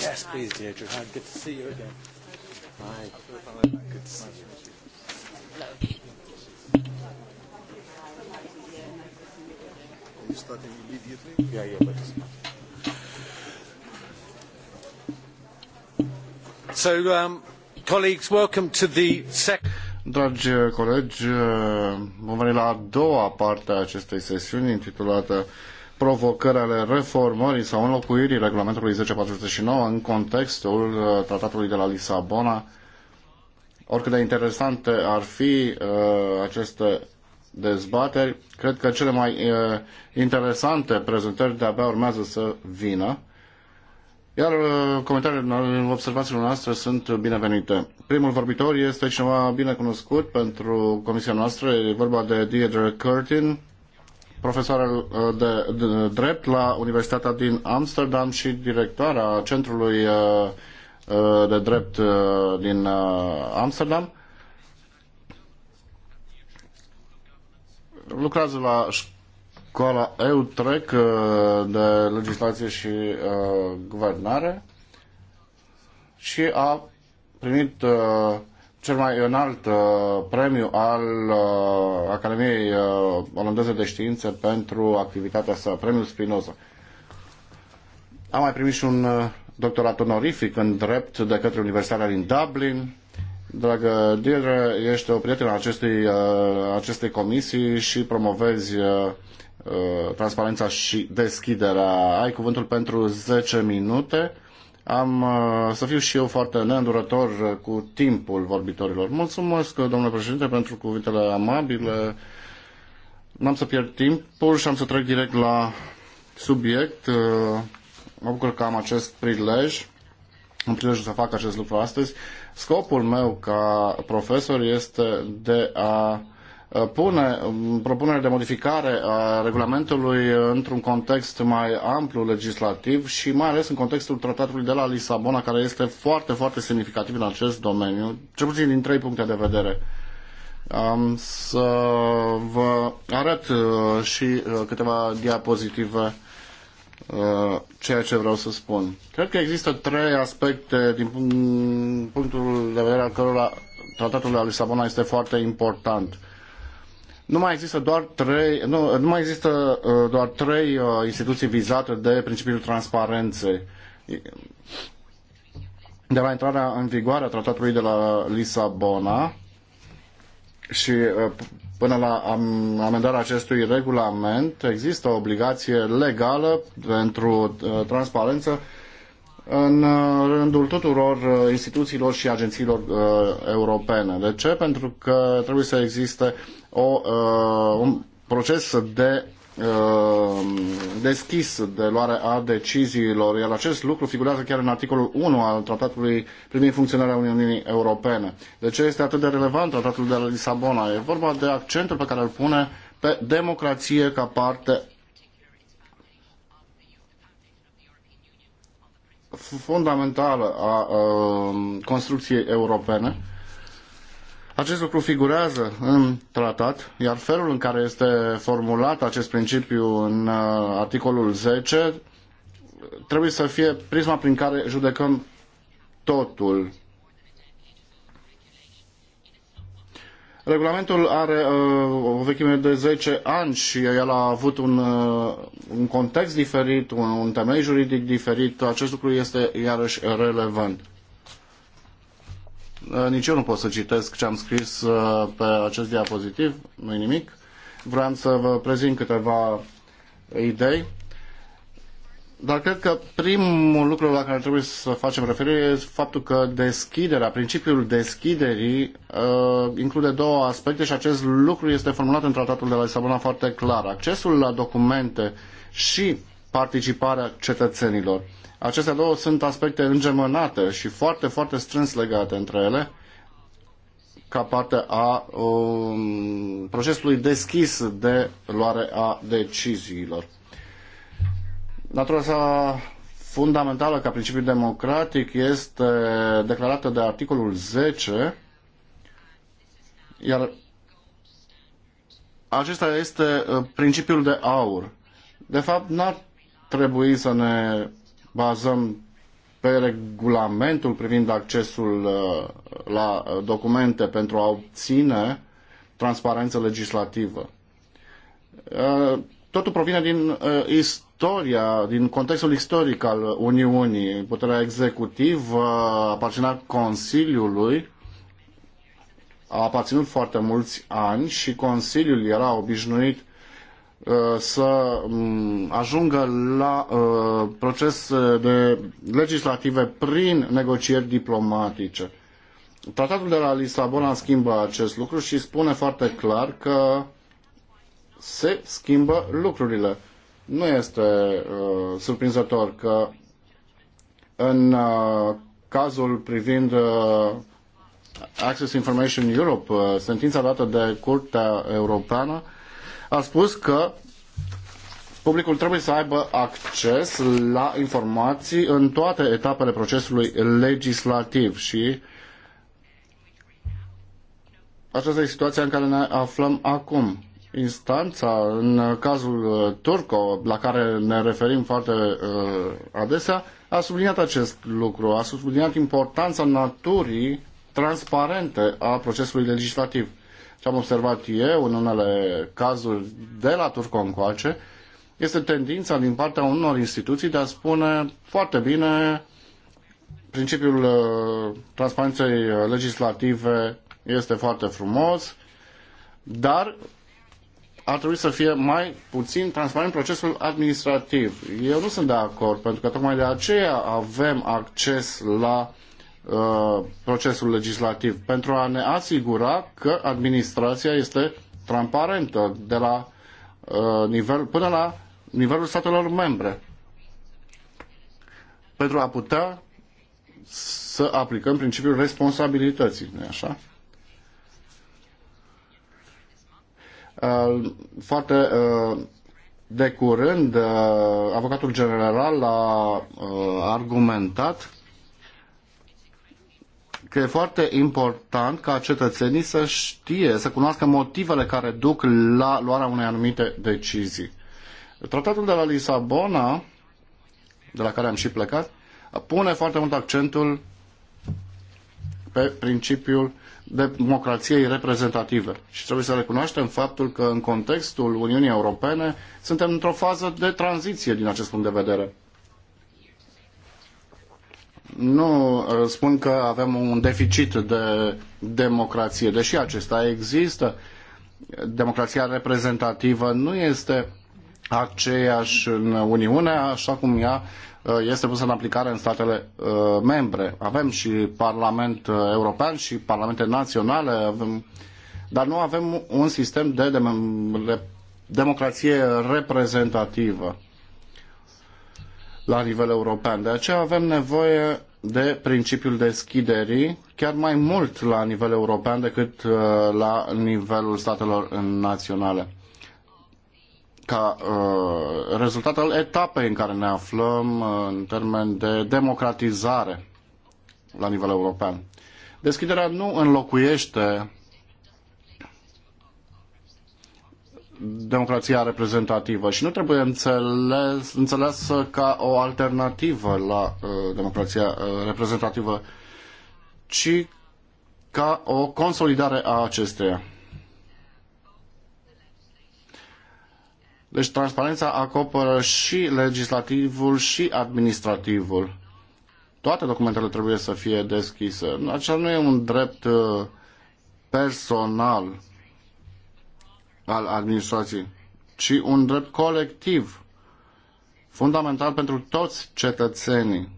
Yes, please, good to see you again. Hi. Good to see you. you So, um, Colleagues, welcome to the Dragi uh, colegi, uh, vom veni la a doua parte a acestei sesiuni intitulată Provocări ale reformării sau înlocuirii regulamentului 1049 în contextul uh, tratatului de la Lisabona. Oricât de interesante ar fi aceste dezbateri, cred că cele mai interesante prezentări de-abia urmează să vină. Iar uh, comentariile, observațiile noastre sunt binevenite. Primul vorbitor este cineva bine cunoscut pentru comisia noastră, e vorba de Deirdre Curtin, profesoară uh, de, drept la Universitatea din Amsterdam și directoarea Centrului uh, de Drept din Amsterdam. Lucrează la Coala EU trec uh, de legislație și uh, guvernare și a primit uh, cel mai înalt uh, premiu al uh, Academiei uh, Olandeze de Științe pentru activitatea sa, premiul Spinoza. A mai primit și un uh, doctorat onorific în drept de către Universitatea din Dublin. Dragă Dire, ești o prietenă acestei, uh, acestei comisii și promovezi uh, Uh, transparența și deschiderea. Ai cuvântul pentru 10 minute. Am uh, să fiu și eu foarte neîndurător cu timpul vorbitorilor. Mulțumesc, domnule președinte, pentru cuvintele amabile. N-am să pierd timpul și am să trec direct la subiect. Uh, mă bucur că am acest prilej, am prilejul să fac acest lucru astăzi. Scopul meu ca profesor este de a uh, Uh, pune propunerea de modificare a regulamentului într-un context mai amplu legislativ și mai ales în contextul tratatului de la Lisabona, care este foarte, foarte semnificativ în acest domeniu, cel puțin din trei puncte de vedere. Am să vă arăt uh, și uh, câteva diapozitive ceea ce vreau să spun. Cred că există trei aspecte din punctul de vedere al cărora tratatul de la Lisabona este foarte important nu mai există doar trei, nu, nu mai există uh, doar trei uh, instituții vizate de principiul transparenței. De la intrarea în vigoare a tratatului de la Lisabona și uh, până la amendarea acestui regulament există o obligație legală pentru uh, transparență în uh, rândul tuturor uh, instituțiilor și agențiilor uh, europene. De ce? Pentru că trebuie să existe o, uh, un proces de uh, deschis de luare a deciziilor, iar acest lucru figurează chiar în articolul 1 al tratatului privind funcționarea Uniunii Europene. De ce este atât de relevant tratatul de la Lisabona? E vorba de accentul pe care îl pune pe democrație ca parte fundamentală a um, construcției europene. Acest lucru figurează în tratat, iar felul în care este formulat acest principiu în uh, articolul 10 trebuie să fie prisma prin care judecăm totul. Regulamentul are uh, o vechime de 10 ani și el a avut un, uh, un context diferit, un, un temei juridic diferit. Acest lucru este iarăși relevant. Uh, nici eu nu pot să citesc ce am scris pe acest diapozitiv, nu nimic. Vreau să vă prezint câteva idei. Dar cred că primul lucru la care trebuie să facem referire este faptul că deschiderea, principiul deschiderii uh, include două aspecte și acest lucru este formulat în tratatul de la Lisabona foarte clar. Accesul la documente și participarea cetățenilor. Acestea două sunt aspecte îngemânate și foarte, foarte strâns legate între ele ca parte a um, procesului deschis de luare a deciziilor. Natura sa fundamentală ca principiu democratic este declarată de articolul 10, iar acesta este uh, principiul de aur. De fapt, n-ar trebui să ne bazăm pe regulamentul privind accesul uh, la uh, documente pentru a obține transparență legislativă. Totul provine din istorie istoria, din contextul istoric al Uniunii, puterea executivă aparținea Consiliului, a aparținut foarte mulți ani și Consiliul era obișnuit uh, să mm, ajungă la uh, proces de legislative prin negocieri diplomatice. Tratatul de la Lisabona schimbă acest lucru și spune foarte clar că se schimbă lucrurile. Nu este uh, surprinzător că în uh, cazul privind uh, Access Information Europe, uh, sentința dată de Curtea Europeană, a spus că publicul trebuie să aibă acces la informații în toate etapele procesului legislativ și aceasta e situația în care ne aflăm acum instanța, în cazul uh, Turco, la care ne referim foarte uh, adesea, a subliniat acest lucru, a subliniat importanța naturii transparente a procesului legislativ. Ce am observat eu în unele cazuri de la Turco încoace, este tendința din partea unor instituții de a spune foarte bine principiul uh, transparenței legislative este foarte frumos, dar ar trebui să fie mai puțin transparent procesul administrativ. Eu nu sunt de acord, pentru că tocmai de aceea avem acces la uh, procesul legislativ, pentru a ne asigura că administrația este transparentă de la uh, nivel până la nivelul statelor membre. Pentru a putea să aplicăm principiul responsabilității, nu așa? Uh, foarte uh, de curând, uh, avocatul general a argumentat că e foarte important ca cetățenii să știe, să cunoască motivele care duc la luarea unei anumite decizii. Tratatul de la Lisabona, de la care am și plecat, pune foarte mult accentul pe principiul democrației reprezentative. Și trebuie să recunoaștem faptul că în contextul Uniunii Europene suntem într-o fază de tranziție din acest punct de vedere. Nu uh, spun că avem un deficit de democrație, deși acesta există. Democrația reprezentativă nu este aceeași în Uniune, așa cum ea Uh, este pusă în aplicare în statele uh, membre. Avem și Parlament uh, European și Parlamente Naționale, avem, dar nu avem un sistem de democrație reprezentativă la nivel european. De aceea avem nevoie de principiul deschiderii chiar mai mult la nivel european decât la nivelul statelor naționale ca uh, rezultat al etapei în care ne aflăm uh, în termen de democratizare la nivel european. Deschiderea nu înlocuiește democrația reprezentativă și nu trebuie înțeles, înțeleasă ca o alternativă la uh, democrația uh, reprezentativă, ci ca o consolidare a acesteia. Deci transparența acoperă și legislativul și administrativul. Toate documentele trebuie să fie deschise. Acela nu e un drept uh, personal al administrației, ci un drept colectiv, fundamental pentru toți cetățenii.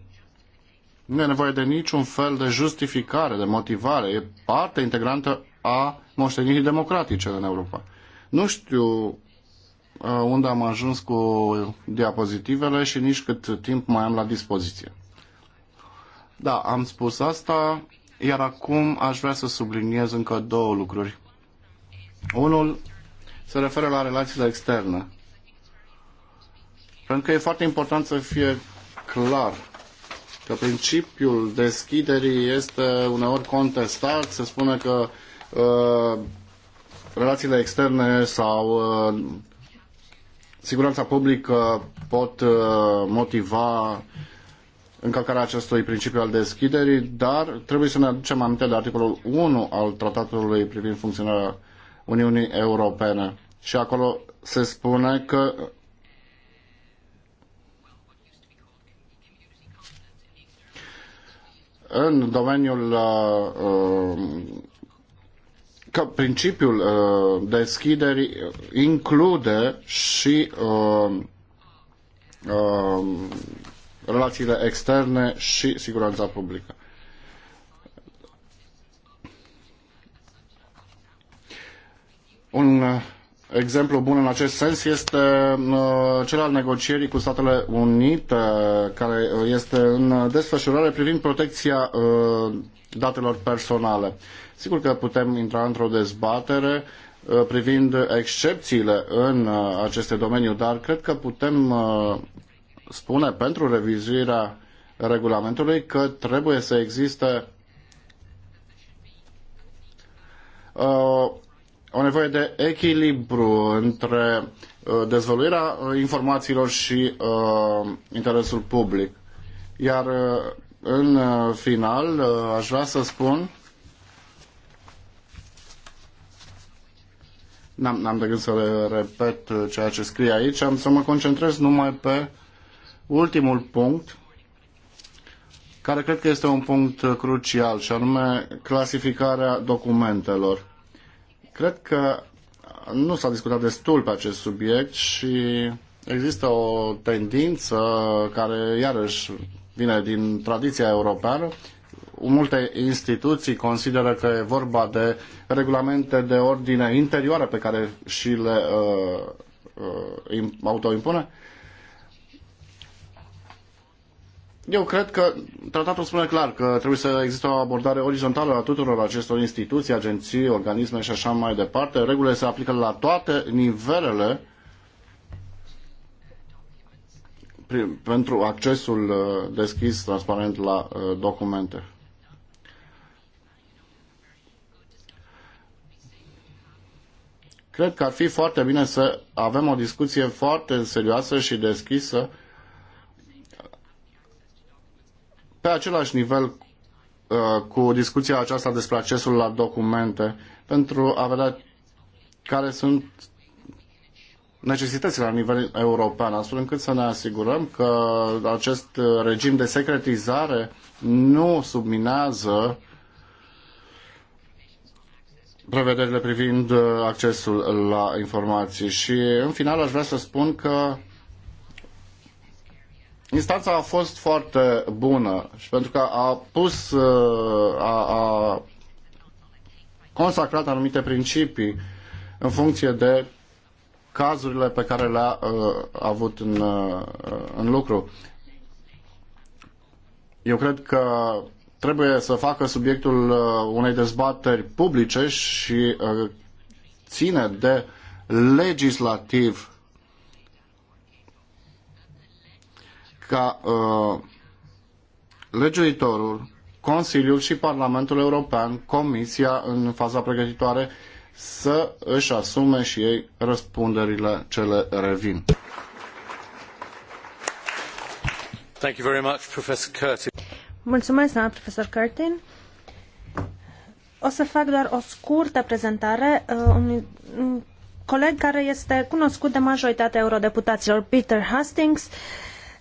Nu e nevoie de niciun fel de justificare, de motivare. E parte integrantă a moștenirii democratice în Europa. Nu știu Uh, unde am ajuns cu diapozitivele și nici cât timp mai am la dispoziție. Da, am spus asta, iar acum aș vrea să subliniez încă două lucruri. Unul se referă la relațiile externe. Pentru că e foarte important să fie clar că principiul deschiderii este uneori contestat, se spune că uh, relațiile externe sau uh, siguranța publică pot uh, motiva încălcarea acestui principiu al deschiderii, dar trebuie să ne aducem aminte de articolul 1 al tratatului privind funcționarea Uniunii Europene. Și acolo se spune că în domeniul uh, uh că principiul uh, deschiderii include și uh, uh, relațiile externe și siguranța publică. Un uh, exemplu bun în acest sens este uh, cel al negocierii cu Statele Unite, care este în desfășurare privind protecția uh, datelor personale. Sigur că putem intra într-o dezbatere uh, privind excepțiile în uh, aceste domeniu, dar cred că putem uh, spune pentru revizuirea regulamentului că trebuie să existe o nevoie de echilibru între dezvăluirea informațiilor și interesul public. Iar în final aș vrea să spun N-am, am de gând să repet uh, ceea ce scrie aici, am să mă concentrez numai pe ultimul punct, care cred că este un punct uh, crucial, și anume clasificarea documentelor. Cred că nu s-a discutat destul pe acest subiect și există o tendință care iarăși vine din tradiția europeană, multe instituții consideră că e vorba de regulamente de ordine interioară pe care și le uh, uh, autoimpune. Eu cred că tratatul spune clar că trebuie să existe o abordare orizontală a tuturor acestor instituții, agenții, organisme și așa mai departe. Regulile se aplică la toate nivelele pentru accesul uh, deschis, transparent la uh, documente. Cred că ar fi foarte bine să avem o discuție foarte serioasă și deschisă pe același nivel uh, cu discuția aceasta despre accesul la documente pentru a vedea care sunt necesitățile la nivel european, astfel încât să ne asigurăm că acest regim de secretizare nu subminează prevederile privind uh, accesul la informații. Și în final aș vrea să spun că instanța a fost foarte bună și pentru că a pus, uh, a, a consacrat anumite principii în funcție de cazurile pe care le-a uh, avut în, în lucru. Eu cred că trebuie să facă subiectul uh, unei dezbateri publice și uh, ține de legislativ ca uh, legiuitorul, Consiliul și Parlamentul European, Comisia în faza pregătitoare să își asume și ei răspunderile ce le revin. Thank you very much, Professor Curtis. Mulțumesc, doamna profesor Curtin. O să fac doar o scurtă prezentare uh, unui un coleg care este cunoscut de majoritatea eurodeputaților, Peter Hastings.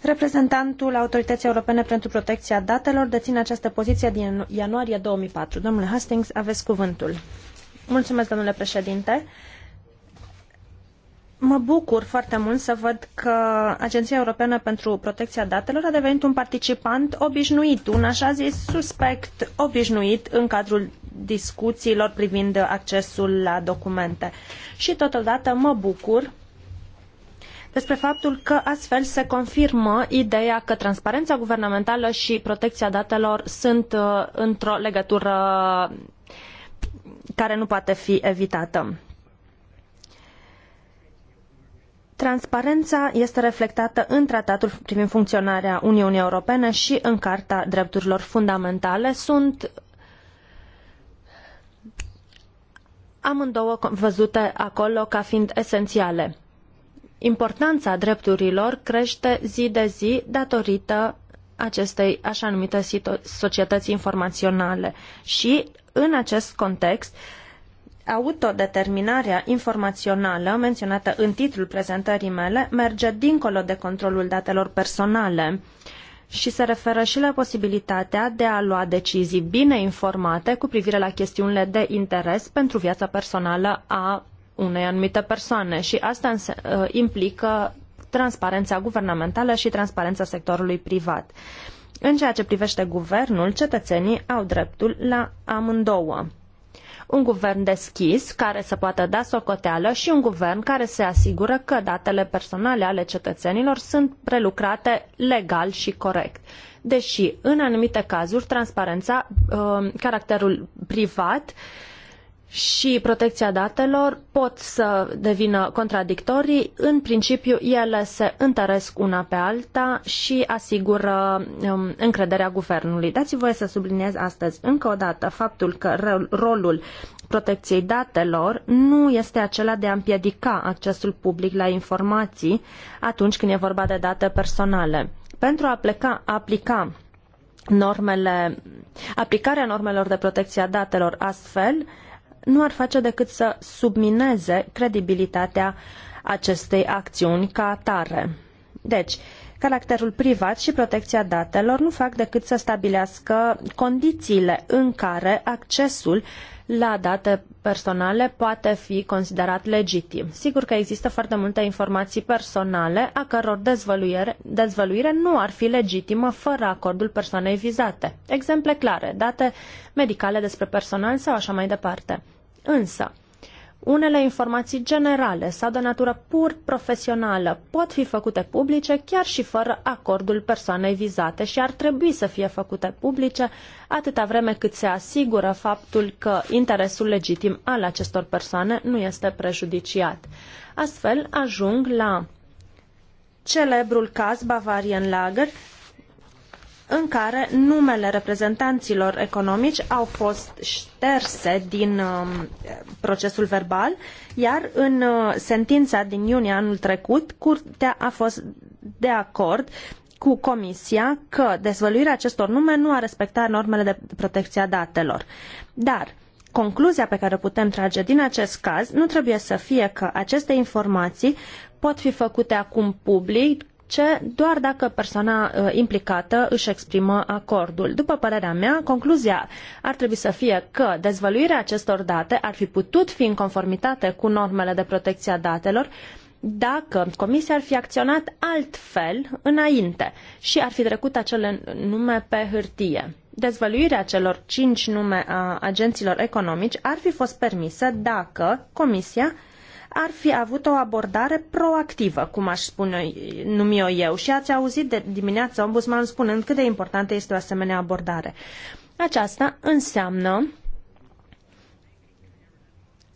Reprezentantul Autorității Europene pentru Protecția Datelor deține această poziție din ianuarie 2004. Domnule Hastings, aveți cuvântul. Mulțumesc, domnule președinte. Uh, Mă bucur foarte mult să văd că Agenția Europeană pentru Protecția Datelor a devenit un participant obișnuit, un așa zis suspect obișnuit în cadrul discuțiilor privind accesul la documente. Și totodată mă bucur despre faptul că astfel se confirmă ideea că transparența guvernamentală și protecția datelor sunt uh, într-o legătură care nu poate fi evitată. Transparența este reflectată în tratatul privind funcționarea Uniunii Europene și în Carta Drepturilor Fundamentale. Sunt amândouă văzute acolo ca fiind esențiale. Importanța drepturilor crește zi de zi datorită acestei așa numite societăți informaționale și, în acest context, uh, Autodeterminarea informațională menționată în titlul prezentării mele merge dincolo de controlul datelor personale și se referă și la posibilitatea de a lua decizii bine informate cu privire la chestiunile de interes pentru viața personală a unei anumite persoane și asta uh, implică transparența guvernamentală și transparența sectorului privat. În ceea ce privește guvernul, cetățenii au dreptul la amândouă un guvern deschis care să poată da socoteală și un guvern care se asigură că datele personale ale cetățenilor sunt prelucrate legal și corect. Deși, în anumite cazuri, transparența, uh, caracterul privat, și protecția datelor pot să devină contradictorii. În principiu, ele se întăresc una pe alta și asigură um, încrederea guvernului. Dați-mi voie să subliniez astăzi încă o dată faptul că rolul protecției datelor nu este acela de a împiedica accesul public la informații atunci când e vorba de date personale. Pentru a pleca, aplica normele, aplicarea normelor de protecție a datelor astfel, nu ar face decât să submineze credibilitatea acestei acțiuni ca atare. Deci, caracterul privat și protecția datelor nu fac decât să stabilească condițiile în care accesul la date personale poate fi considerat legitim. Sigur că există foarte multe informații personale a căror dezvăluire, dezvăluire nu ar fi legitimă fără acordul persoanei vizate. Exemple clare, date medicale despre personal sau așa mai departe. Însă, unele informații generale sau de natură pur profesională pot fi făcute publice chiar și fără acordul persoanei vizate și ar trebui să fie făcute publice atâta vreme cât se asigură faptul că interesul legitim al acestor persoane nu este prejudiciat. Astfel ajung la celebrul caz Bavarian Lager în care numele reprezentanților economici au fost șterse din uh, procesul verbal, iar în uh, sentința din iunie anul trecut, curtea a fost de acord cu Comisia că dezvăluirea acestor nume nu a respectat normele de protecție a datelor. Dar concluzia pe care o putem trage din acest caz nu trebuie să fie că aceste informații pot fi făcute acum public ce doar dacă persoana uh, implicată își exprimă acordul. După părerea mea, concluzia ar trebui să fie că dezvăluirea acestor date ar fi putut fi în conformitate cu normele de protecție a datelor dacă comisia ar fi acționat altfel înainte și ar fi trecut acele nume pe hârtie. Dezvăluirea celor cinci nume a agenților economici ar fi fost permisă dacă comisia ar fi avut o abordare proactivă, cum aș spune, numi o eu. Și ați auzit de dimineață ombudsmanul spunând cât de importantă este o asemenea abordare. Aceasta înseamnă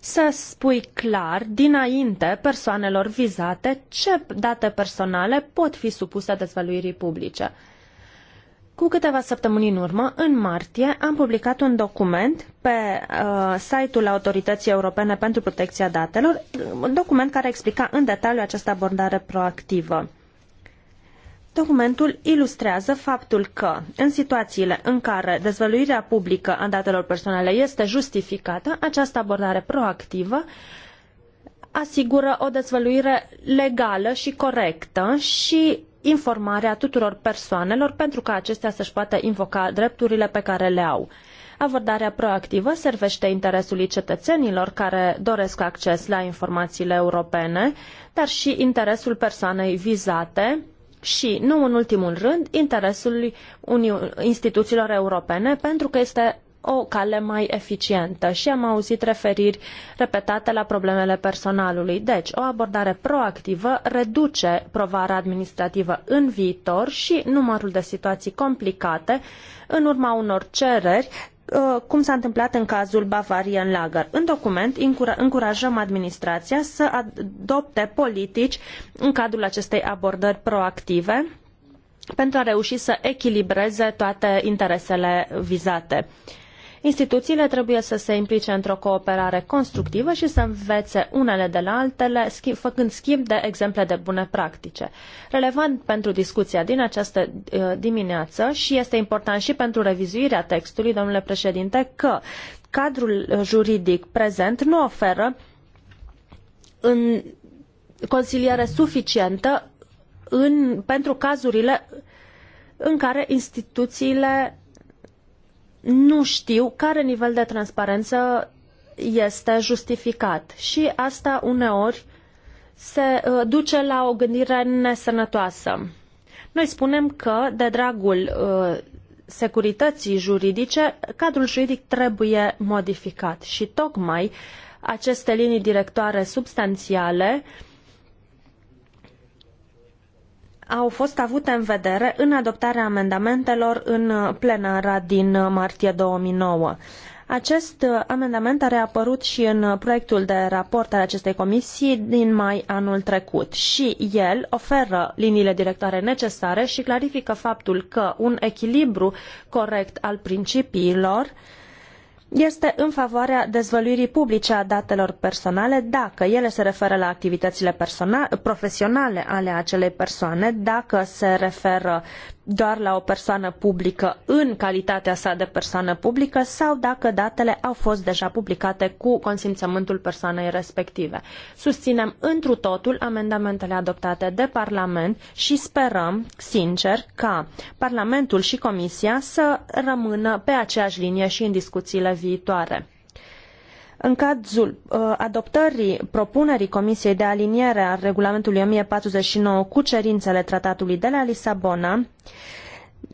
să spui clar dinainte persoanelor vizate ce date personale pot fi supuse dezvăluirii publice. Cu câteva săptămâni în urmă, în martie, am publicat un document pe uh, site-ul Autorității Europene pentru Protecția Datelor, un document care explica în detaliu această abordare proactivă. Documentul ilustrează faptul că, în situațiile în care dezvăluirea publică a datelor personale este justificată, această abordare proactivă asigură o dezvăluire legală și corectă și informarea tuturor persoanelor pentru ca acestea să-și poată invoca drepturile pe care le au. Abordarea proactivă servește interesului cetățenilor care doresc acces la informațiile europene, dar și interesul persoanei vizate și, nu în ultimul rând, interesul instituțiilor europene, pentru că este o cale mai eficientă și am auzit referiri repetate la problemele personalului. Deci, o abordare proactivă reduce provara administrativă în viitor și numărul de situații complicate în urma unor cereri ă, cum s-a întâmplat în cazul Bavarian Lager. În document încurajăm administrația să adopte politici în cadrul acestei abordări proactive pentru a reuși să echilibreze toate interesele vizate. Uh, Instituțiile trebuie să se implice într-o cooperare constructivă și să învețe unele de la altele, schimb, făcând schimb de exemple de bune practice. Relevant pentru discuția din această uh, dimineață și este important și pentru revizuirea textului, domnule președinte, că cadrul juridic prezent nu oferă în consiliere suficientă în, pentru cazurile în care instituțiile nu știu care nivel de transparență este justificat și asta uneori se uh, duce la o gândire nesănătoasă. Noi spunem că, de dragul uh, securității juridice, cadrul juridic trebuie modificat și tocmai aceste linii directoare substanțiale uh, au fost avute în vedere în adoptarea amendamentelor în uh, plenara din uh, martie 2009. Acest uh, amendament a reapărut și în proiectul de raport al acestei comisii din mai anul trecut și el oferă liniile directoare necesare și clarifică faptul că un echilibru corect al principiilor uh, este în favoarea dezvăluirii publice a datelor personale dacă ele se referă la activitățile profesionale ale acelei persoane, dacă se referă doar la o persoană publică în calitatea sa de persoană publică sau dacă datele au fost deja publicate cu consimțământul persoanei respective. Susținem întru totul amendamentele adoptate de Parlament și sperăm, sincer, ca Parlamentul și Comisia să rămână pe aceeași linie și în discuțiile viitoare. În cazul uh, adoptării propunerii Comisiei de aliniere a regulamentului 1049 cu cerințele tratatului de la Lisabona,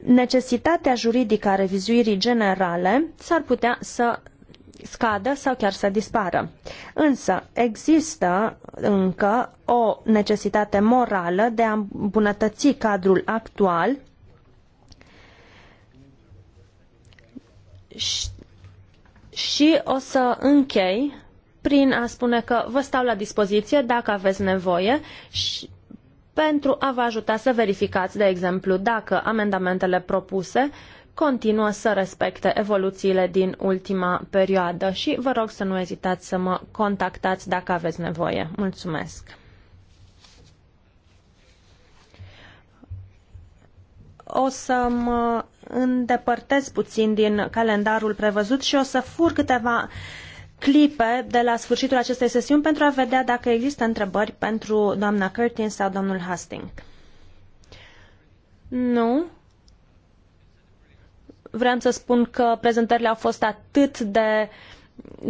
necesitatea juridică a revizuirii generale s-ar putea să scadă sau chiar să dispară. Însă există încă o necesitate morală de a îmbunătăți cadrul actual și și o să închei prin a spune că vă stau la dispoziție dacă aveți nevoie și pentru a vă ajuta să verificați, de exemplu, dacă amendamentele propuse continuă să respecte evoluțiile din ultima perioadă și vă rog să nu ezitați să mă contactați dacă aveți nevoie. Mulțumesc! o să mă îndepărtez puțin din calendarul prevăzut și o să fur câteva clipe de la sfârșitul acestei sesiuni pentru a vedea dacă există întrebări pentru doamna Curtin sau domnul Hastings. Nu. Vreau să spun că prezentările au fost atât de uh,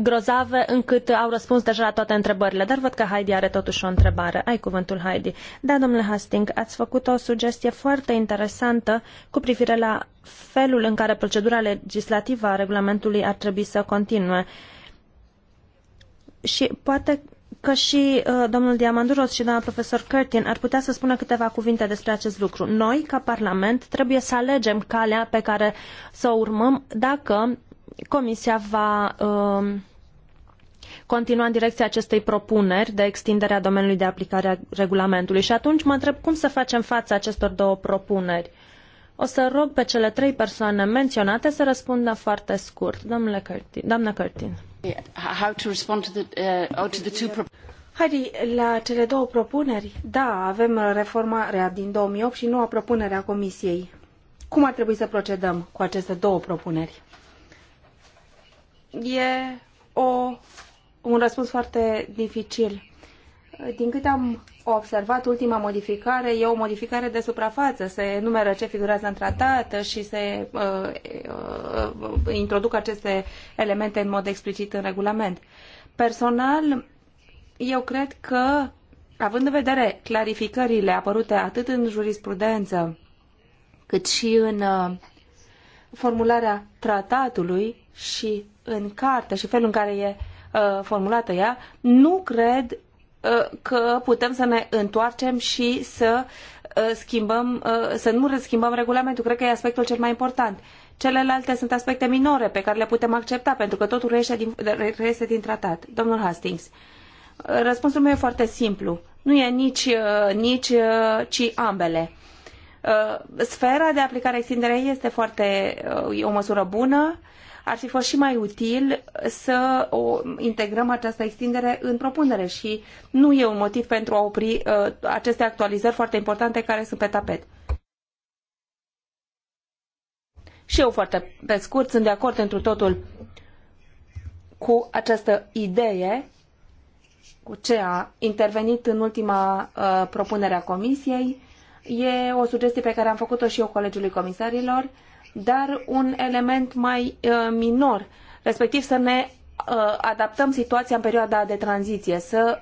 grozave încât au răspuns deja la toate întrebările, dar văd că Heidi are totuși o întrebare. Ai cuvântul, Heidi. Da, domnule Hastings, ați făcut o sugestie foarte interesantă cu privire la felul în care procedura legislativă a regulamentului ar trebui să continue. Și poate că și uh, domnul Diamanduros și doamna profesor Curtin ar putea să spună câteva cuvinte despre acest lucru. Noi, ca Parlament, trebuie să alegem calea pe care să o urmăm dacă Comisia va um, continua în direcția acestei propuneri de extindere a domeniului de aplicare a regulamentului. Și atunci mă întreb cum să facem față acestor două propuneri. O să rog pe cele trei persoane menționate să răspundă foarte scurt. Domnule Curtin, doamna Curtin. How to respond to the, uh, to the two proposals? la cele două propuneri, da, avem reformarea din 2008 și noua propunere a Comisiei. Cum ar trebui să procedăm cu aceste două propuneri? e o, un răspuns foarte dificil. Din câte am observat, ultima modificare e o modificare de suprafață. Se numără ce figurează în tratat și se uh, uh, introduc aceste elemente în mod explicit în regulament. Personal, eu cred că, având în vedere clarificările apărute atât în jurisprudență, cât și în uh, formularea tratatului și în carte și felul în care e uh, formulată ea, nu cred uh, că putem să ne întoarcem și să uh, schimbăm, uh, să nu schimbăm regulamentul. Cred că e aspectul cel mai important. Celelalte sunt aspecte minore pe care le putem accepta, pentru că totul reiese din, reiese din tratat. Domnul Hastings, răspunsul meu e foarte simplu. Nu e nici, uh, nici uh, ci ambele. Uh, sfera de aplicare extinderei este foarte, o măsură bună, ar fi fost și mai util să o integrăm această extindere în propunere și nu e un motiv pentru a opri uh, aceste actualizări foarte importante care sunt pe tapet. Și eu foarte pe scurt sunt de acord într totul cu această idee cu ce a intervenit în ultima uh, propunere a Comisiei. E o sugestie pe care am făcut-o și eu colegiului comisarilor. Uh, dar un element mai uh, minor, respectiv să ne uh, adaptăm situația în perioada de tranziție, să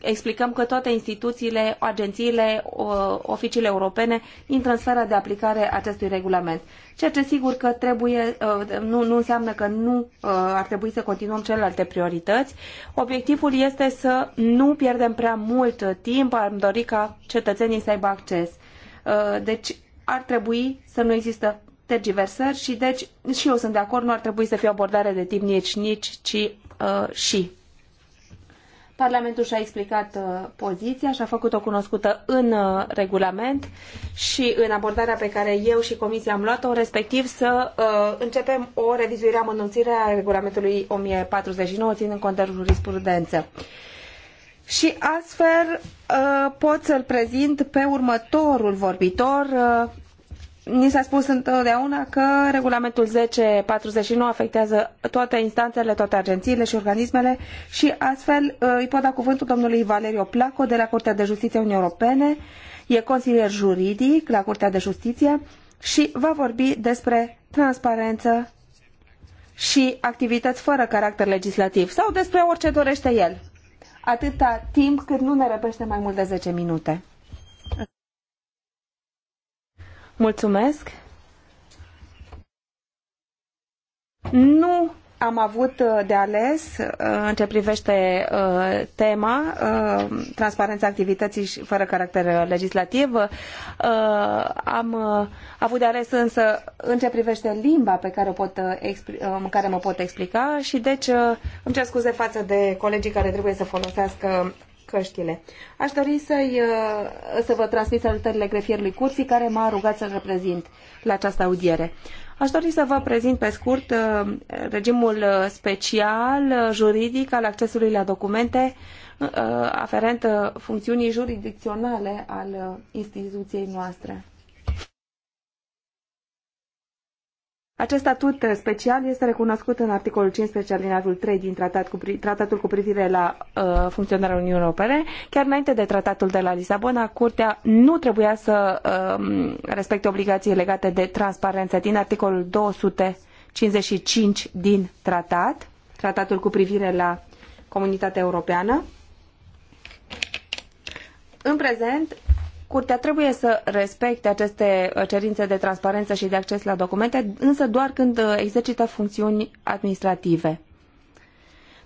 explicăm că toate instituțiile, agențiile, uh, oficiile europene intră în sfera de aplicare a acestui regulament. Ceea ce sigur că trebuie, nu, nu înseamnă că nu ar trebui să continuăm celelalte priorități. Obiectivul este să nu pierdem prea mult timp, am dori ca cetățenii să aibă acces. Deci ar trebui să nu există tergiversări și deci și eu sunt de acord, nu ar trebui să fie o abordare de tip nici, nici, ci uh, și. Parlamentul și-a explicat uh, poziția și a făcut-o cunoscută în uh, regulament și în abordarea pe care eu și Comisia am luat-o, respectiv să uh, începem o revizuire amănunțire a regulamentului 1049, ținând cont de jurisprudență. Și astfel uh, pot să-l prezint pe următorul vorbitor, uh, Ni s-a spus întotdeauna că regulamentul 1049 afectează toate instanțele, toate agențiile și organismele și astfel uh, îi pot da cuvântul domnului Valerio Placo de la Curtea de Justiție Uniunii Europene, e consilier juridic la Curtea de Justiție și va vorbi despre transparență și activități fără caracter legislativ sau despre orice dorește el, atâta timp cât nu ne răpește mai mult de 10 minute. Mulțumesc. Nu am avut uh, de ales uh, în ce privește uh, tema transparența activității fără caracter legislativ. Am avut de ales însă în ce privește limba pe care, o pot, în care mă pot explica și deci îmi cer scuze față de colegii care trebuie să folosească căștile. Aș dori să-i, uh, să vă transmit salutările grefierului cursi care m-a rugat să-l reprezint la această audiere. Aș dori să vă prezint pe scurt uh, regimul uh, special juridic al accesului la documente aferent funcțiunii jurisdicționale al instituției noastre. Acest statut special este recunoscut în articolul 15 alineatul 3 din tratat cu, tratatul cu privire la uh, funcționarea Uniunii Europene. Chiar înainte de tratatul de la Lisabona, Curtea nu trebuia să uh, respecte obligații legate de transparență din articolul 255 din tratat, tratatul cu privire la Comunitatea Europeană. În prezent, Curtea trebuie să respecte aceste uh, cerințe de transparență și de acces la documente, însă doar când uh, exercită funcțiuni administrative.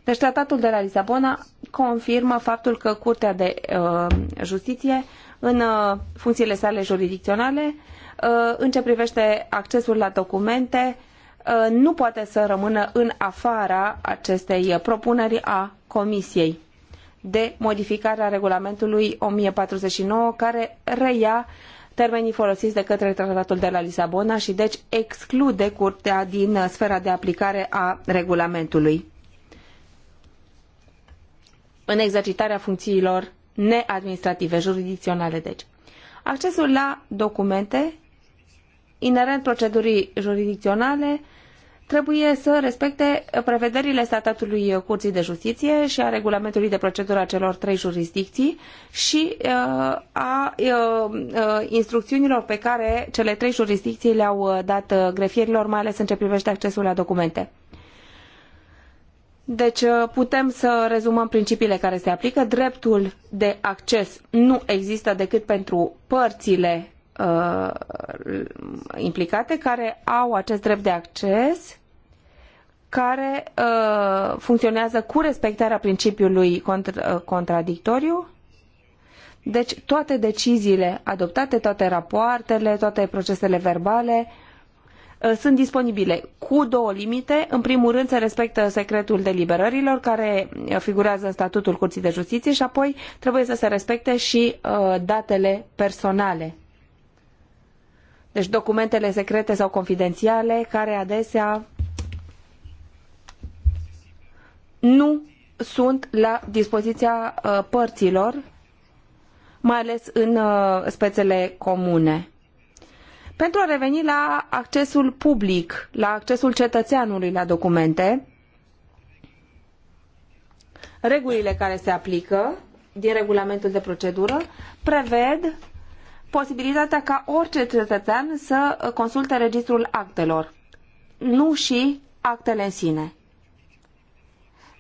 Deci tratatul de la Lisabona confirmă faptul că Curtea de uh, Justiție, în uh, funcțiile sale jurisdicționale, uh, în ce privește accesul la documente, uh, nu poate să rămână în afara acestei uh, propuneri a Comisiei de modificare a regulamentului 1049 care reia termenii folosiți de către tratatul de la Lisabona și deci exclude curtea din sfera de aplicare a regulamentului în exercitarea funcțiilor neadministrative, jurisdicționale deci. Accesul la documente inerent procedurii jurisdicționale trebuie să respecte prevederile statutului Curții de Justiție și a regulamentului de procedură a celor trei jurisdicții și uh, a uh, uh, instrucțiunilor pe care cele trei jurisdicții le-au dat grefierilor, mai ales în ce privește accesul la documente. Deci putem să rezumăm principiile care se aplică. Dreptul de acces nu există decât pentru părțile Uh, implicate care au acest drept de acces care uh, funcționează cu respectarea principiului contra, uh, contradictoriu. Deci toate deciziile adoptate, toate rapoartele, toate procesele verbale uh, sunt disponibile cu două limite. În primul rând se respectă secretul deliberărilor care figurează în statutul Curții de Justiție și apoi trebuie să se respecte și uh, datele personale deci documentele secrete sau confidențiale care adesea nu sunt la dispoziția uh, părților, mai ales în uh, spețele comune. Pentru a reveni la accesul public, la accesul cetățeanului la documente, regulile care se aplică din regulamentul de procedură prevede posibilitatea ca orice cetățean să consulte registrul actelor, nu și actele în sine.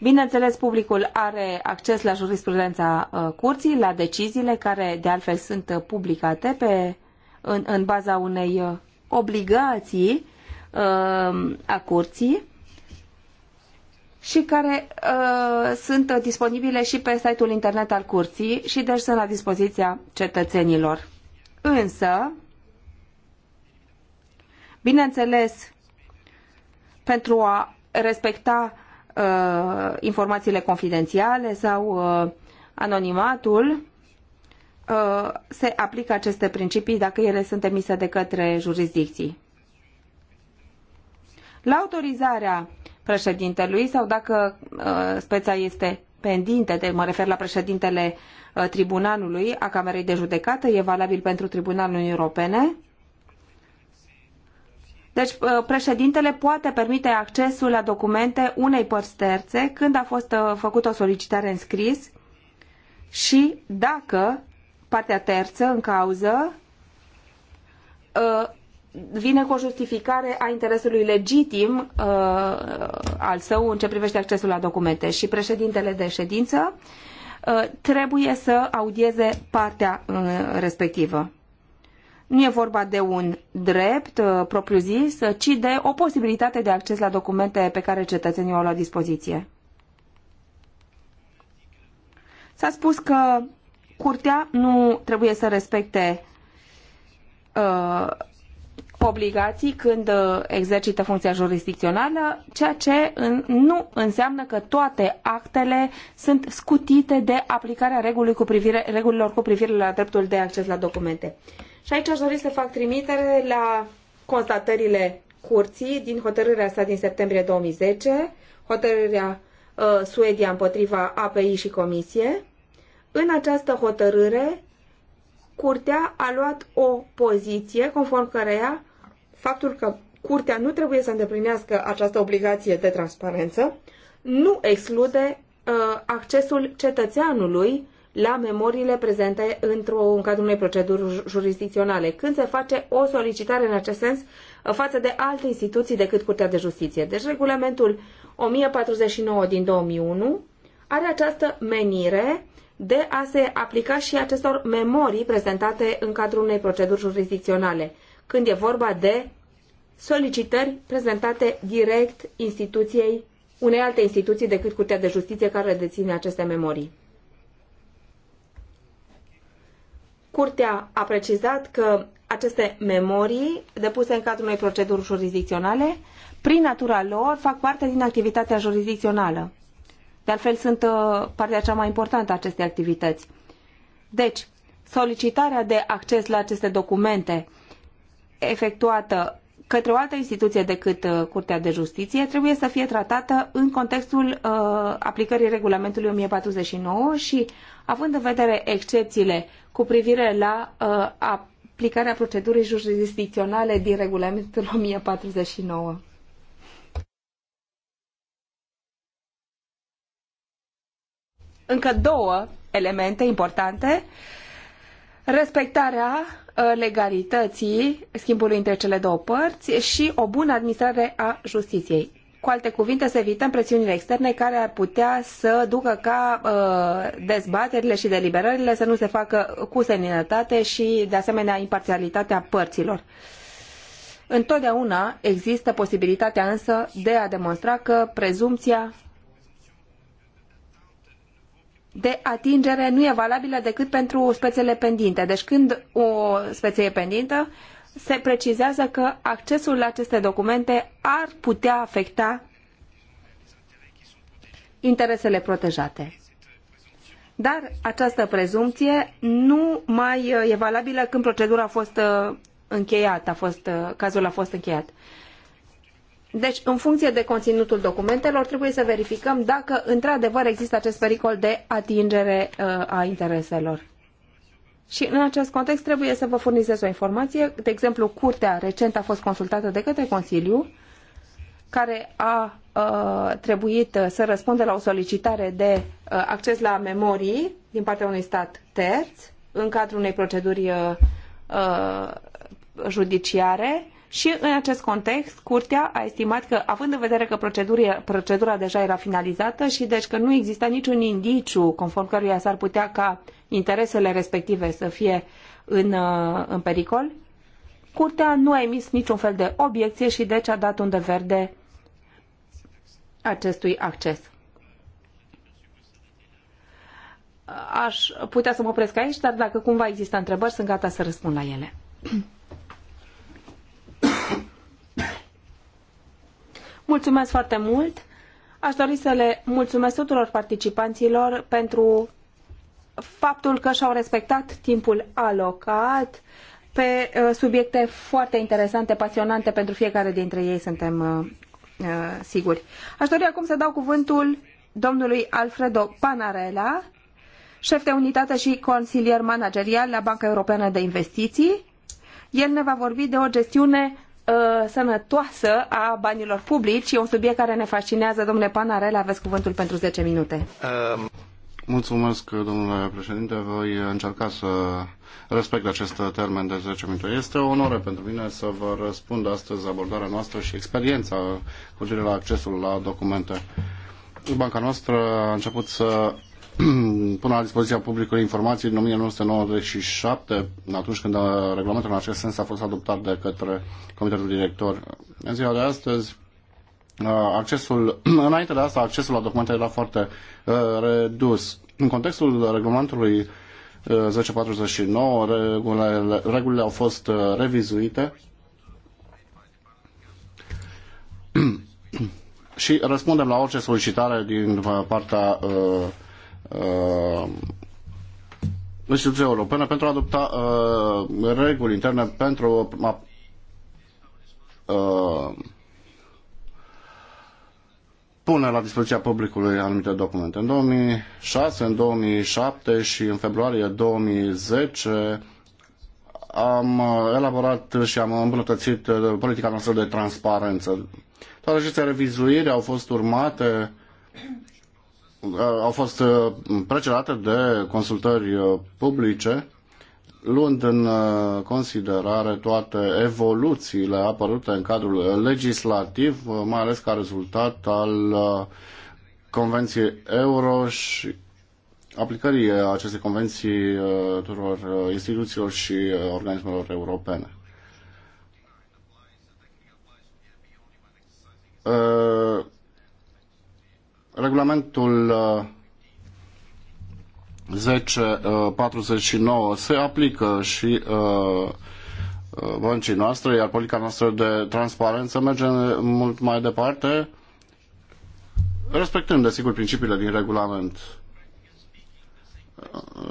Bineînțeles, publicul are acces la jurisprudența uh, curții, la deciziile care de altfel sunt publicate pe, în, în baza unei uh, obligații uh, a curții și care uh, sunt disponibile și pe site-ul internet al curții și deci sunt la dispoziția cetățenilor. Însă, bineînțeles, pentru a respecta uh, informațiile confidențiale sau uh, anonimatul, uh, se aplică aceste principii dacă ele sunt emise de către jurisdicții. La autorizarea președintelui sau dacă uh, speța este pendinte, de, mă refer la președintele Uh, Tribunalului, a Camerei de Judecată, e valabil pentru Tribunalul Uniunii Europene. Deci, uh, președintele poate permite accesul la documente unei părți terțe când a fost uh, făcută o solicitare în scris și dacă partea terță în cauză vine cu o justificare a interesului legitim al său în ce privește accesul la documente. Și președintele de ședință Uh, trebuie să audieze partea uh, respectivă. Nu e vorba de un drept uh, propriu-zis, ci de o posibilitate de acces la documente pe care cetățenii o au la dispoziție. S-a spus că curtea nu trebuie să respecte uh, obligații când uh, exercită funcția jurisdicțională, ceea ce nu înseamnă că toate actele sunt scutite de aplicarea regulii cu privire, regulilor cu privire la dreptul de acces la documente. Și aici aș dori să fac trimitere la constatările curții din hotărârea sa din septembrie 2010, hotărârea uh, Suedia împotriva API și Comisie. În această hotărâre, curtea a luat o poziție conform căreia faptul că curtea nu trebuie să îndeplinească această obligație de transparență, nu exclude uh, accesul cetățeanului la memoriile prezente într o în cadrul unei proceduri jurisdicționale, când se face o solicitare în acest sens uh, față de alte instituții decât Curtea de Justiție. Deci regulamentul 1049 din 2001 are această menire de a se aplica și acestor memorii prezentate în cadrul unei proceduri jurisdicționale când e vorba de solicitări prezentate direct instituției, unei alte instituții decât Curtea de Justiție care deține aceste memorii. Curtea a precizat că aceste memorii, depuse în cadrul unei proceduri jurisdicționale, prin natura lor, fac parte din activitatea jurisdicțională. De altfel, sunt uh, partea cea mai importantă a acestei activități. Deci, solicitarea de acces la aceste documente efectuată către o altă instituție decât uh, Curtea de Justiție trebuie să fie tratată în contextul uh, aplicării regulamentului 1049 și având în vedere excepțiile cu privire la uh, aplicarea procedurii jurisdicționale din regulamentul 1049. Încă două elemente importante. Respectarea Uh, legalității schimbului între cele două părți și o bună administrare a justiției. Cu alte cuvinte, să evităm presiunile externe care ar putea să ducă ca uh, dezbaterile și deliberările să nu se facă cu seninătate și, de asemenea, imparțialitatea părților. Întotdeauna există posibilitatea însă de a demonstra că prezumția de atingere nu e valabilă decât pentru spețele pendinte. Deci când o specie e pendintă, se precizează că accesul la aceste documente ar putea afecta interesele protejate. Dar această prezumție nu mai e valabilă când procedura a fost uh, încheiată, a fost, uh, cazul a fost încheiat. Deci, în funcție de conținutul documentelor, trebuie să verificăm dacă, într-adevăr, există acest pericol de atingere uh, a intereselor. Și în acest context trebuie să vă furnizez o informație. De exemplu, curtea recent a fost consultată de către Consiliu, care a, uh, trebuit uh, să răspundă la o solicitare de acces la memorii din partea unui stat terț în cadrul unei proceduri a, judiciare și în acest context, Curtea a estimat că, având în vedere că procedura deja era finalizată și deci că nu exista niciun indiciu conform căruia s-ar putea ca interesele respective să fie în, uh, în pericol, Curtea nu a emis niciun fel de obiecție și deci a dat undă verde acestui acces. Aș putea să mă opresc aici, dar dacă cumva există întrebări, sunt gata să răspund la ele. Mulțumesc foarte mult! Aș dori să le mulțumesc tuturor participanților pentru faptul că și-au respectat timpul alocat pe uh, subiecte foarte interesante, pasionante pentru fiecare dintre ei, suntem uh, uh, siguri. Aș dori acum să dau cuvântul domnului Alfredo Panarella, șef de unitate și consilier managerial la Banca Europeană de Investiții. El ne va vorbi de o gestiune Uh, sănătoasă a banilor publici. E un subiect care ne fascinează. Domnule Panarele, aveți cuvântul pentru 10 minute. Uh, mulțumesc, domnule președinte. Voi încerca să respect acest termen de 10 minute. Este o onoare pentru mine să vă răspund astăzi abordarea noastră și experiența cu privire la accesul la documente. Banca noastră a început să pun la dispoziția publicului informații din 1997, atunci când regulamentul în acest sens a fost adoptat de către Comitetul Director. În ziua de astăzi, accesul, înainte de asta, accesul la documente era foarte redus. În contextul regulamentului 1049, regulile, regulile au fost revizuite și răspundem la orice solicitare din partea uh, Uh, instituția europeană pentru a adopta uh, reguli interne pentru a uh, pune la dispoziția publicului anumite documente. În 2006, în 2007 și în februarie 2010 am elaborat și am îmbunătățit uh, politica noastră de transparență. Toate aceste revizuiri au fost urmate au fost uh, precedate de consultări uh, publice, luând în uh, considerare toate evoluțiile apărute în cadrul legislativ, mai ales ca rezultat al Convenției Euro și aplicării acestei convenții tuturor instituțiilor și organismelor europene Regulamentul 1049 uh, uh, se aplică și uh, băncii noastre, iar politica noastră de transparență merge mult mai departe, respectând, desigur, principiile din regulament.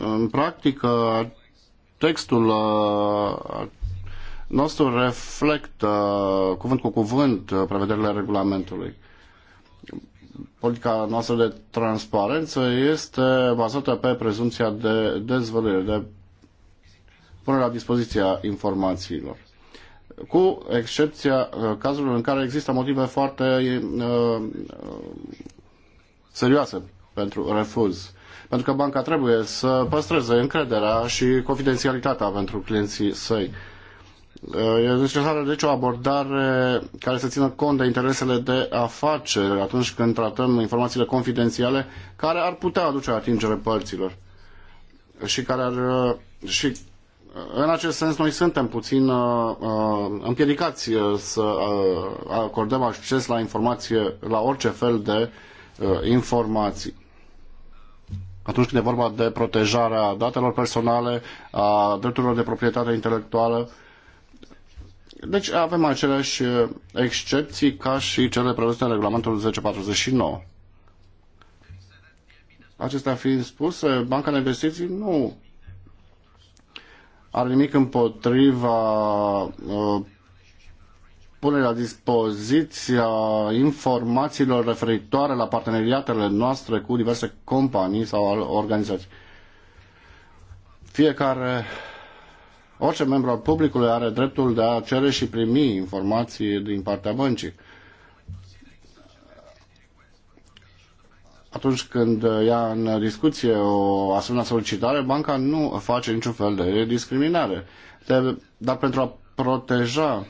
În practică, textul nostru reflectă cuvânt cu cuvânt prevederile regulamentului politica noastră de transparență este bazată pe prezumția de dezvăluire, de pune la dispoziția informațiilor. Cu excepția uh, cazurilor în care există motive foarte uh, uh, serioase pentru refuz. Pentru că banca trebuie să păstreze încrederea și confidențialitatea pentru clienții săi. E necesară deci o abordare care să țină cont de interesele de afaceri atunci când tratăm informațiile confidențiale care ar putea aduce atingere părților și care ar și în acest sens noi suntem puțin uh, uh împiedicați uh, să uh, acordăm acces la informație, la orice fel de uh, informații. Atunci când e vorba de protejarea datelor personale, a drepturilor de proprietate intelectuală, deci avem aceleași uh, excepții ca și cele prevăzute în regulamentul 1049. Acestea fiind spuse, Banca de Investiții nu are nimic împotriva uh, pune la dispoziția informațiilor referitoare la parteneriatele noastre cu diverse companii sau organizații. Fiecare Orice membru al publicului are dreptul de a cere și primi informații din partea băncii. Atunci când ia în discuție o asemenea solicitare, banca nu face niciun fel de discriminare. De, dar pentru a proteja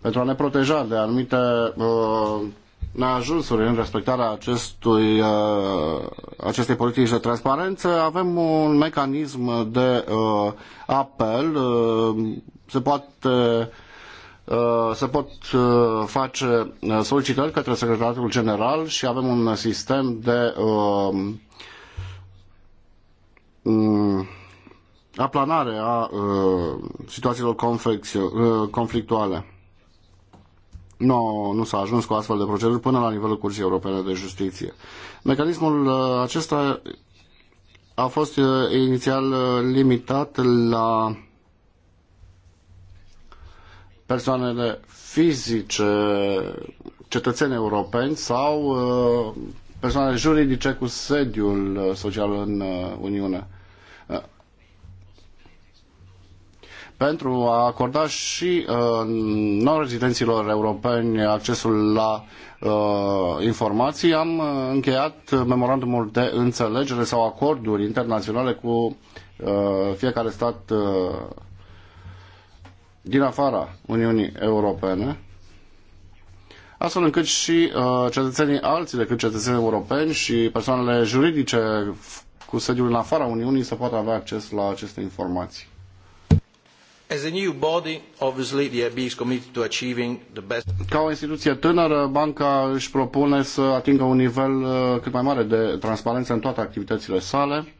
pentru a ne proteja de anumite uh, neajunsuri în respectarea acestui, uh, acestei politici de transparență, avem un mecanism de uh, apel. Uh, se poate se pot face solicitări către Secretariatul General și avem un sistem de mm, aplanare a situațiilor conflictuale nu, nu s-a ajuns cu astfel de proceduri până la nivelul Curții Europene de Justiție. Mecanismul uh, acesta a fost uh, inițial uh, limitat la persoanele fizice, cetățeni europeni sau persoanele juridice cu sediul social în Uniune. pentru a acorda și uh, non-rezidenților europeni accesul la uh, informații, am uh, încheiat memorandumul de înțelegere sau acorduri internaționale cu uh, fiecare stat uh, din afara Uniunii Europene, astfel încât și uh, cetățenii alții decât cetățenii europeni și persoanele juridice cu sediul în afara Uniunii să poată avea acces la aceste informații. As a new body, obviously the EIB is committed to achieving the best. Ca o instituție tânără, banca își propune să atingă un nivel uh, cât mai mare de transparență în toate activitățile sale.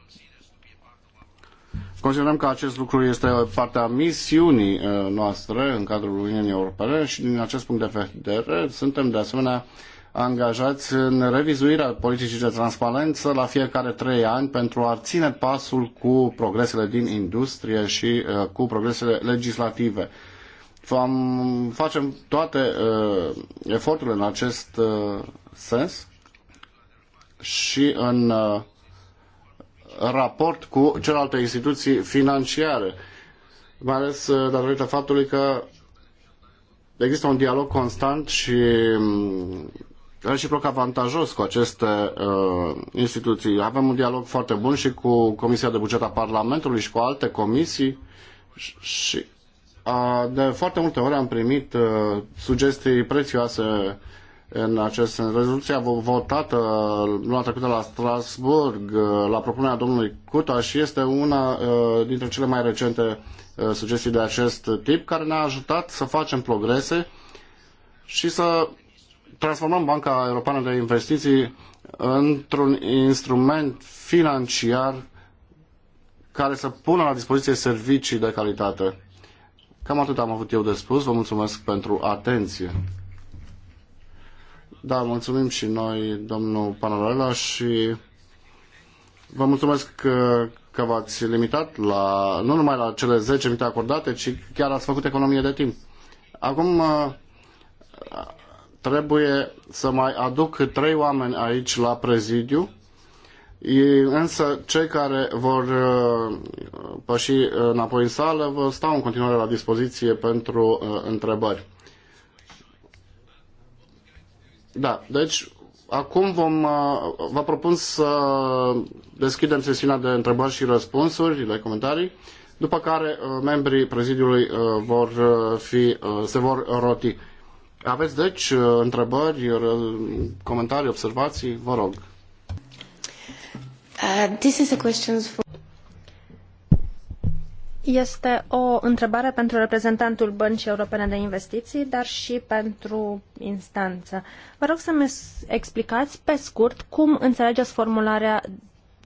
Considerăm că acest lucru este partea misiunii uh, noastre în cadrul Uniunii Europene și din acest punct de vedere suntem de asemenea angajați în revizuirea politicii de transparență la fiecare trei ani pentru a ține pasul cu progresele din industrie și uh, cu progresele legislative. facem toate uh, eforturile în acest uh, sens și în uh, raport cu celelalte instituții financiare, mai ales uh, datorită faptului că există un dialog constant și um, reciproc avantajos cu aceste uh, instituții. Avem un dialog foarte bun și cu Comisia de Buget a Parlamentului și cu alte comisii și uh, de foarte multe ori am primit uh, sugestii prețioase în acest sens. Rezoluția votată luna trecută la Strasburg uh, la propunerea domnului Cuta și este una uh, dintre cele mai recente uh, sugestii de acest tip care ne-a ajutat să facem progrese și să transformăm Banca Europeană de Investiții într-un instrument financiar care să pună la dispoziție servicii de calitate. Cam atât am avut eu de spus. Vă mulțumesc pentru atenție. Da, mulțumim și noi, domnul Panarela, și vă mulțumesc că, că v-ați limitat la, nu numai la cele 10 minute acordate, ci chiar ați făcut economie de timp. Acum trebuie să mai aduc trei oameni aici la prezidiu, însă cei care vor uh, păși înapoi în sală vă stau în continuare la dispoziție pentru uh, întrebări. Da, deci acum vom, uh, vă propun să deschidem sesiunea de întrebări și răspunsuri, de comentarii, după care membrii prezidiului vor fi, se vor roti. Aveți, deci, uh, întrebări, uh, comentarii, observații? Vă rog. Uh, this is a for... Este o întrebare pentru reprezentantul Băncii Europene de Investiții, dar și pentru instanță. Vă rog să-mi explicați pe scurt cum înțelegeți formularea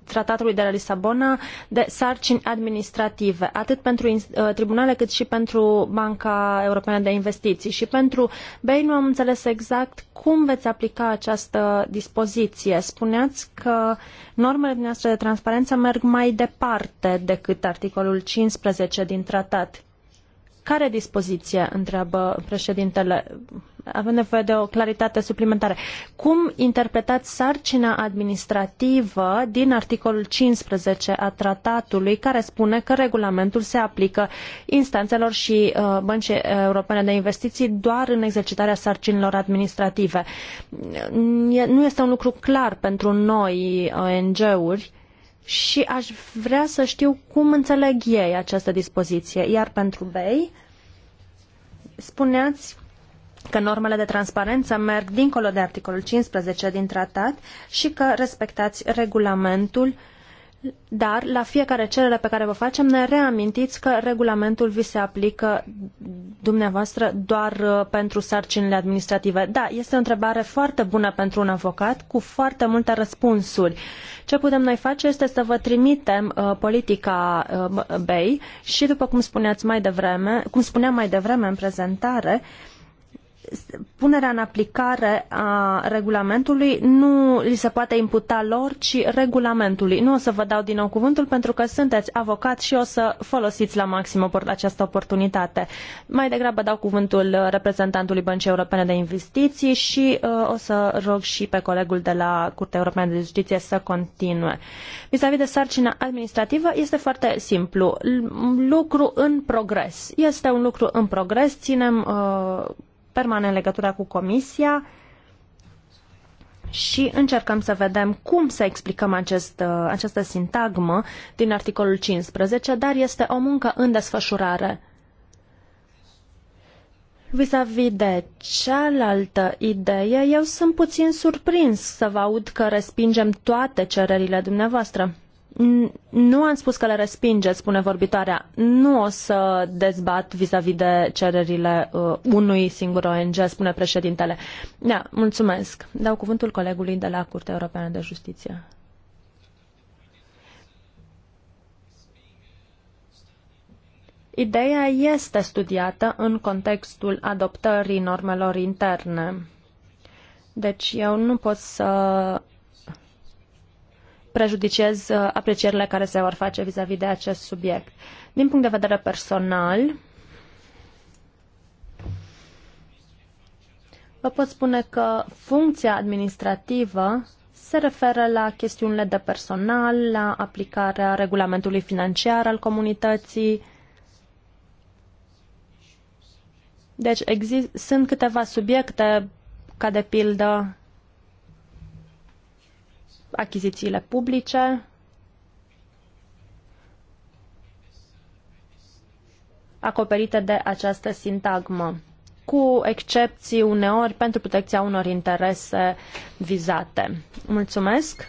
Tratatului de la Lisabona de sarcini administrative, atât pentru uh, tribunale cât și pentru Banca Europeană de Investiții. Și pentru BEI nu am înțeles exact cum veți aplica această dispoziție. Spuneați că normele noastre de transparență merg mai departe decât articolul 15 din tratat. Care dispoziție, întreabă președintele? avem nevoie de o claritate suplimentară. Cum interpretați sarcina administrativă din articolul 15 a tratatului care spune că regulamentul se aplică instanțelor și uh, băncii europene de investiții doar în exercitarea sarcinilor administrative? Nu este un lucru clar pentru noi ONG-uri uh, și aș vrea să știu cum înțeleg ei această dispoziție. Iar pentru BEI, spuneați că normele de transparență merg dincolo de articolul 15 din tratat și că respectați regulamentul, dar la fiecare cerere pe care vă facem ne reamintiți că regulamentul vi se aplică dumneavoastră doar uh, pentru sarcinile administrative. Da, este o întrebare foarte bună pentru un avocat cu foarte multe răspunsuri. Ce putem noi face este să vă trimitem uh, politica uh, BEI și după cum spuneați mai devreme, cum spuneam mai devreme în prezentare, uh, punerea în aplicare a regulamentului nu li se poate imputa lor, ci regulamentului. Nu o să vă dau din nou cuvântul pentru că sunteți avocat și o să folosiți la maxim această oportunitate. Mai degrabă dau cuvântul reprezentantului Băncii Europene de Investiții și uh, o să rog și pe colegul de la Curtea Europeană de Justiție să continue. Vis-a-vis -vis de sarcina administrativă este foarte simplu. Lucru în progres. Este un lucru în progres. Ținem uh, permanent legătura cu Comisia și încercăm să vedem cum să explicăm acest, uh, această sintagmă din articolul 15, dar este o muncă în desfășurare. Vis-a-vis de cealaltă idee, eu sunt puțin surprins să vă aud că respingem toate cererile dumneavoastră. Nu am spus că le respinge, spune vorbitoarea. Nu o să dezbat vis-a-vis -vis de cererile uh, unui singur ONG, spune președintele. Da, mulțumesc. Dau cuvântul colegului de la Curtea Europeană de Justiție. Ideea este studiată în contextul adoptării normelor interne. Deci eu nu pot să prejudiciez uh, aprecierile care se vor face vis-a-vis -vis de acest subiect. Din punct de vedere personal, vă pot spune că funcția administrativă se referă la chestiunile de personal, la aplicarea regulamentului financiar al comunității. Deci exist- sunt câteva subiecte, ca de pildă achizițiile publice. acoperite de această sintagmă, cu excepții uneori pentru protecția unor interese vizate. Mulțumesc!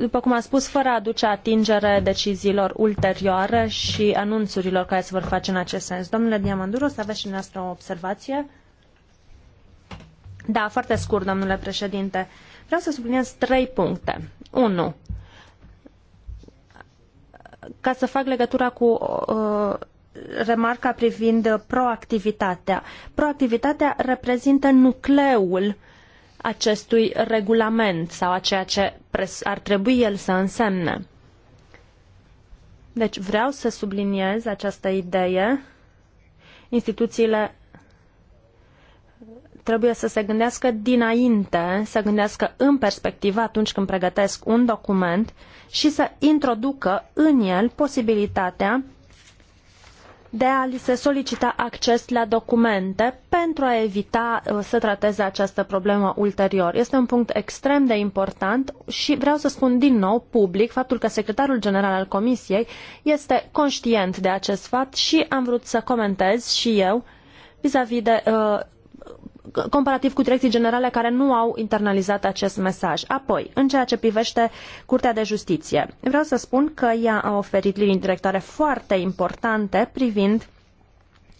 după cum am spus, fără a aduce atingere deciziilor ulterioare și anunțurilor care se vor face în acest sens. Domnule Diamanduro, să aveți și noastră o observație? Da, foarte scurt, domnule președinte. Vreau să subliniez trei puncte. 1. Ca să fac legătura cu uh, remarca privind proactivitatea. Proactivitatea reprezintă nucleul acestui regulament sau a ceea ce ar trebui el să însemne. Deci vreau să subliniez această idee. Instituțiile trebuie să se gândească dinainte, să gândească în perspectivă atunci când pregătesc un document și să introducă în el posibilitatea de a li se solicita acces la documente pentru a evita uh, să trateze această problemă ulterior. Este un punct extrem de important și vreau să spun din nou public faptul că secretarul general al Comisiei este conștient de acest fapt și am vrut să comentez și eu vis-a-vis -vis de uh, comparativ cu direcții generale care nu au internalizat acest mesaj. Apoi, în ceea ce privește Curtea de Justiție, vreau să spun că ea a oferit linii directoare foarte importante privind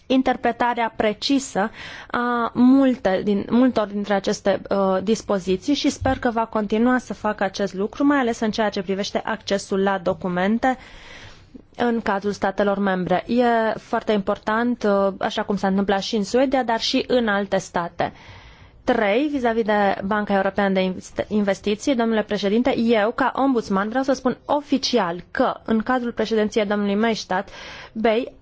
interpretarea precisă a multe din, multor dintre aceste uh, dispoziții și sper că va continua să facă acest lucru, mai ales în ceea ce privește accesul la documente uh, în cazul statelor membre. E foarte important, uh, așa cum s-a întâmplat și în Suedia, dar și în alte state. 3. Vis-a-vis de Banca Europeană de Investiții, domnule președinte, eu, ca ombudsman, vreau să spun oficial că, în cadrul președinției domnului Meistat, BEI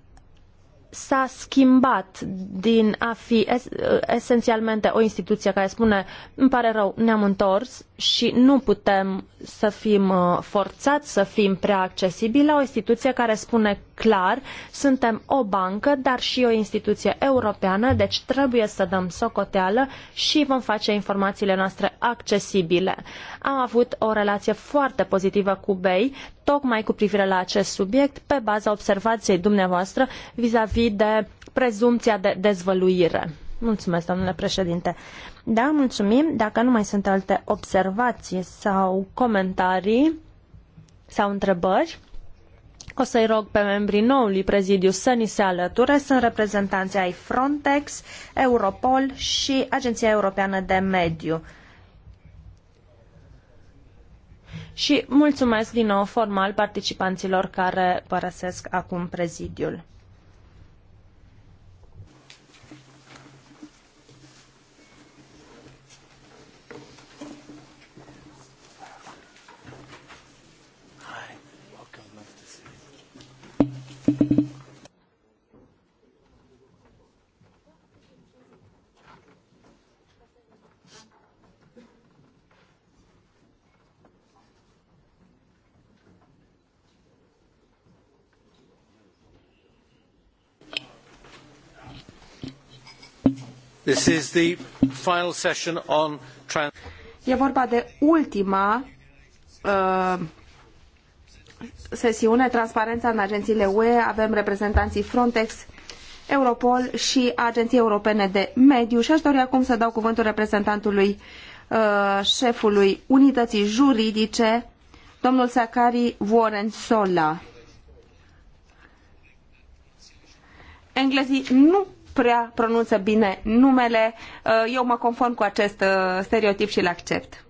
s-a schimbat din a fi es- esențialmente o instituție care spune îmi pare rău, ne-am întors și nu putem să fim uh, forțați să fim prea accesibili la o instituție care spune clar suntem o bancă, dar și o instituție europeană, deci trebuie să dăm socoteală și vom face informațiile noastre accesibile. Am avut o relație foarte pozitivă cu BEI, tocmai cu privire la acest subiect, pe baza observației dumneavoastră vis-a-vis vizavi de prezumția de dezvăluire. Mulțumesc, domnule președinte. Da, mulțumim. Dacă nu mai sunt alte observații sau comentarii sau întrebări, o să-i rog pe membrii noului prezidiu să ni se alăture. Sunt reprezentanții ai Frontex, Europol și Agenția Europeană de Mediu. Și mulțumesc din nou formal participanților care părăsesc acum prezidiul. This is the final session on e vorba de ultima uh, sesiune, transparența în agențiile UE, avem reprezentanții Frontex, Europol și Agenții Europene de Mediu și aș dori acum să dau cuvântul reprezentantului uh, șefului unității juridice, domnul Sakari Warren Sola. Englezii nu prea pronunță bine numele. Uh, eu mă conform cu acest uh, stereotip și îl accept.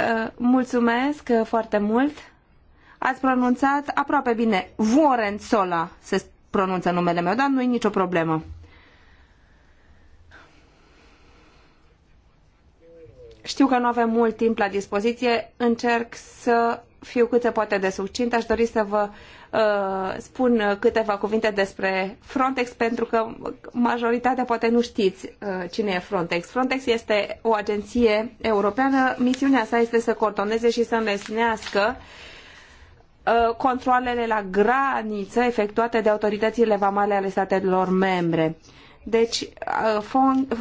Uh, mulțumesc foarte mult. Ați pronunțat aproape bine. Warren Sola se pronunță numele meu, dar nu e nicio problemă. Știu că nu avem mult timp la dispoziție, încerc să fiu cât se poate de succint, aș dori să vă uh, spun câteva cuvinte despre Frontex, pentru că majoritatea poate nu știți uh, cine e Frontex. Frontex este o agenție europeană, misiunea sa este să coordoneze și să înlesnească uh, controlele la graniță efectuate de autoritățile vamale ale statelor membre. Uh, deci uh,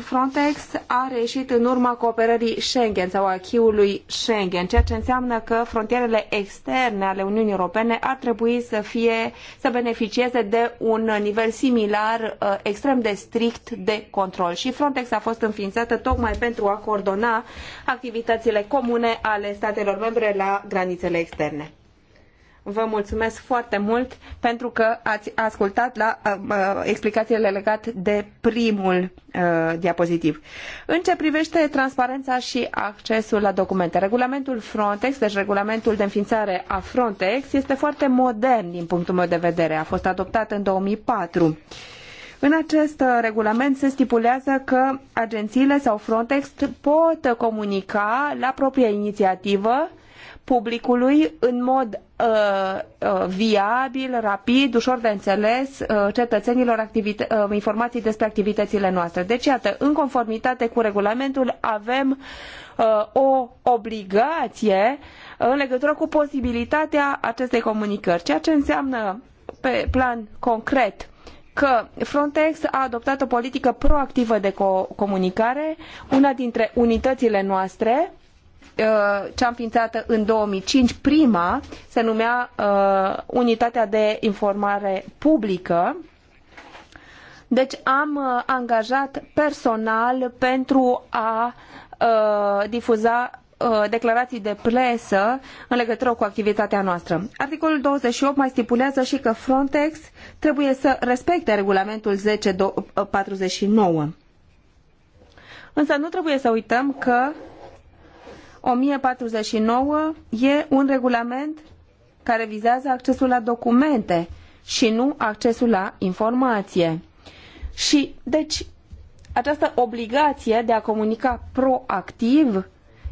Frontex a reușit în urma cooperării Schengen sau achiului Schengen, ceea ce înseamnă că frontierele externe ale Uniunii Europene ar trebui să fie să beneficieze de un nivel similar uh, extrem de strict de control. Și Frontex a fost înființată tocmai pentru a coordona activitățile comune ale statelor membre la granițele externe. Vă mulțumesc foarte mult pentru că ați ascultat la uh, uh, explicațiile legate de primul uh, diapozitiv. În ce privește transparența și accesul la documente, regulamentul Frontex, deci regulamentul de înființare a Frontex, este foarte modern din punctul meu de vedere. A fost adoptat în 2004. În acest uh, regulament se stipulează că agențiile sau Frontex pot comunica la propria inițiativă publicului în mod uh, uh, viabil, rapid, ușor de înțeles uh, cetățenilor informații despre activitățile noastre. Deci, iată, în conformitate cu regulamentul, avem o obligație în legătură cu posibilitatea acestei comunicări, ceea ce înseamnă pe plan concret că Frontex a adoptat o politică proactivă de comunicare, una dintre unitățile noastre Uh, cea înființată în 2005, prima, se numea uh, Unitatea de Informare Publică. Deci am uh, angajat personal pentru a difuza declarații de presă în legătură cu activitatea noastră. Articolul 28 mai stipulează și că Frontex trebuie să respecte regulamentul 1049. Însă nu trebuie să uităm că 1049 e un regulament care vizează accesul la documente și nu accesul la informație. Și, deci, această obligație de a comunica proactiv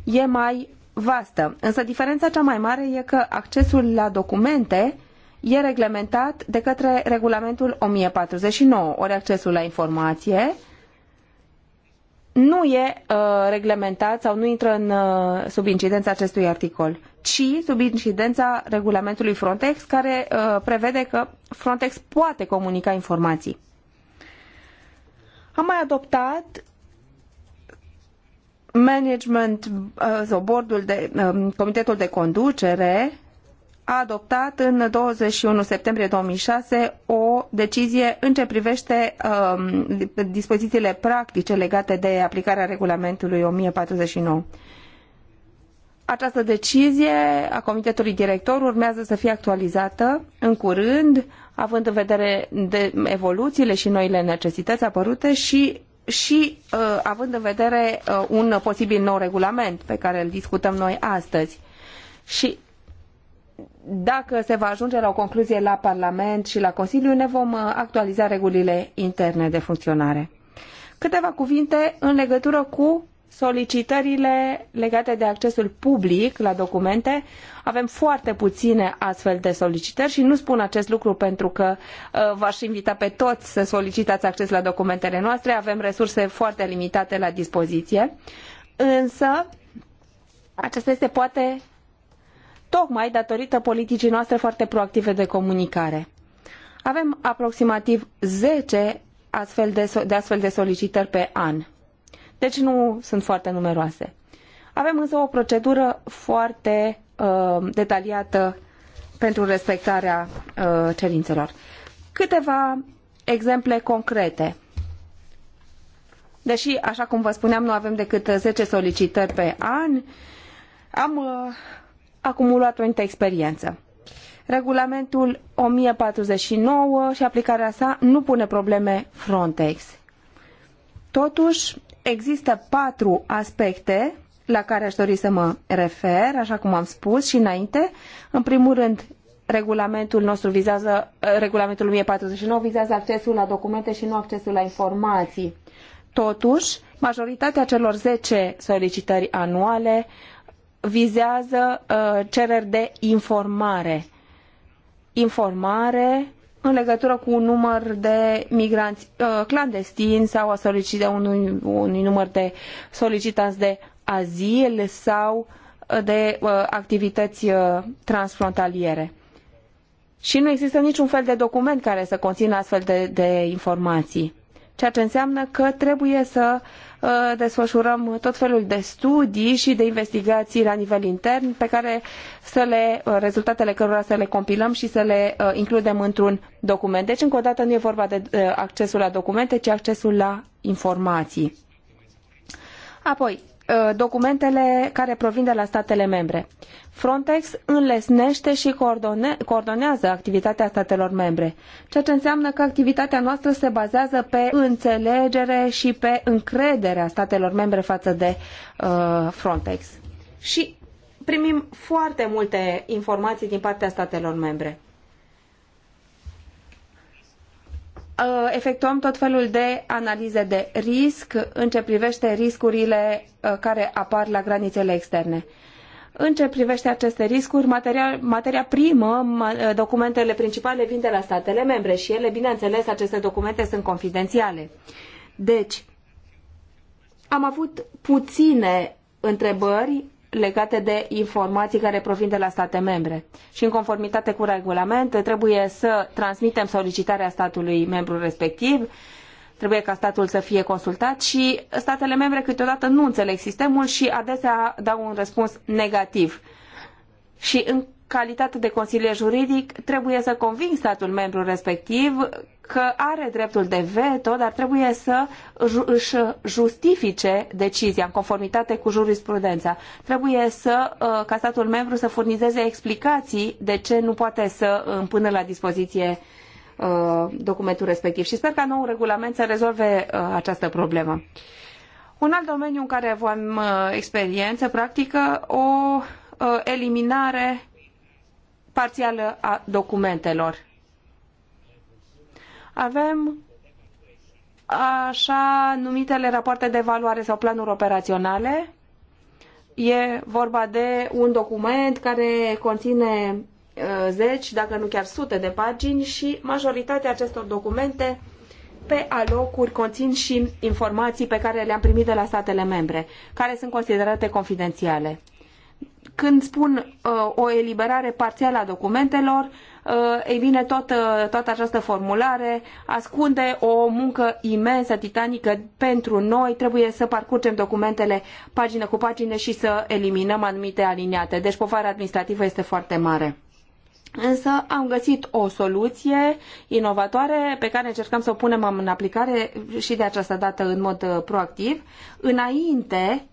e mai vastă. Însă diferența cea mai mare e că accesul la documente e reglementat de către regulamentul 1049, ori accesul la informație nu e uh, reglementat sau nu intră în, uh, sub incidența acestui articol, ci sub incidența regulamentului Frontex, care uh, prevede că Frontex poate comunica informații. Am mai adoptat management, uh, sau bordul de, uh, comitetul de conducere a adoptat în 21 septembrie 2006 o decizie în ce privește um, dispozițiile practice legate de aplicarea regulamentului 1049. Această decizie a Comitetului Director urmează să fie actualizată în curând, având în vedere de evoluțiile și noile necesități apărute și și uh, având în vedere uh, un posibil nou regulament pe care îl discutăm noi astăzi. Și dacă se va ajunge la o concluzie la Parlament și la Consiliu, ne vom uh, actualiza regulile interne de funcționare. Câteva cuvinte în legătură cu solicitările legate de accesul public la documente. Avem foarte puține astfel de solicitări și nu spun acest lucru pentru că uh, v-aș invita pe toți să solicitați acces la documentele noastre. Avem resurse foarte limitate la dispoziție. Însă, acesta este poate tocmai datorită politicii noastre foarte proactive de comunicare. Avem aproximativ 10 astfel de, de astfel de solicitări pe an. Deci nu sunt foarte numeroase. Avem însă o procedură foarte uh, detaliată pentru respectarea uh, cerințelor. Câteva exemple concrete. Deși, așa cum vă spuneam, nu avem decât 10 solicitări pe an, am uh, acumulat o anumită experiență. Regulamentul 1049 și aplicarea sa nu pune probleme Frontex. Totuși, există patru aspecte la care aș dori să mă refer, așa cum am spus și înainte. În primul rând, regulamentul nostru vizează, regulamentul 1049 vizează accesul la documente și nu accesul la informații. Totuși, majoritatea celor zece solicitări anuale uh, vizează uh, cereri de informare. Informare în legătură cu un număr de migranți uh, clandestini sau a solicită unui, unui număr de solicitanți de azil sau uh, de activități transfrontaliere. Și nu există niciun fel de document care să conțină astfel de, de informații ceea ce înseamnă că trebuie să uh, desfășurăm tot felul de studii și de investigații la nivel intern pe care să le, uh, rezultatele cărora să le compilăm și să le uh, includem într-un document. Deci, încă o dată, nu e vorba de accesul la documente, ci accesul la informații. Apoi, Uh, documentele care provin de la statele membre. Frontex înlesnește și coordone, coordonează activitatea statelor membre, ceea ce înseamnă că activitatea noastră se bazează pe înțelegere și pe încrederea statelor membre față de uh, Frontex. Și primim foarte multe informații din partea statelor membre. Uh, efectuăm tot felul de analize de risc în ce privește riscurile uh, care apar la granițele externe. În ce privește aceste riscuri, materia, materia primă, uh, documentele principale vin de la statele membre și ele, bineînțeles, aceste documente sunt confidențiale. Deci, am avut puține întrebări legate de informații care provin de la state membre. Și în conformitate cu regulament, trebuie să transmitem solicitarea statului membru respectiv, trebuie ca statul să fie consultat și statele membre câteodată nu înțeleg sistemul și adesea dau un răspuns negativ. Și în calitate de consilier juridic, trebuie să conving statul membru respectiv că are dreptul de veto, dar trebuie să își justifice decizia în conformitate cu jurisprudența. Trebuie să, uh, ca statul membru să furnizeze explicații de ce nu poate să împună la dispoziție uh, documentul respectiv. Și sper ca noul regulament să rezolve uh, această problemă. Un alt domeniu în care avem experiență practică o eliminare parțială a documentelor. Avem așa numitele rapoarte de evaluare sau planuri operaționale. E vorba de un document care conține uh, zeci, dacă nu chiar sute de pagini și majoritatea acestor documente pe alocuri conțin și informații pe care le-am primit de la statele membre, care sunt considerate confidențiale. Când spun uh, o eliberare parțială a documentelor, uh, ei bine, toată, uh, toată această formulare ascunde o muncă imensă, titanică pentru noi. Trebuie să parcurgem documentele pagină cu pagină și să eliminăm anumite aliniate. Deci povara administrativă este foarte mare. Însă am găsit o soluție inovatoare pe care încercăm să o punem în aplicare și de această dată în mod uh, proactiv. Înainte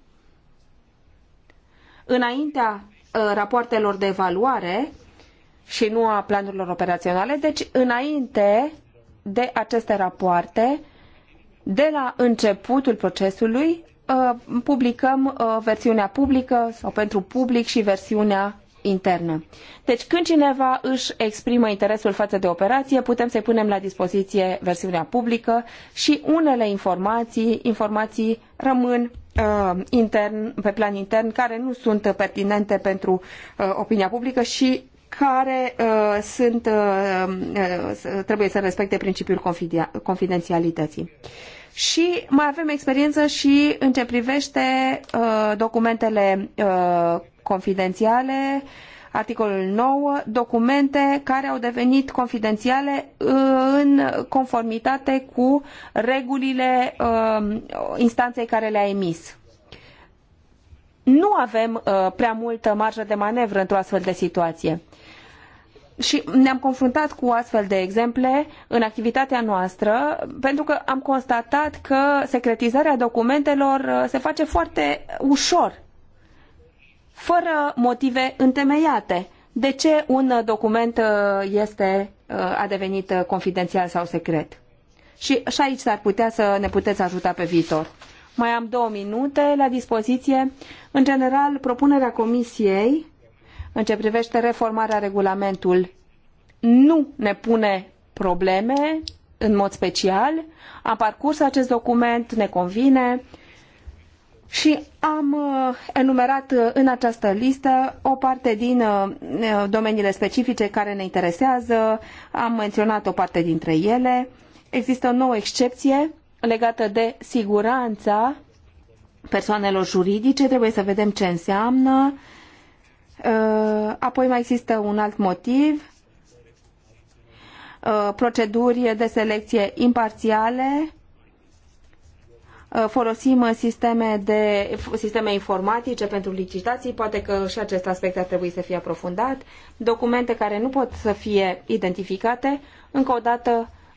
înaintea uh, rapoartelor de evaluare și nu a planurilor operaționale, deci înainte de aceste rapoarte, de la începutul procesului, uh, publicăm uh, versiunea publică sau pentru public și versiunea internă. Deci când cineva își exprimă interesul față de operație, putem să-i punem la dispoziție versiunea publică și unele informații, informații rămân uh, intern, pe plan intern care nu sunt pertinente pentru uh, opinia publică și care uh, sunt, uh, uh, trebuie să respecte principiul confidențialității. Și mai avem experiență și în ce privește uh, documentele confidențiale, articolul 9, documente care au devenit confidențiale uh, în conformitate cu regulile uh, instanței care le-a emis. Nu avem uh, prea multă marjă de manevră într-o astfel de situație. Și ne-am confruntat cu astfel de exemple în activitatea noastră, pentru că am constatat că secretizarea documentelor se face foarte ușor fără motive întemeiate. De ce un document uh, este, uh, a devenit uh, confidențial sau secret? Și, și aici s-ar putea să ne puteți ajuta pe viitor. Mai am două minute la dispoziție. În general, propunerea Comisiei în ce privește reformarea regulamentului nu ne pune probleme în mod special. Am parcurs acest document, ne convine, și am uh, enumerat uh, în această listă o parte din uh, domeniile specifice care ne interesează, am menționat o parte dintre ele. Există o nouă excepție legată de siguranța persoanelor juridice, trebuie să vedem ce înseamnă. Apoi mai există un alt motiv, proceduri de selecție imparțiale, Uh, folosim uh, sisteme, de, sisteme informatice pentru licitații, poate că și acest aspect ar trebui să fie aprofundat, documente care nu pot să fie identificate, încă o dată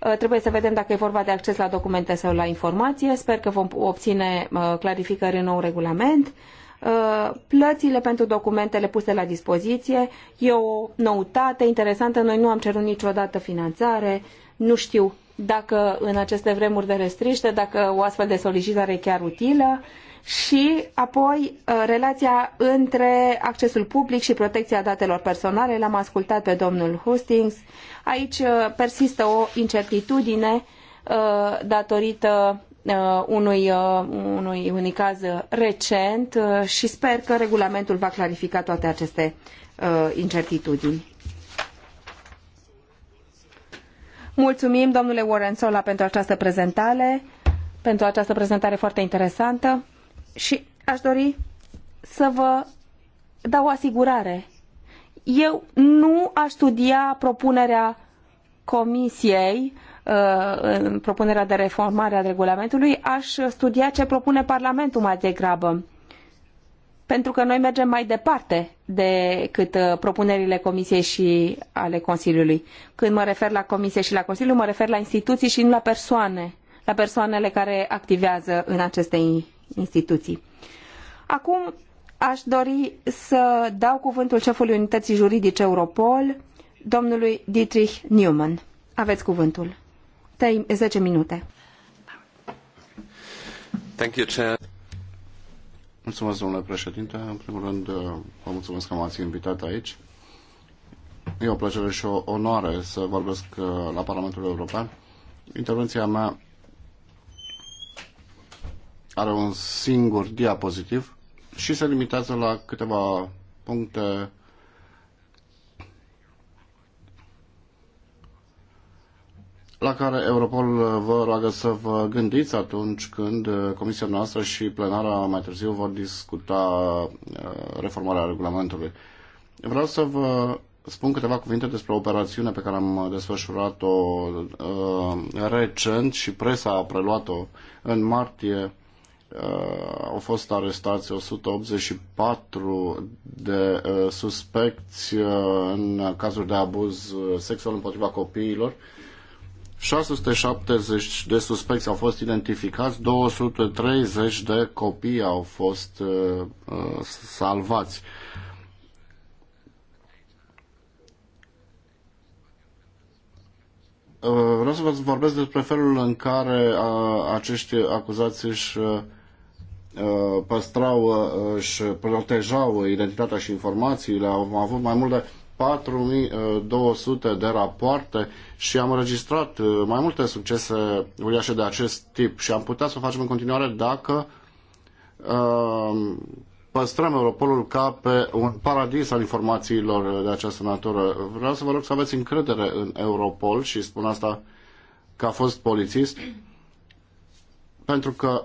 uh, trebuie să vedem dacă e vorba de acces la documente sau la informație, sper că vom obține clarificări în nou regulament, plățile pentru documentele puse la dispoziție, e o noutate interesantă, noi nu am cerut niciodată finanțare, nu știu dacă în aceste vremuri de restriște, dacă o astfel de solicitare e chiar utilă și apoi uh, relația între accesul public și protecția datelor personale. L-am ascultat pe domnul Hustings. Aici uh, persistă o incertitudine uh, datorită unui, unui, unui caz recent și sper că regulamentul va clarifica toate aceste incertitudini. Mulțumim, domnule Warren Sola, pentru această prezentare, pentru această prezentare foarte interesantă și aș dori să vă dau o asigurare. Eu nu aș studia propunerea Comisiei uh, în propunerea de reformare a regulamentului, aș studia ce propune Parlamentul mai degrabă pentru că noi mergem mai departe decât uh, propunerile Comisiei și ale Consiliului. Când mă refer la Comisie și la Consiliu, mă refer la instituții și nu la persoane, la persoanele care activează în aceste instituții. Acum aș dori să dau cuvântul șefului Unității Juridice Europol, domnului Dietrich Newman. Aveți cuvântul. 10 minute. Thank you, Chair. Mulțumesc, domnule președinte. În primul rând, uh, vă mulțumesc că m-ați invitat aici. E o plăcere și o onoare să vorbesc uh, la Parlamentul European. Intervenția mea are un singur diapozitiv și se limitează la câteva puncte la care Europol vă roagă să vă gândiți atunci când uh, Comisia noastră și plenara mai târziu vor discuta uh, reformarea regulamentului. Vreau să vă spun câteva cuvinte despre operațiunea pe care am desfășurat-o uh, recent și presa a preluat-o în martie. Uh, au fost arestați 184 de uh, suspecți uh, în cazuri de abuz uh, sexual împotriva copiilor. Uh, 670 de suspecți au fost identificați, 230 de copii au fost uh, uh salvați. Uh, vreau să vă vorbesc despre felul în care uh, acești acuzați își păstrau, își protejau identitatea și informațiile. Au avut mai mult de 4200 uh, de rapoarte și am înregistrat uh, mai multe succese uriașe de acest tip și am putea să o facem în continuare dacă uh, păstrăm Europolul ca pe un paradis al informațiilor de această natură. Vreau să vă rog să aveți încredere în Europol și spun asta că a fost polițist, pentru că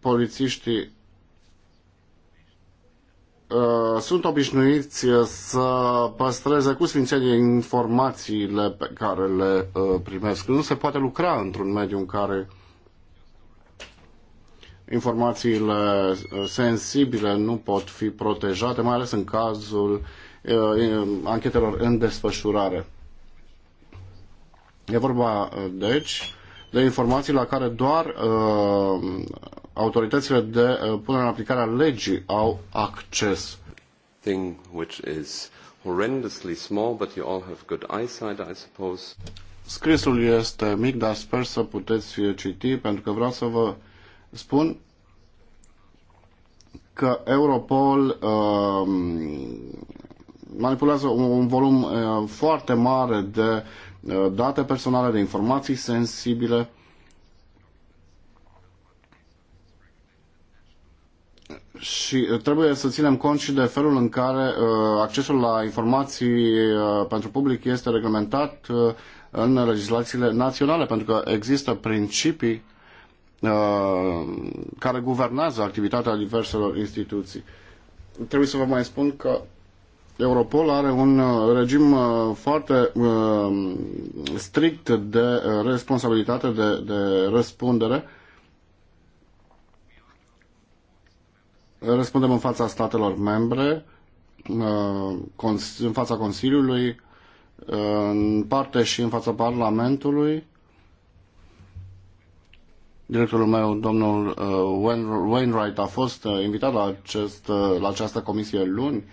polițiștii Uh, sunt obișnuiți uh, să păstreze cu sfințenie informațiile pe care le uh, primesc. Nu se poate lucra într-un mediu în care informațiile uh, sensibile nu pot fi protejate, mai ales în cazul uh, anchetelor în desfășurare. E vorba, deci, de informații la care doar uh, autoritățile de uh, punere în aplicare a legii au acces. Thing which is horrendously small, but you all have good eyesight, I suppose. Scrisul este mic, dar sper să puteți citi, pentru că vreau să vă spun că Europol uh, manipulează un, un volum uh, foarte mare de uh, date personale, de informații sensibile și uh, trebuie să ținem cont și de felul în care uh, accesul la informații uh, pentru public este reglementat în legislațiile naționale, pentru că există principii care guvernează activitatea diverselor instituții. Trebuie să vă mai spun că Europol are un regim foarte strict de responsabilitate, de, de răspundere răspundem în fața statelor membre, uh, în fața Consiliului, uh, în parte și în fața Parlamentului. Directorul meu, domnul uh, Wainwright, a fost invitat la, acest, la această comisie luni.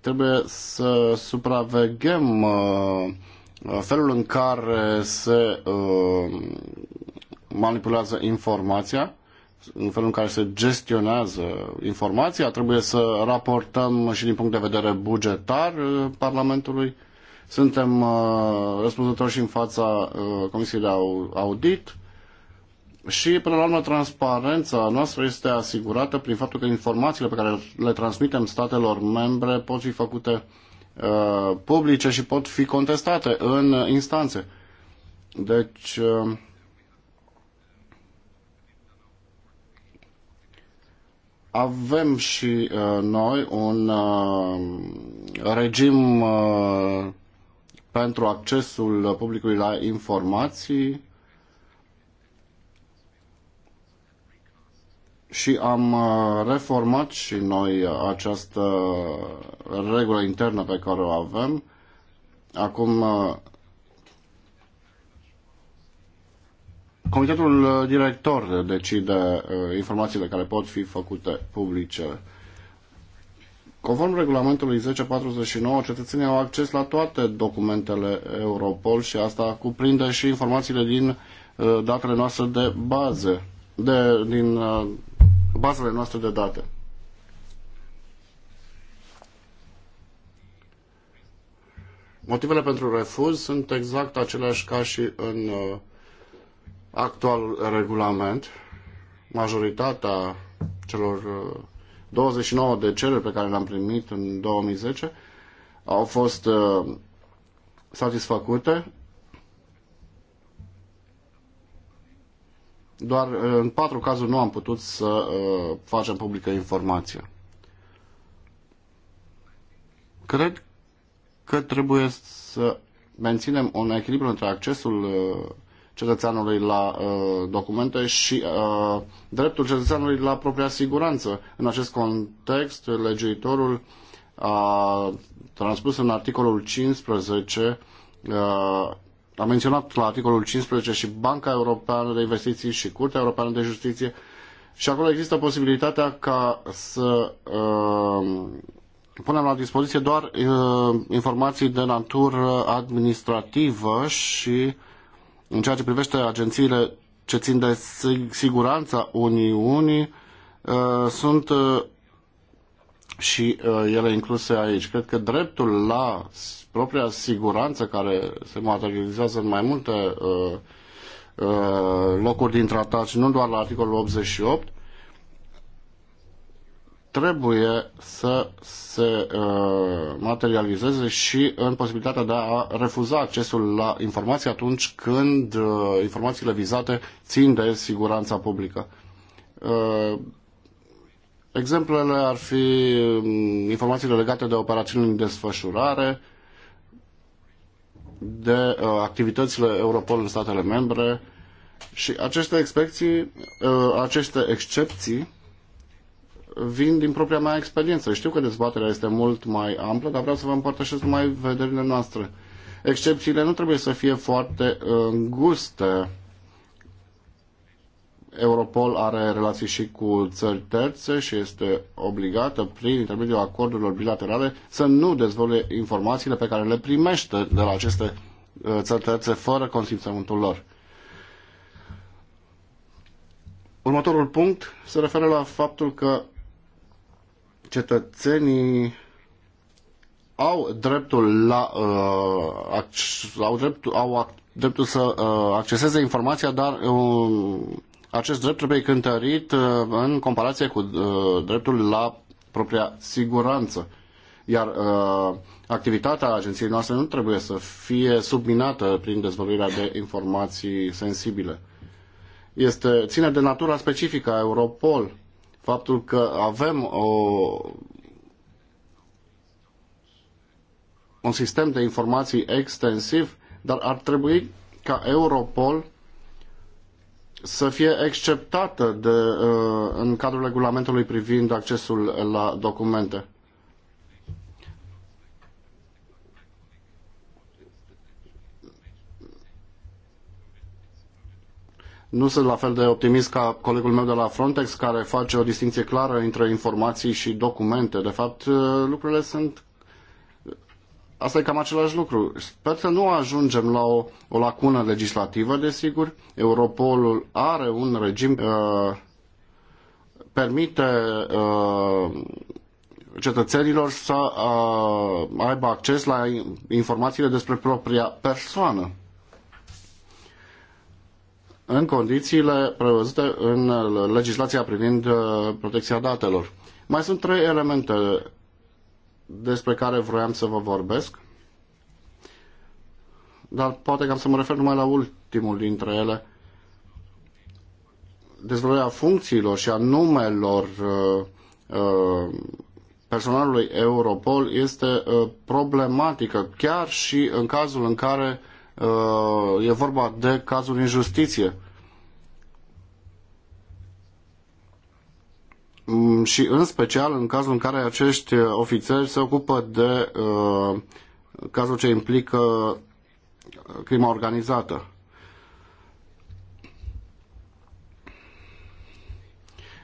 Trebuie să supraveghem felul în care se manipulează informația în felul în care se gestionează informația, trebuie să raportăm și din punct de vedere bugetar uh, Parlamentului. Suntem uh, răspunzători și în fața uh, Comisiei de Audit și, până la urmă, transparența noastră este asigurată prin faptul că informațiile pe care le transmitem statelor membre pot fi făcute publice și pot fi contestate în instanțe. Deci, avem și uh, noi un uh, regim uh, pentru accesul publicului la informații și am reformat și noi această regulă internă pe care o avem. Acum Comitetul uh, director uh, decide uh, informațiile care pot fi făcute publice. Conform regulamentului 1049, cetățenii au acces la toate documentele Europol și asta cuprinde și informațiile din datele noastre de bază, de, din bazele noastre de date. Motivele pentru refuz sunt exact aceleași ca și în uh, actualul regulament, majoritatea celor 29 uh, de cereri pe care le-am primit în 2010 au fost uh, satisfăcute. Doar uh, în patru cazuri nu am putut să facem publică informația. Cred că trebuie să menținem un echilibru între accesul cetățeanului la uh, documente și uh, dreptul cetățeanului la propria siguranță. În acest context, legiuitorul a transpus în articolul 15 uh, a menționat la articolul 15 și Banca Europeană de Investiții și Curtea Europeană de Justiție și acolo există posibilitatea ca să uh, punem la dispoziție doar uh, informații de natură administrativă și în ceea ce privește agențiile ce țin de siguranța Uniunii, uh, sunt uh, și uh, ele incluse aici. Cred că dreptul la propria siguranță, care se materializează în mai multe locuri din tratat și nu doar la articolul 88, trebuie să se uh, materializeze și în posibilitatea de a refuza accesul la informații atunci când uh, informațiile vizate țin de siguranța publică. Uh, exemplele ar fi um, informațiile legate de operațiuni în desfășurare, de uh, activitățile Europol în statele membre și aceste uh, aceste excepții vin din propria mea experiență. Știu că dezbaterea este mult mai amplă, dar vreau să vă împărtășesc numai vederile noastre. Excepțiile nu trebuie să fie foarte uh, înguste. Europol are relații și cu țări terțe și este obligată, prin intermediul acordurilor bilaterale, să nu dezvolte informațiile pe care le primește de la aceste uh, țări terțe fără consimțământul lor. Următorul punct se referă la faptul că cetățenii au dreptul la uh, au dreptul au dreptul să uh, acceseze informația, dar uh, acest drept trebuie cântărit uh, în comparație cu uh, dreptul la propria siguranță. Iar uh, activitatea agenției noastre nu trebuie să fie subminată prin dezvăluirea de informații sensibile. Este ține de natura specifică a Europol faptul că avem o, un sistem de informații extensiv, dar ar trebui ca Europol să fie exceptată de, uh, în cadrul regulamentului privind accesul la documente. Nu sunt la fel de optimist ca colegul meu de la Frontex, care face o distinție clară între informații și documente. De fapt, uh, lucrurile sunt asta e cam același lucru. Sper să nu ajungem la o, o lacună legislativă, desigur. Europolul are un regim uh, permite uh, cetățenilor să uh, aibă acces la informațiile despre propria persoană în condițiile prevăzute în legislația privind uh, protecția datelor. Mai sunt trei elemente despre care vroiam să vă vorbesc, dar poate că am să mă refer numai la ultimul dintre ele. Dezvoltarea funcțiilor și a numelor uh, uh, personalului Europol este problematică, chiar și în cazul în care uh, Uh, e vorba de cazuri în justiție. Mm, și în special în cazul în care acești ofițeri se ocupă de uh, cazul ce implică crima organizată.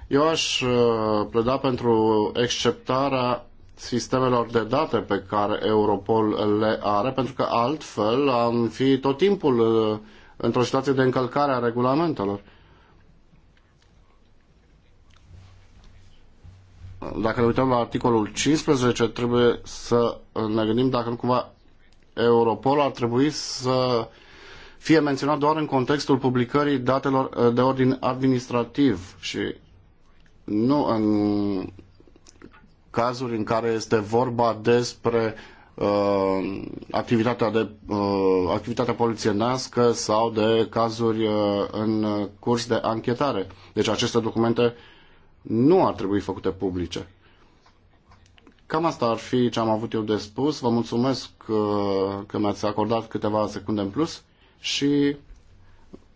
Eu aș uh, pleda pentru exceptarea sistemelor de date pe care Europol le are, pentru că altfel am fi tot timpul uh, într-o situație de încălcare a regulamentelor. Dacă ne uităm la articolul 15, trebuie să ne gândim dacă nu cumva Europol ar trebui să fie menționat doar în contextul publicării datelor uh, de ordin administrativ și nu în cazuri în care este vorba despre uh, activitatea, de, uh, activitatea polițienească sau de cazuri uh, în curs de anchetare. Deci aceste documente nu ar trebui făcute publice. Cam asta ar fi ce am avut eu de spus. Vă mulțumesc uh, că mi-ați acordat câteva secunde în plus și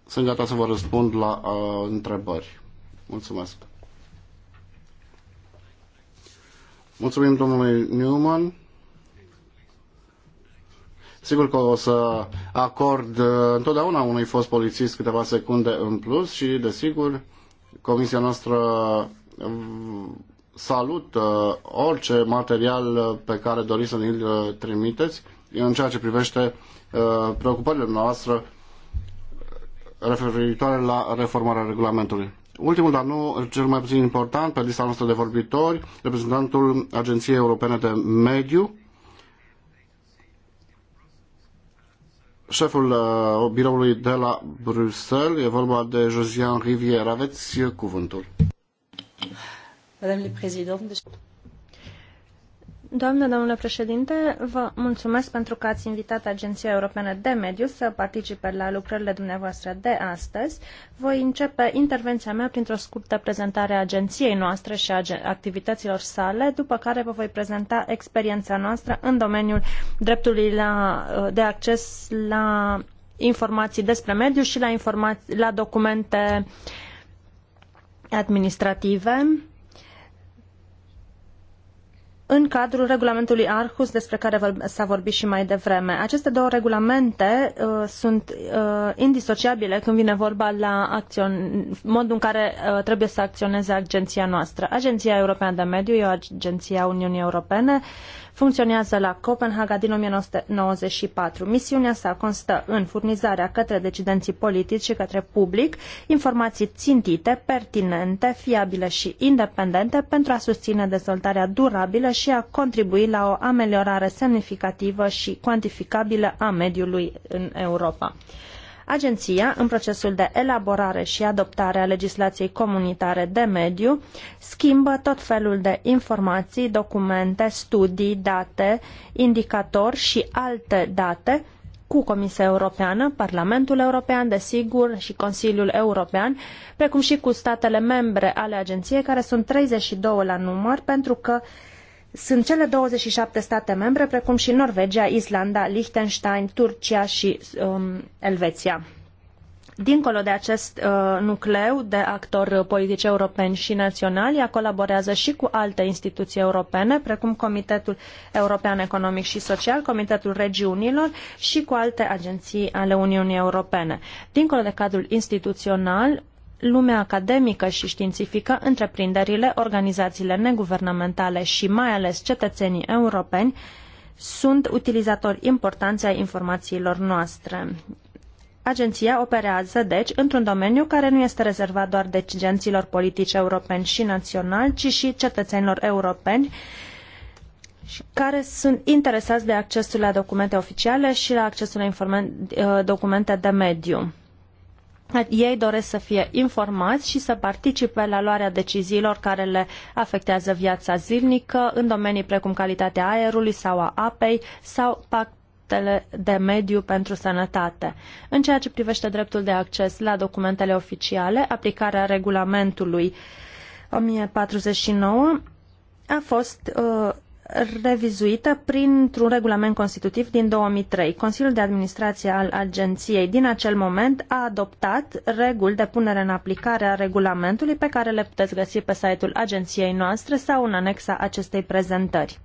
sunt gata să vă răspund la uh, întrebări. Mulțumesc! Mulțumim domnului Newman. Sigur că o să acord uh, întotdeauna unui fost polițist câteva secunde în plus și, desigur, comisia noastră uh, salută orice material pe care doriți să ne-l trimiteți în ceea ce privește uh, preocupările noastre referitoare la reformarea regulamentului. Ultimul, dar nu cel mai puțin important, pe lista noastră de vorbitori, reprezentantul Agenției Europene de Mediu, șeful uh, biroului de la Bruxelles, e vorba de Josian Rivier. Aveți cuvântul. Madame le Président, Doamnă, domnule președinte, vă mulțumesc pentru că ați invitat Agenția Europeană de Mediu să participe la lucrările dumneavoastră de astăzi. Voi începe intervenția mea printr-o scurtă prezentare a agenției noastre și a activităților sale, după care vă voi prezenta experiența noastră în domeniul dreptului la, uh, de acces la informații despre mediu și la, la documente administrative în cadrul regulamentului Arhus, despre care s-a vorbit și mai devreme. Aceste două regulamente uh, sunt uh, indisociabile când vine vorba la acțion, modul în care uh, trebuie să acționeze agenția noastră. Agenția Europeană de Mediu e o agenție a Uniunii Europene funcționează la Copenhaga din 1994. Misiunea sa constă în furnizarea către decidenții politici și către public informații țintite, pertinente, fiabile și independente pentru a susține dezvoltarea durabilă și a contribui la o ameliorare semnificativă și cuantificabilă a mediului în Europa. Agenția, în procesul de elaborare și adoptare a legislației comunitare de mediu, schimbă tot felul de informații, documente, studii, date, indicatori și alte date cu Comisia Europeană, Parlamentul European, desigur, și Consiliul European, precum și cu statele membre ale agenției, care sunt 32 la număr, pentru că sunt cele 27 state membre, precum și Norvegia, Islanda, Liechtenstein, Turcia și um, Elveția. Dincolo de acest uh, nucleu de actori politici europeni și naționali, ea colaborează și cu alte instituții europene, precum Comitetul European Economic și Social, Comitetul Regiunilor și cu alte agenții ale Uniunii Europene. Dincolo de cadrul instituțional, lumea academică și științifică, întreprinderile, organizațiile neguvernamentale și mai ales cetățenii europeni sunt utilizatori importanți ai informațiilor noastre. Agenția operează, deci, într-un domeniu care nu este rezervat doar decidenților politici europeni și naționali, ci și cetățenilor europeni care sunt interesați de accesul la documente oficiale și la accesul la eh, documente de mediu ei doresc să fie informați și să participe la luarea deciziilor care le afectează viața zilnică în domenii precum calitatea aerului sau a apei sau pactele de mediu pentru sănătate. În ceea ce privește dreptul de acces la documentele oficiale, aplicarea regulamentului 1049 a fost uh, revizuită printr-un regulament constitutiv din 2003. Consiliul de Administrație al Agenției din acel moment a adoptat reguli de punere în aplicare a regulamentului pe care le puteți găsi pe site-ul agenției noastre sau în anexa acestei prezentări.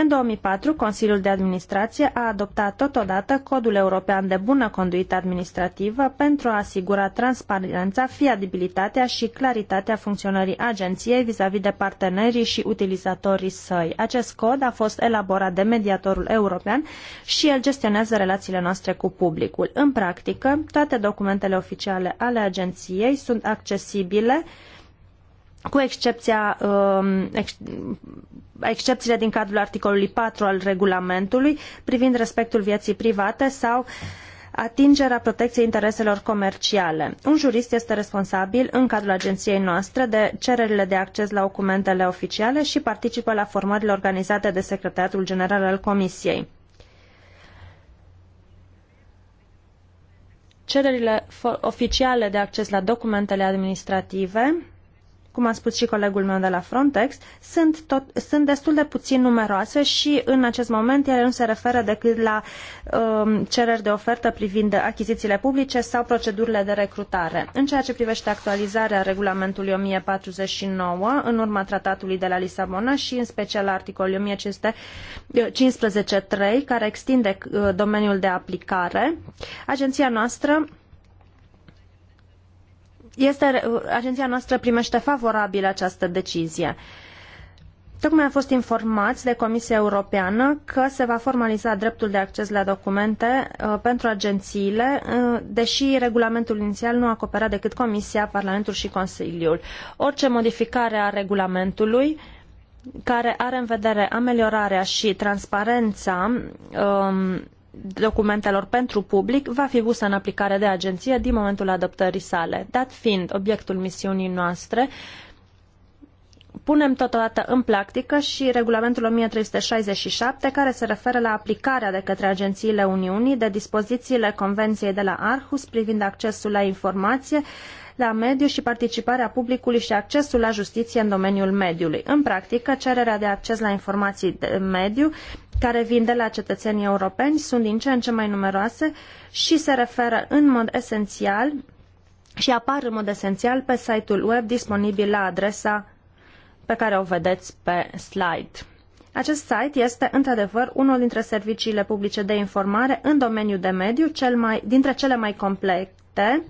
În 2004, Consiliul de Administrație a adoptat totodată Codul European de Bună Conduită Administrativă pentru a asigura transparența, fiabilitatea și claritatea funcționării agenției vis-a-vis de partenerii și utilizatorii săi. Acest cod a fost elaborat de mediatorul european și el gestionează relațiile noastre cu publicul. În practică, toate documentele oficiale ale agenției sunt accesibile cu excepția um, ex, excepțiile din cadrul articolului 4 al regulamentului privind respectul vieții private sau atingerea protecției intereselor comerciale. Un jurist este responsabil în cadrul agenției noastre de cererile de acces la documentele oficiale și participă la formările organizate de Secretariatul General al Comisiei. Cererile oficiale de acces la documentele administrative cum a spus și colegul meu de la Frontex, sunt, tot, sunt destul de puțin numeroase și în acest moment ele nu se referă decât la um, cereri de ofertă privind achizițiile publice sau procedurile de recrutare. În ceea ce privește actualizarea regulamentului 1049 în urma tratatului de la Lisabona și în special articolul 1515.3 care extinde uh, domeniul de aplicare, agenția noastră este, agenția noastră primește favorabil această decizie. Tocmai am fost informați de Comisia Europeană că se va formaliza dreptul de acces la documente uh, pentru agențiile, uh, deși regulamentul inițial nu acopera decât Comisia, Parlamentul și Consiliul. Orice modificare a regulamentului care are în vedere ameliorarea și transparența um, documentelor pentru public va fi pusă în aplicare de agenție din momentul adoptării sale. Dat fiind obiectul misiunii noastre, punem totodată în practică și regulamentul 1367 care se referă la aplicarea de către agențiile Uniunii de dispozițiile Convenției de la Arhus privind accesul la informație la mediu și participarea publicului și accesul la justiție în domeniul mediului. În practică, cererea de acces la informații de mediu care vin de la cetățenii europeni sunt din ce în ce mai numeroase și se referă în mod esențial și apar în mod esențial pe site-ul web disponibil la adresa pe care o vedeți pe slide. Acest site este într-adevăr unul dintre serviciile publice de informare în domeniul de mediu cel mai, dintre cele mai complete uh,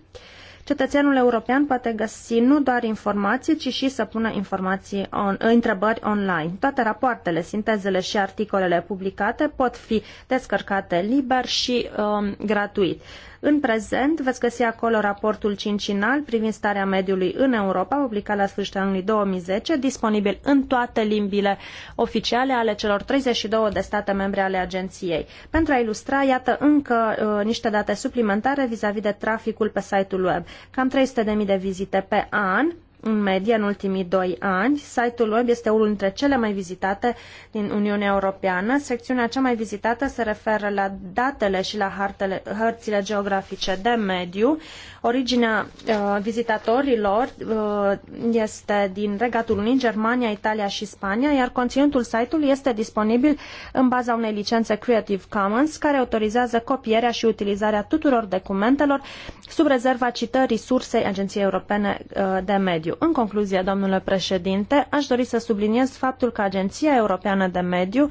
Cetățeanul european poate găsi nu doar informații, ci și să pună informații on, întrebări online. Toate rapoartele, sintezele și articolele publicate pot fi descărcate liber și um, gratuit. În prezent veți găsi acolo raportul cincinal privind starea mediului în Europa, publicat la sfârșitul anului 2010, disponibil în toate limbile oficiale ale celor 32 de state membre ale agenției. Pentru a ilustra, iată încă uh, niște date suplimentare vis-a-vis de traficul pe site-ul web cam zero de vizite pe an în medie în ultimii doi ani. Site-ul web este unul dintre cele mai vizitate din Uniunea Europeană. Secțiunea cea mai vizitată se referă la datele și la hartele, hărțile geografice de mediu. Originea uh, vizitatorilor uh, este din Regatul Unit, Germania, Italia și Spania, iar conținutul site-ului este disponibil în baza unei licențe Creative Commons care autorizează copierea și utilizarea tuturor documentelor sub rezerva citării sursei Agenției Europene uh, de Mediu mediu. În concluzie, domnule președinte, aș dori să subliniez faptul că Agenția Europeană de Mediu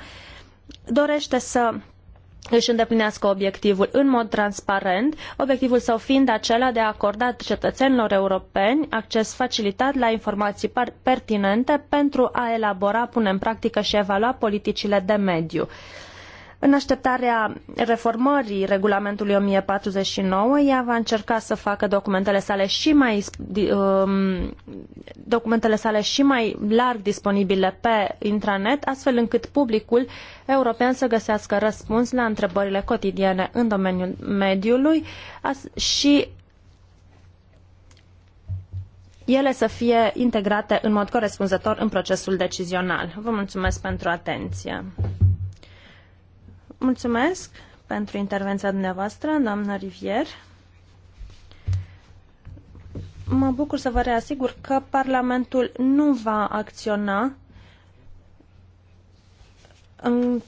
dorește să își îndeplinească obiectivul în mod transparent, obiectivul său fiind acela de a acorda cetățenilor europeni acces facilitat la informații pertinente pentru a elabora, pune în practică și evalua politicile de mediu. În așteptarea reformării regulamentului 1049, ea va încerca să facă documentele sale și mai, um, documentele sale și mai larg disponibile pe intranet, astfel încât publicul european să găsească răspuns la întrebările cotidiene în domeniul mediului și ele să fie integrate în mod corespunzător în procesul decizional. Vă mulțumesc pentru atenție. Mulțumesc pentru intervenția dumneavoastră, doamna Rivier. Mă bucur să vă reasigur că Parlamentul nu va acționa în,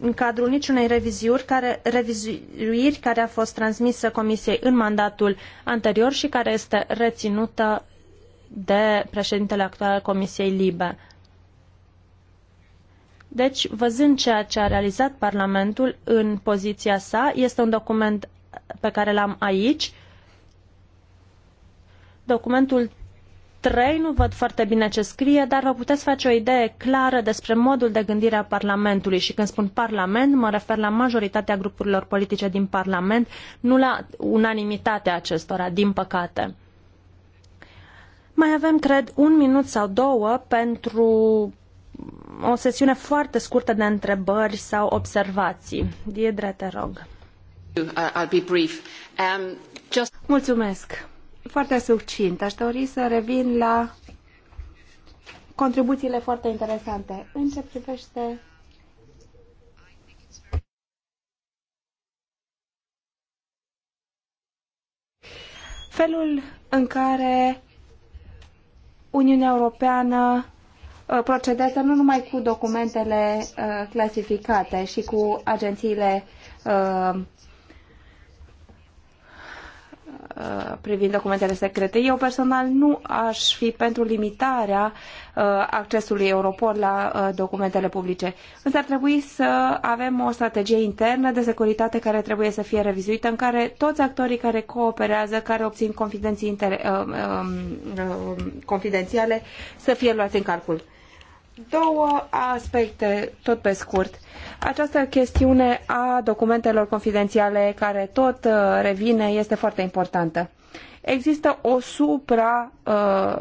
în cadrul niciunei reviziuri care, revizuiri care a fost transmisă Comisiei în mandatul anterior și care este reținută de președintele actual al Comisiei Libe. Deci, văzând ceea ce a realizat Parlamentul în poziția sa, este un document pe care l-am aici. Documentul 3, nu văd foarte bine ce scrie, dar vă puteți face o idee clară despre modul de gândire a Parlamentului și când spun Parlament, mă refer la majoritatea grupurilor politice din Parlament, nu la unanimitatea acestora, din păcate. Mai avem, cred, un minut sau două pentru o sesiune foarte scurtă de întrebări sau observații. Diedra, te rog. I'll be brief. Um, just... Mulțumesc. Foarte succint. Aș dori să revin la contribuțiile foarte interesante. În ce privește felul în care Uniunea Europeană Uh, procedează nu numai cu documentele uh, clasificate și cu agențiile uh, privind documentele secrete. Eu personal nu aș fi pentru limitarea accesului Europol la documentele publice. Însă ar trebui să avem o strategie internă de securitate care trebuie să fie revizuită, în care toți actorii care cooperează, care obțin confidenții inter... confidențiale, să fie luați în calcul. Două aspecte, tot pe scurt. Această chestiune a documentelor confidențiale care tot uh, revine este foarte importantă există o supra uh,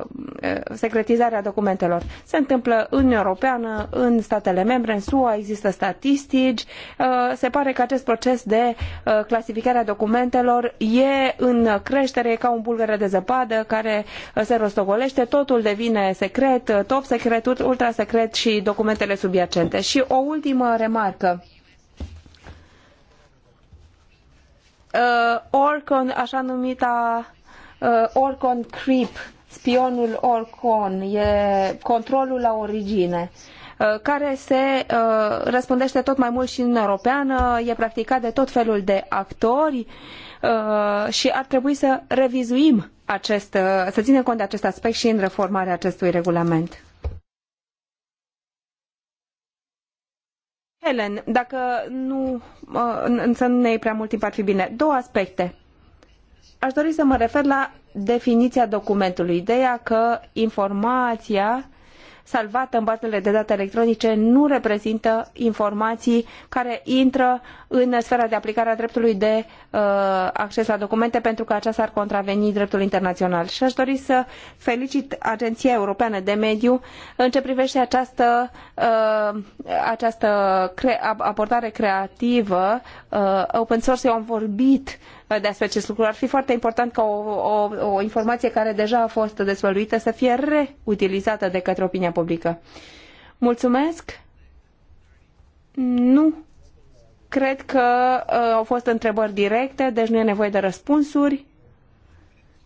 eh, a documentelor. Se întâmplă în Europeană, în statele membre, în SUA, există statistici. Uh, se pare că acest proces de uh, clasificare a documentelor e în creștere, e ca un bulgăre de zăpadă care uh, se rostogolește, totul devine secret, uh, top secret, ultra secret și documentele subiacente. Și o ultimă remarcă. Uh, Orcon, așa numita uh, Orcon Creep, spionul Orcon, e controlul la origine uh, care se răspândește tot mai mult și în europeană, e practicat de tot felul de actori și ar trebui să revizuim acest, să ținem cont de acest aspect și în reformarea acestui regulament. Ellen, dacă nu uh, să nu ne iei prea mult timp ar fi bine. Două aspecte. Aș dori să mă refer la definiția documentului. Ideea că informația salvată în bazele de date electronice nu reprezintă informații care intră în sfera de aplicare a dreptului de uh, acces la documente pentru că aceasta ar contraveni dreptul internațional. Și aș dori să felicit Agenția Europeană de Mediu în ce privește această, uh, această cre abordare creativă. Uh, open source, eu am vorbit uh, despre acest lucru. Ar fi foarte important ca o, o, o informație care deja a fost dezvăluită să fie reutilizată de către opinia publică. Mulțumesc! Nu cred că uh, au fost întrebări directe, deci nu e nevoie de răspunsuri.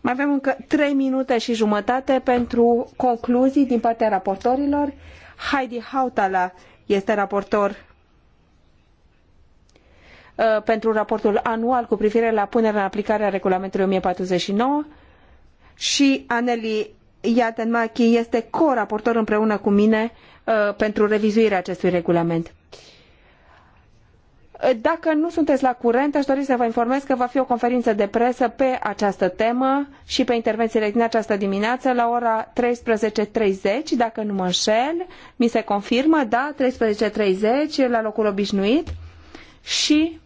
Mai avem încă 3 minute și jumătate pentru concluzii din partea raportorilor. Heidi Hautala este raportor Uh, pentru raportul anual cu privire la punerea în aplicare a regulamentului 1049 și Aneli Iatenmachi este co-raportor împreună cu mine uh, pentru revizuirea acestui regulament. Dacă nu sunteți la curent, aș dori să vă informez că va fi o conferință de presă pe această temă și pe intervențiile din această dimineață la ora 13.30, dacă nu mă înșel, mi se confirmă, da, 13.30 la locul obișnuit și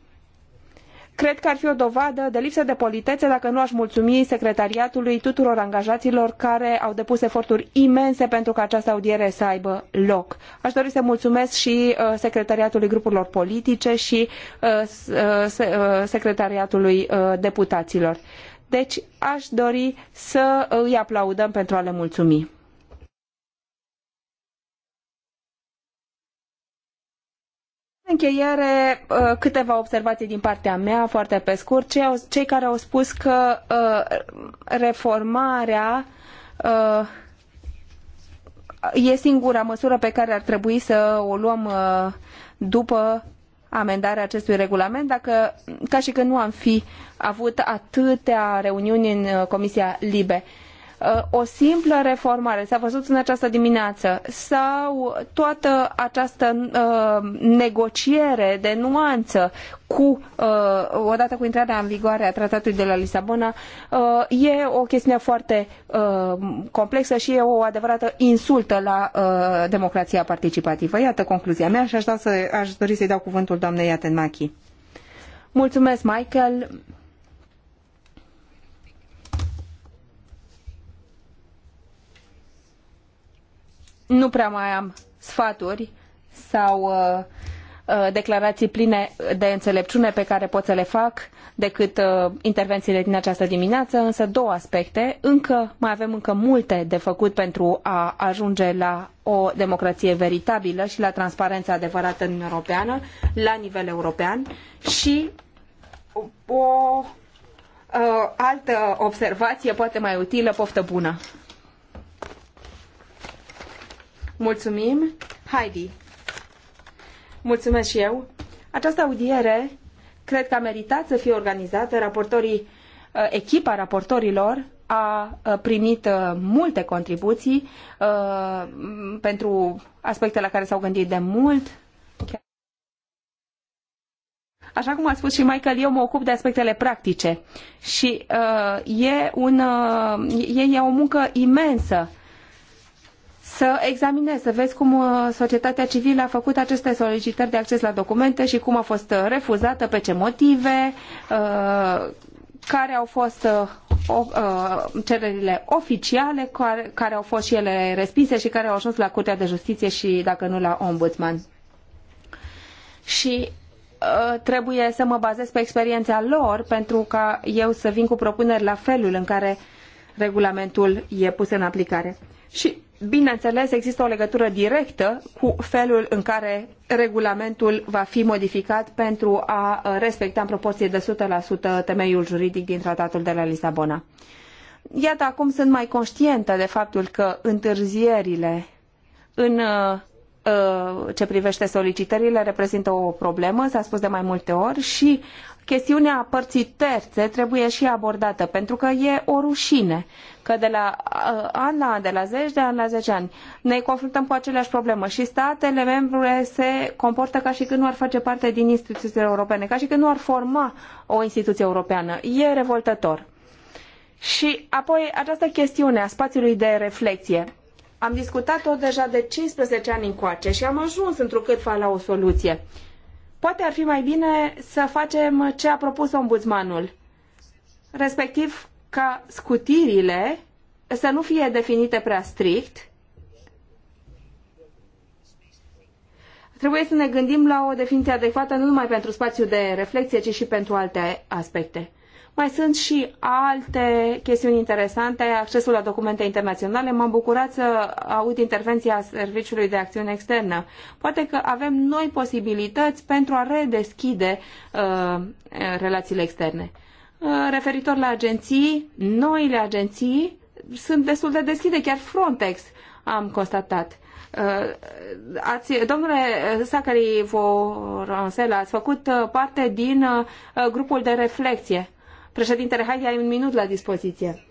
Cred că ar fi o dovadă de lipsă de politețe dacă nu aș mulțumi secretariatului tuturor angajaților care au depus eforturi imense pentru ca această audiere să aibă loc. Aș dori să mulțumesc și uh, secretariatului grupurilor politice și uh, uh, secretariatului deputaților. Deci aș dori să îi aplaudăm pentru a le mulțumi. încheiere, uh, câteva observații din partea mea, foarte pe scurt. Cei care au spus că uh, reformarea uh, e singura măsură pe care ar trebui să o luăm după amendarea acestui regulament, dacă, ca și când nu am fi avut atâtea reuniuni în Comisia Libe o simplă reformare, s-a văzut în această dimineață, sau toată această uh, negociere de nuanță cu, uh, odată cu intrarea în vigoare a tratatului de la Lisabona, uh, e o chestiune foarte complexă și e o adevărată insultă la democrația participativă. Iată concluzia mea și aș, da să, aș dori să-i dau cuvântul doamnei Iatenmachi. Mulțumesc, Michael. nu prea mai am sfaturi sau uh, uh, declarații pline de înțelepciune pe care pot să le fac decât uh, intervențiile din această dimineață, însă două aspecte. Încă mai avem încă multe de făcut pentru a ajunge la o democrație veritabilă și la transparența adevărată în Europeană, la nivel european și o uh, altă observație poate mai utilă, poftă bună. Mulțumim. Heidi. Mulțumesc și eu. Această audiere cred că a meritat să fie organizată. Raportorii, uh, echipa raportorilor a uh, primit uh, multe contribuții pentru aspecte la care s-au gândit de mult. Așa cum a spus și Michael, eu mă ocup de aspectele practice și e, un, e, e o muncă imensă uh, să examinezi, să vezi cum uh, societatea civilă a făcut aceste solicitări de acces la documente și cum a fost uh, refuzată, pe ce motive, uh, care au fost cererile oficiale, care au fost și ele respinse și care au ajuns la Curtea de Justiție și, dacă nu, la Ombudsman. Și trebuie să mă bazez pe experiența lor pentru ca eu să vin cu propuneri la felul în care regulamentul e pus în aplicare. Și bineînțeles, există o legătură directă cu felul în care regulamentul va fi modificat pentru a respecta în proporție de 100% temeiul juridic din Tratatul de la Lisabona. Iată, acum sunt mai conștientă de faptul că întârzierile în ce privește solicitările reprezintă o problemă, s-a spus de mai multe ori și chestiunea părții terțe trebuie și abordată, pentru că e o rușine că de la uh, an la an, de la zeci de ani la zece ani, ne confruntăm cu aceleași problemă și statele membre se comportă ca și când nu ar face parte din instituțiile europene, ca și când nu ar forma o instituție europeană. E revoltător. Și apoi această chestiune a spațiului de reflexie. Am discutat-o deja de 15 ani încoace și am ajuns întrucâtva la o soluție. Uh, poate ar fi mai bine să facem ce a propus ombudsmanul, respectiv ca scutirile să nu fie definite prea strict. Trebuie să ne gândim la o definiție adecvată nu numai pentru spațiul de reflexie, ci și pentru alte aspecte. Mai sunt și alte chestiuni interesante, accesul la documente internaționale. M-am bucurat să aud intervenția Serviciului de Acțiune Externă. Poate că avem noi posibilități pentru a redeschide uh, relațiile externe. Uh, referitor la agenții, noile agenții sunt destul de deschide, chiar Frontex am constatat. Uh, ați, domnule Sacări Voronsel, ați făcut uh, parte din uh, grupul de reflexie. Președintele, haide, ai un minut la dispoziție.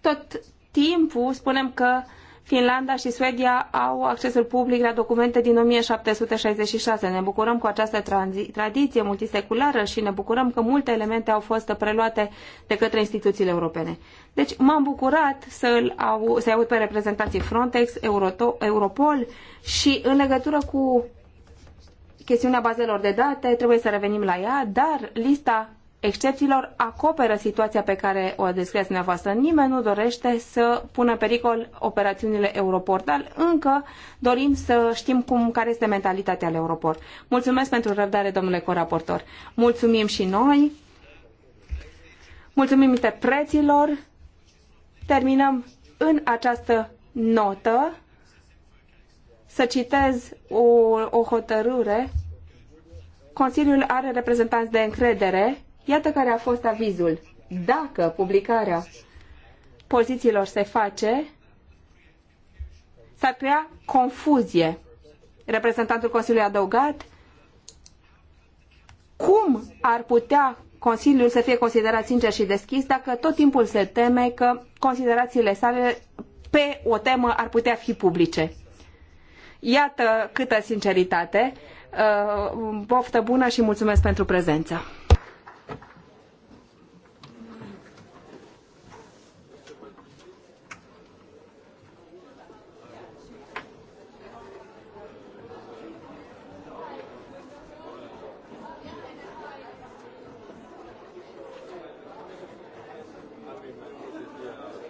Tot timpul spunem că Finlanda și Suedia au accesul public la documente din 1766. Ne bucurăm cu această tradiție multiseculară și ne bucurăm că multe elemente au fost preluate de către instituțiile europene. Deci m-am bucurat să-l au, să aud pe reprezentanții Frontex, Euroto, Europol și în legătură cu chestiunea bazelor de date, trebuie să revenim la ea, dar lista excepțiilor acoperă situația pe care o descrieți dumneavoastră. Nimeni nu dorește să pună în pericol operațiunile Europort, dar încă dorim să știm cum, care este mentalitatea al Europort. Mulțumesc pentru răbdare, domnule coraportor. Mulțumim și noi. Mulțumim interpreților. Terminăm în această notă să citez o, o hotărâre. Consiliul are reprezentanți de încredere. Iată care a fost avizul. Dacă publicarea pozițiilor se face, s-ar crea confuzie. Reprezentantul Consiliului a adăugat cum ar putea Consiliul să fie considerat sincer și deschis dacă tot timpul se teme că considerațiile sale pe o temă ar putea fi publice. Iată câtă sinceritate. Uh, poftă bună și mulțumesc pentru prezență.